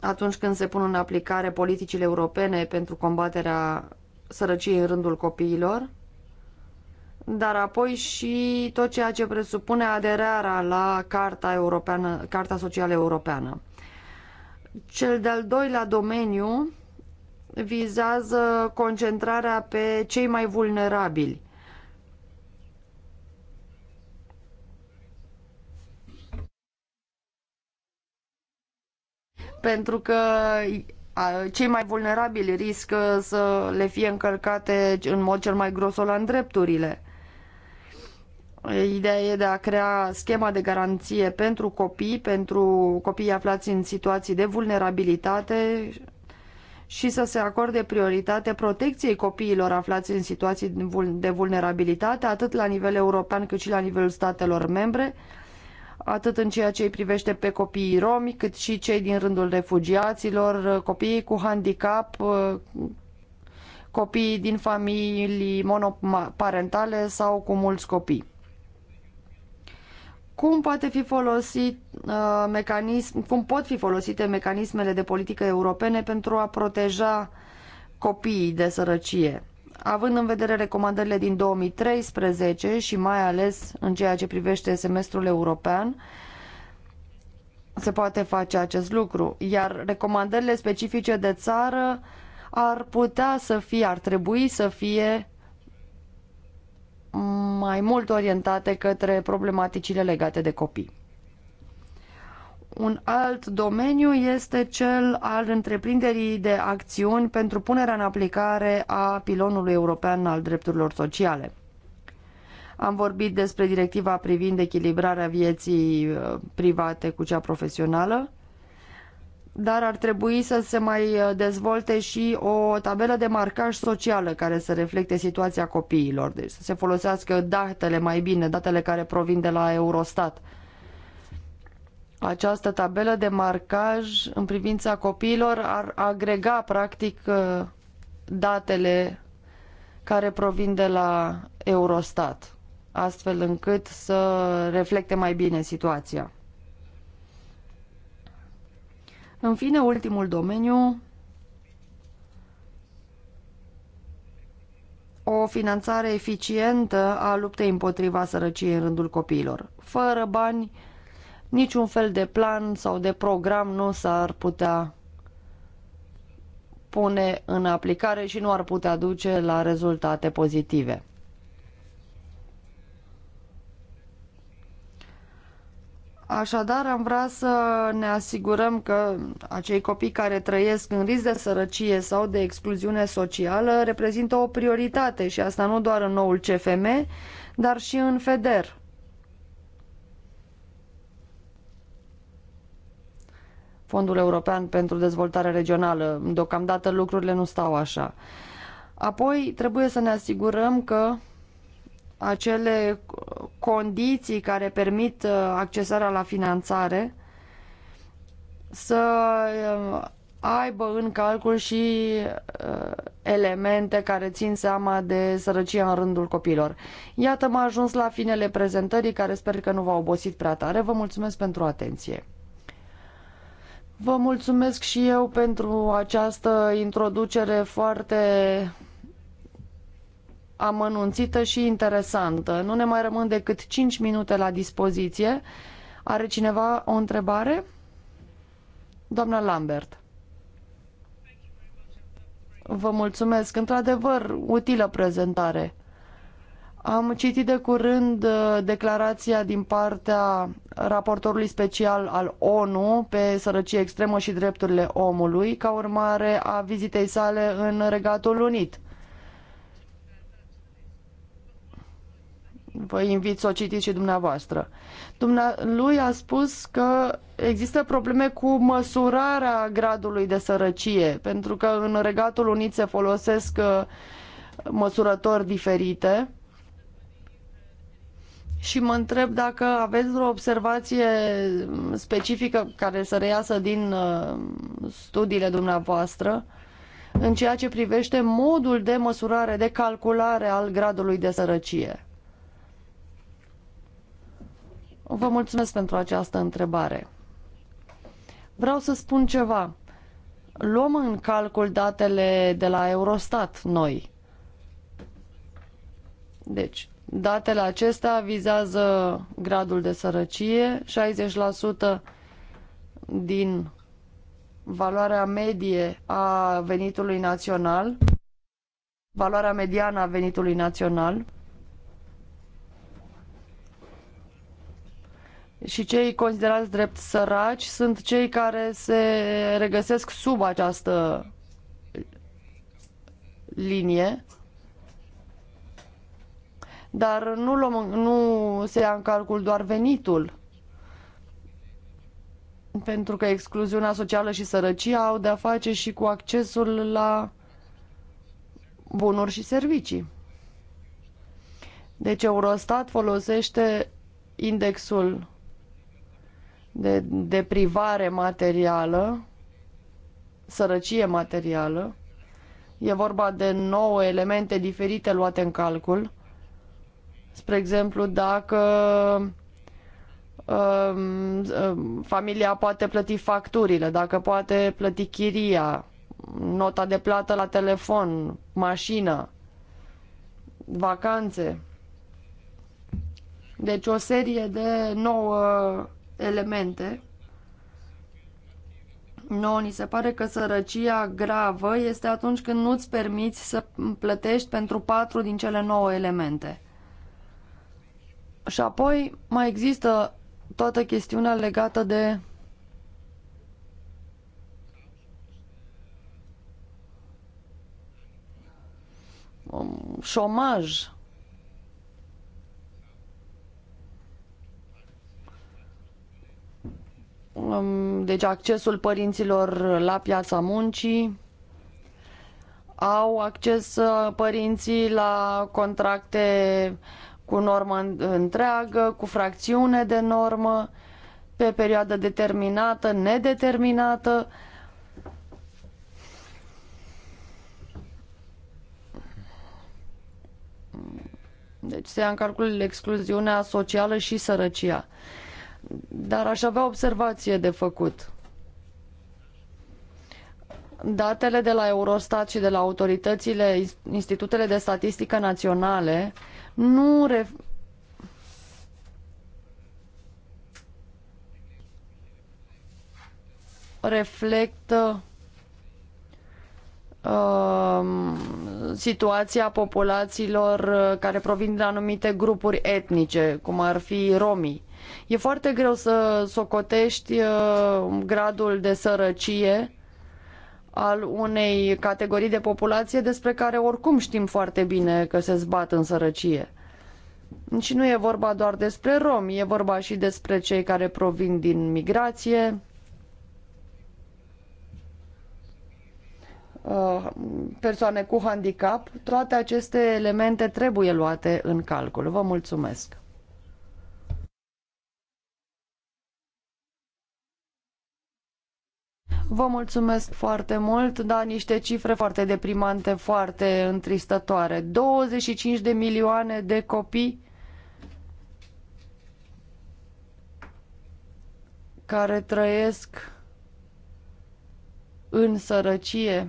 atunci când se pun în aplicare politicile europene pentru combaterea sărăciei în rândul copiilor, dar apoi și tot ceea ce presupune aderarea la Carta, Europeană, Carta Socială Europeană. Cel de-al doilea domeniu vizează concentrarea pe cei mai vulnerabili. Pentru că cei mai vulnerabili riscă să le fie încălcate în mod cel mai grosolan drepturile. Ideea e de a crea schema de garanție pentru copii, pentru copiii aflați în situații de vulnerabilitate și să se acorde prioritate protecției copiilor aflați în situații de vulnerabilitate, atât la nivel european cât și la nivelul statelor membre, atât în ceea ce îi privește pe copiii romi, cât și cei din rândul refugiaților, copiii cu handicap, copiii din familii monoparentale sau cu mulți copii cum poate fi folosit uh, mecanism, cum pot fi folosite mecanismele de politică europene pentru a proteja copiii de sărăcie. Având în vedere recomandările din 2013 și mai ales în ceea ce privește semestrul european, se poate face acest lucru, iar recomandările specifice de țară ar putea să fie, ar trebui să fie mai mult orientate către problematicile legate de copii. Un alt domeniu este cel al întreprinderii de acțiuni pentru punerea în aplicare a pilonului european al drepturilor sociale. Am vorbit despre directiva privind echilibrarea vieții uh, private cu cea profesională dar ar trebui să se mai uh, dezvolte și o tabelă de marcaj socială care să reflecte situația copiilor, deci să se folosească datele mai bine, datele care provin de la Eurostat. Această tabelă de marcaj în privința copiilor ar agrega practic uh, datele care provin de la Eurostat, astfel încât să reflecte mai bine situația. În fine, ultimul domeniu, o finanțare eficientă a luptei împotriva sărăciei în rândul copiilor. Fără bani, niciun fel de plan sau de program nu s-ar putea pune în aplicare și nu ar putea duce la rezultate pozitive. Așadar, am vrea să ne asigurăm că acei copii care trăiesc în risc de sărăcie sau de excluziune socială reprezintă o prioritate și asta nu doar în noul CFM, dar și în FEDER. Fondul European pentru Dezvoltare Regională. Deocamdată lucrurile nu stau așa. Apoi trebuie să ne asigurăm că acele condiții care permit uh, accesarea la finanțare să uh, aibă în calcul și uh, elemente care țin seama de sărăcia în rândul copilor. Iată, m-a ajuns la finele prezentării, care sper că nu v-a obosit prea tare. Vă mulțumesc pentru atenție. Vă mulțumesc și eu pentru această introducere foarte amănunțită și interesantă. Nu ne mai rămân decât 5 minute la dispoziție. Are cineva o întrebare? Doamna Lambert. Vă mulțumesc. Într-adevăr, utilă prezentare. Am citit de curând uh, declarația din partea raportorului special al ONU pe sărăcie extremă și drepturile omului ca urmare a vizitei sale în Regatul Unit. vă invit să o citiți și dumneavoastră. Dumnealui a spus că există probleme cu măsurarea gradului de sărăcie, pentru că în Regatul Unit se folosesc uh, măsurători diferite și mă întreb dacă aveți vreo observație specifică care să reiasă din uh, studiile dumneavoastră în ceea ce privește modul de măsurare, de calculare al gradului de sărăcie. Vă mulțumesc pentru această întrebare. Vreau să spun ceva. Luăm în calcul datele de la Eurostat noi. Deci, datele acestea vizează gradul de sărăcie, 60% din valoarea medie a venitului național, valoarea mediană a venitului național, și cei considerați drept săraci sunt cei care se regăsesc sub această linie, dar nu, luăm, nu se ia în calcul doar venitul, pentru că excluziunea socială și sărăcia au de-a face și cu accesul la bunuri și servicii. Deci Eurostat folosește indexul de deprivare materială, sărăcie materială. E vorba de nouă elemente diferite luate în calcul. Spre exemplu, dacă um, um, familia poate plăti facturile, dacă poate plăti chiria, nota de plată la telefon, mașină, vacanțe. Deci o serie de nouă elemente. No, ni se pare că sărăcia gravă este atunci când nu-ți permiți să plătești pentru patru din cele nouă elemente. Și apoi mai există toată chestiunea legată de um, șomaj deci accesul părinților la piața muncii, au acces uh, părinții la contracte cu normă întreagă, cu fracțiune de normă, pe perioadă determinată, nedeterminată. Deci se ia în calcul excluziunea socială și sărăcia. Dar aș avea observație de făcut. Datele de la Eurostat și de la autoritățile, institutele de statistică naționale nu ref... reflectă uh, situația populațiilor uh, care provin din anumite grupuri etnice, cum ar fi romii. E foarte greu să socotești uh, gradul de sărăcie al unei categorii de populație despre care oricum știm foarte bine că se zbat în sărăcie. Și nu e vorba doar despre romi, e vorba și despre cei care provin din migrație, uh, persoane cu handicap, toate aceste elemente trebuie luate în calcul. Vă mulțumesc! Vă mulțumesc foarte mult, dar niște cifre foarte deprimante, foarte întristătoare. 25 de milioane de copii care trăiesc în sărăcie.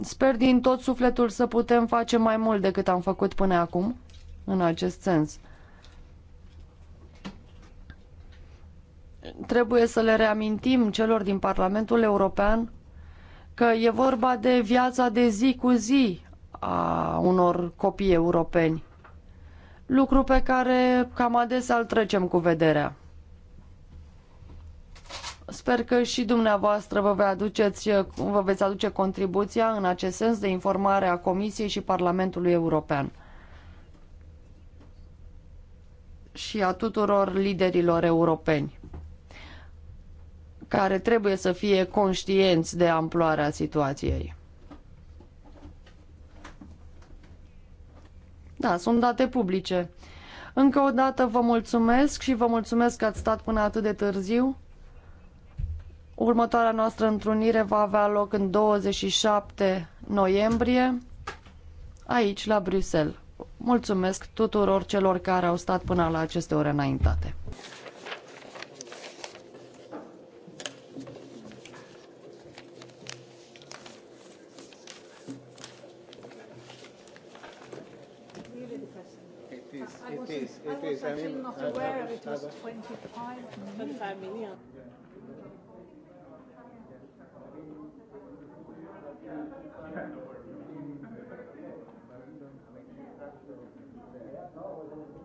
Sper din tot sufletul să putem face mai mult decât am făcut până acum în acest sens. trebuie să le reamintim celor din Parlamentul European că e vorba de viața de zi cu zi a unor copii europeni. Lucru pe care cam adesea îl trecem cu vederea. Sper că și dumneavoastră vă, vei aduceți, vă veți aduce contribuția în acest sens de informare a Comisiei și Parlamentului European și a tuturor liderilor europeni care trebuie să fie conștienți de amploarea situației. Da, sunt date publice. Încă o dată vă mulțumesc și vă mulțumesc că ați stat până atât de târziu. Următoarea noastră întrunire va avea loc în 27 noiembrie, aici, la Bruxelles. Mulțumesc tuturor celor care au stat până la aceste ore înaintate. was actually not aware it was 25 million. 25 million. Yeah.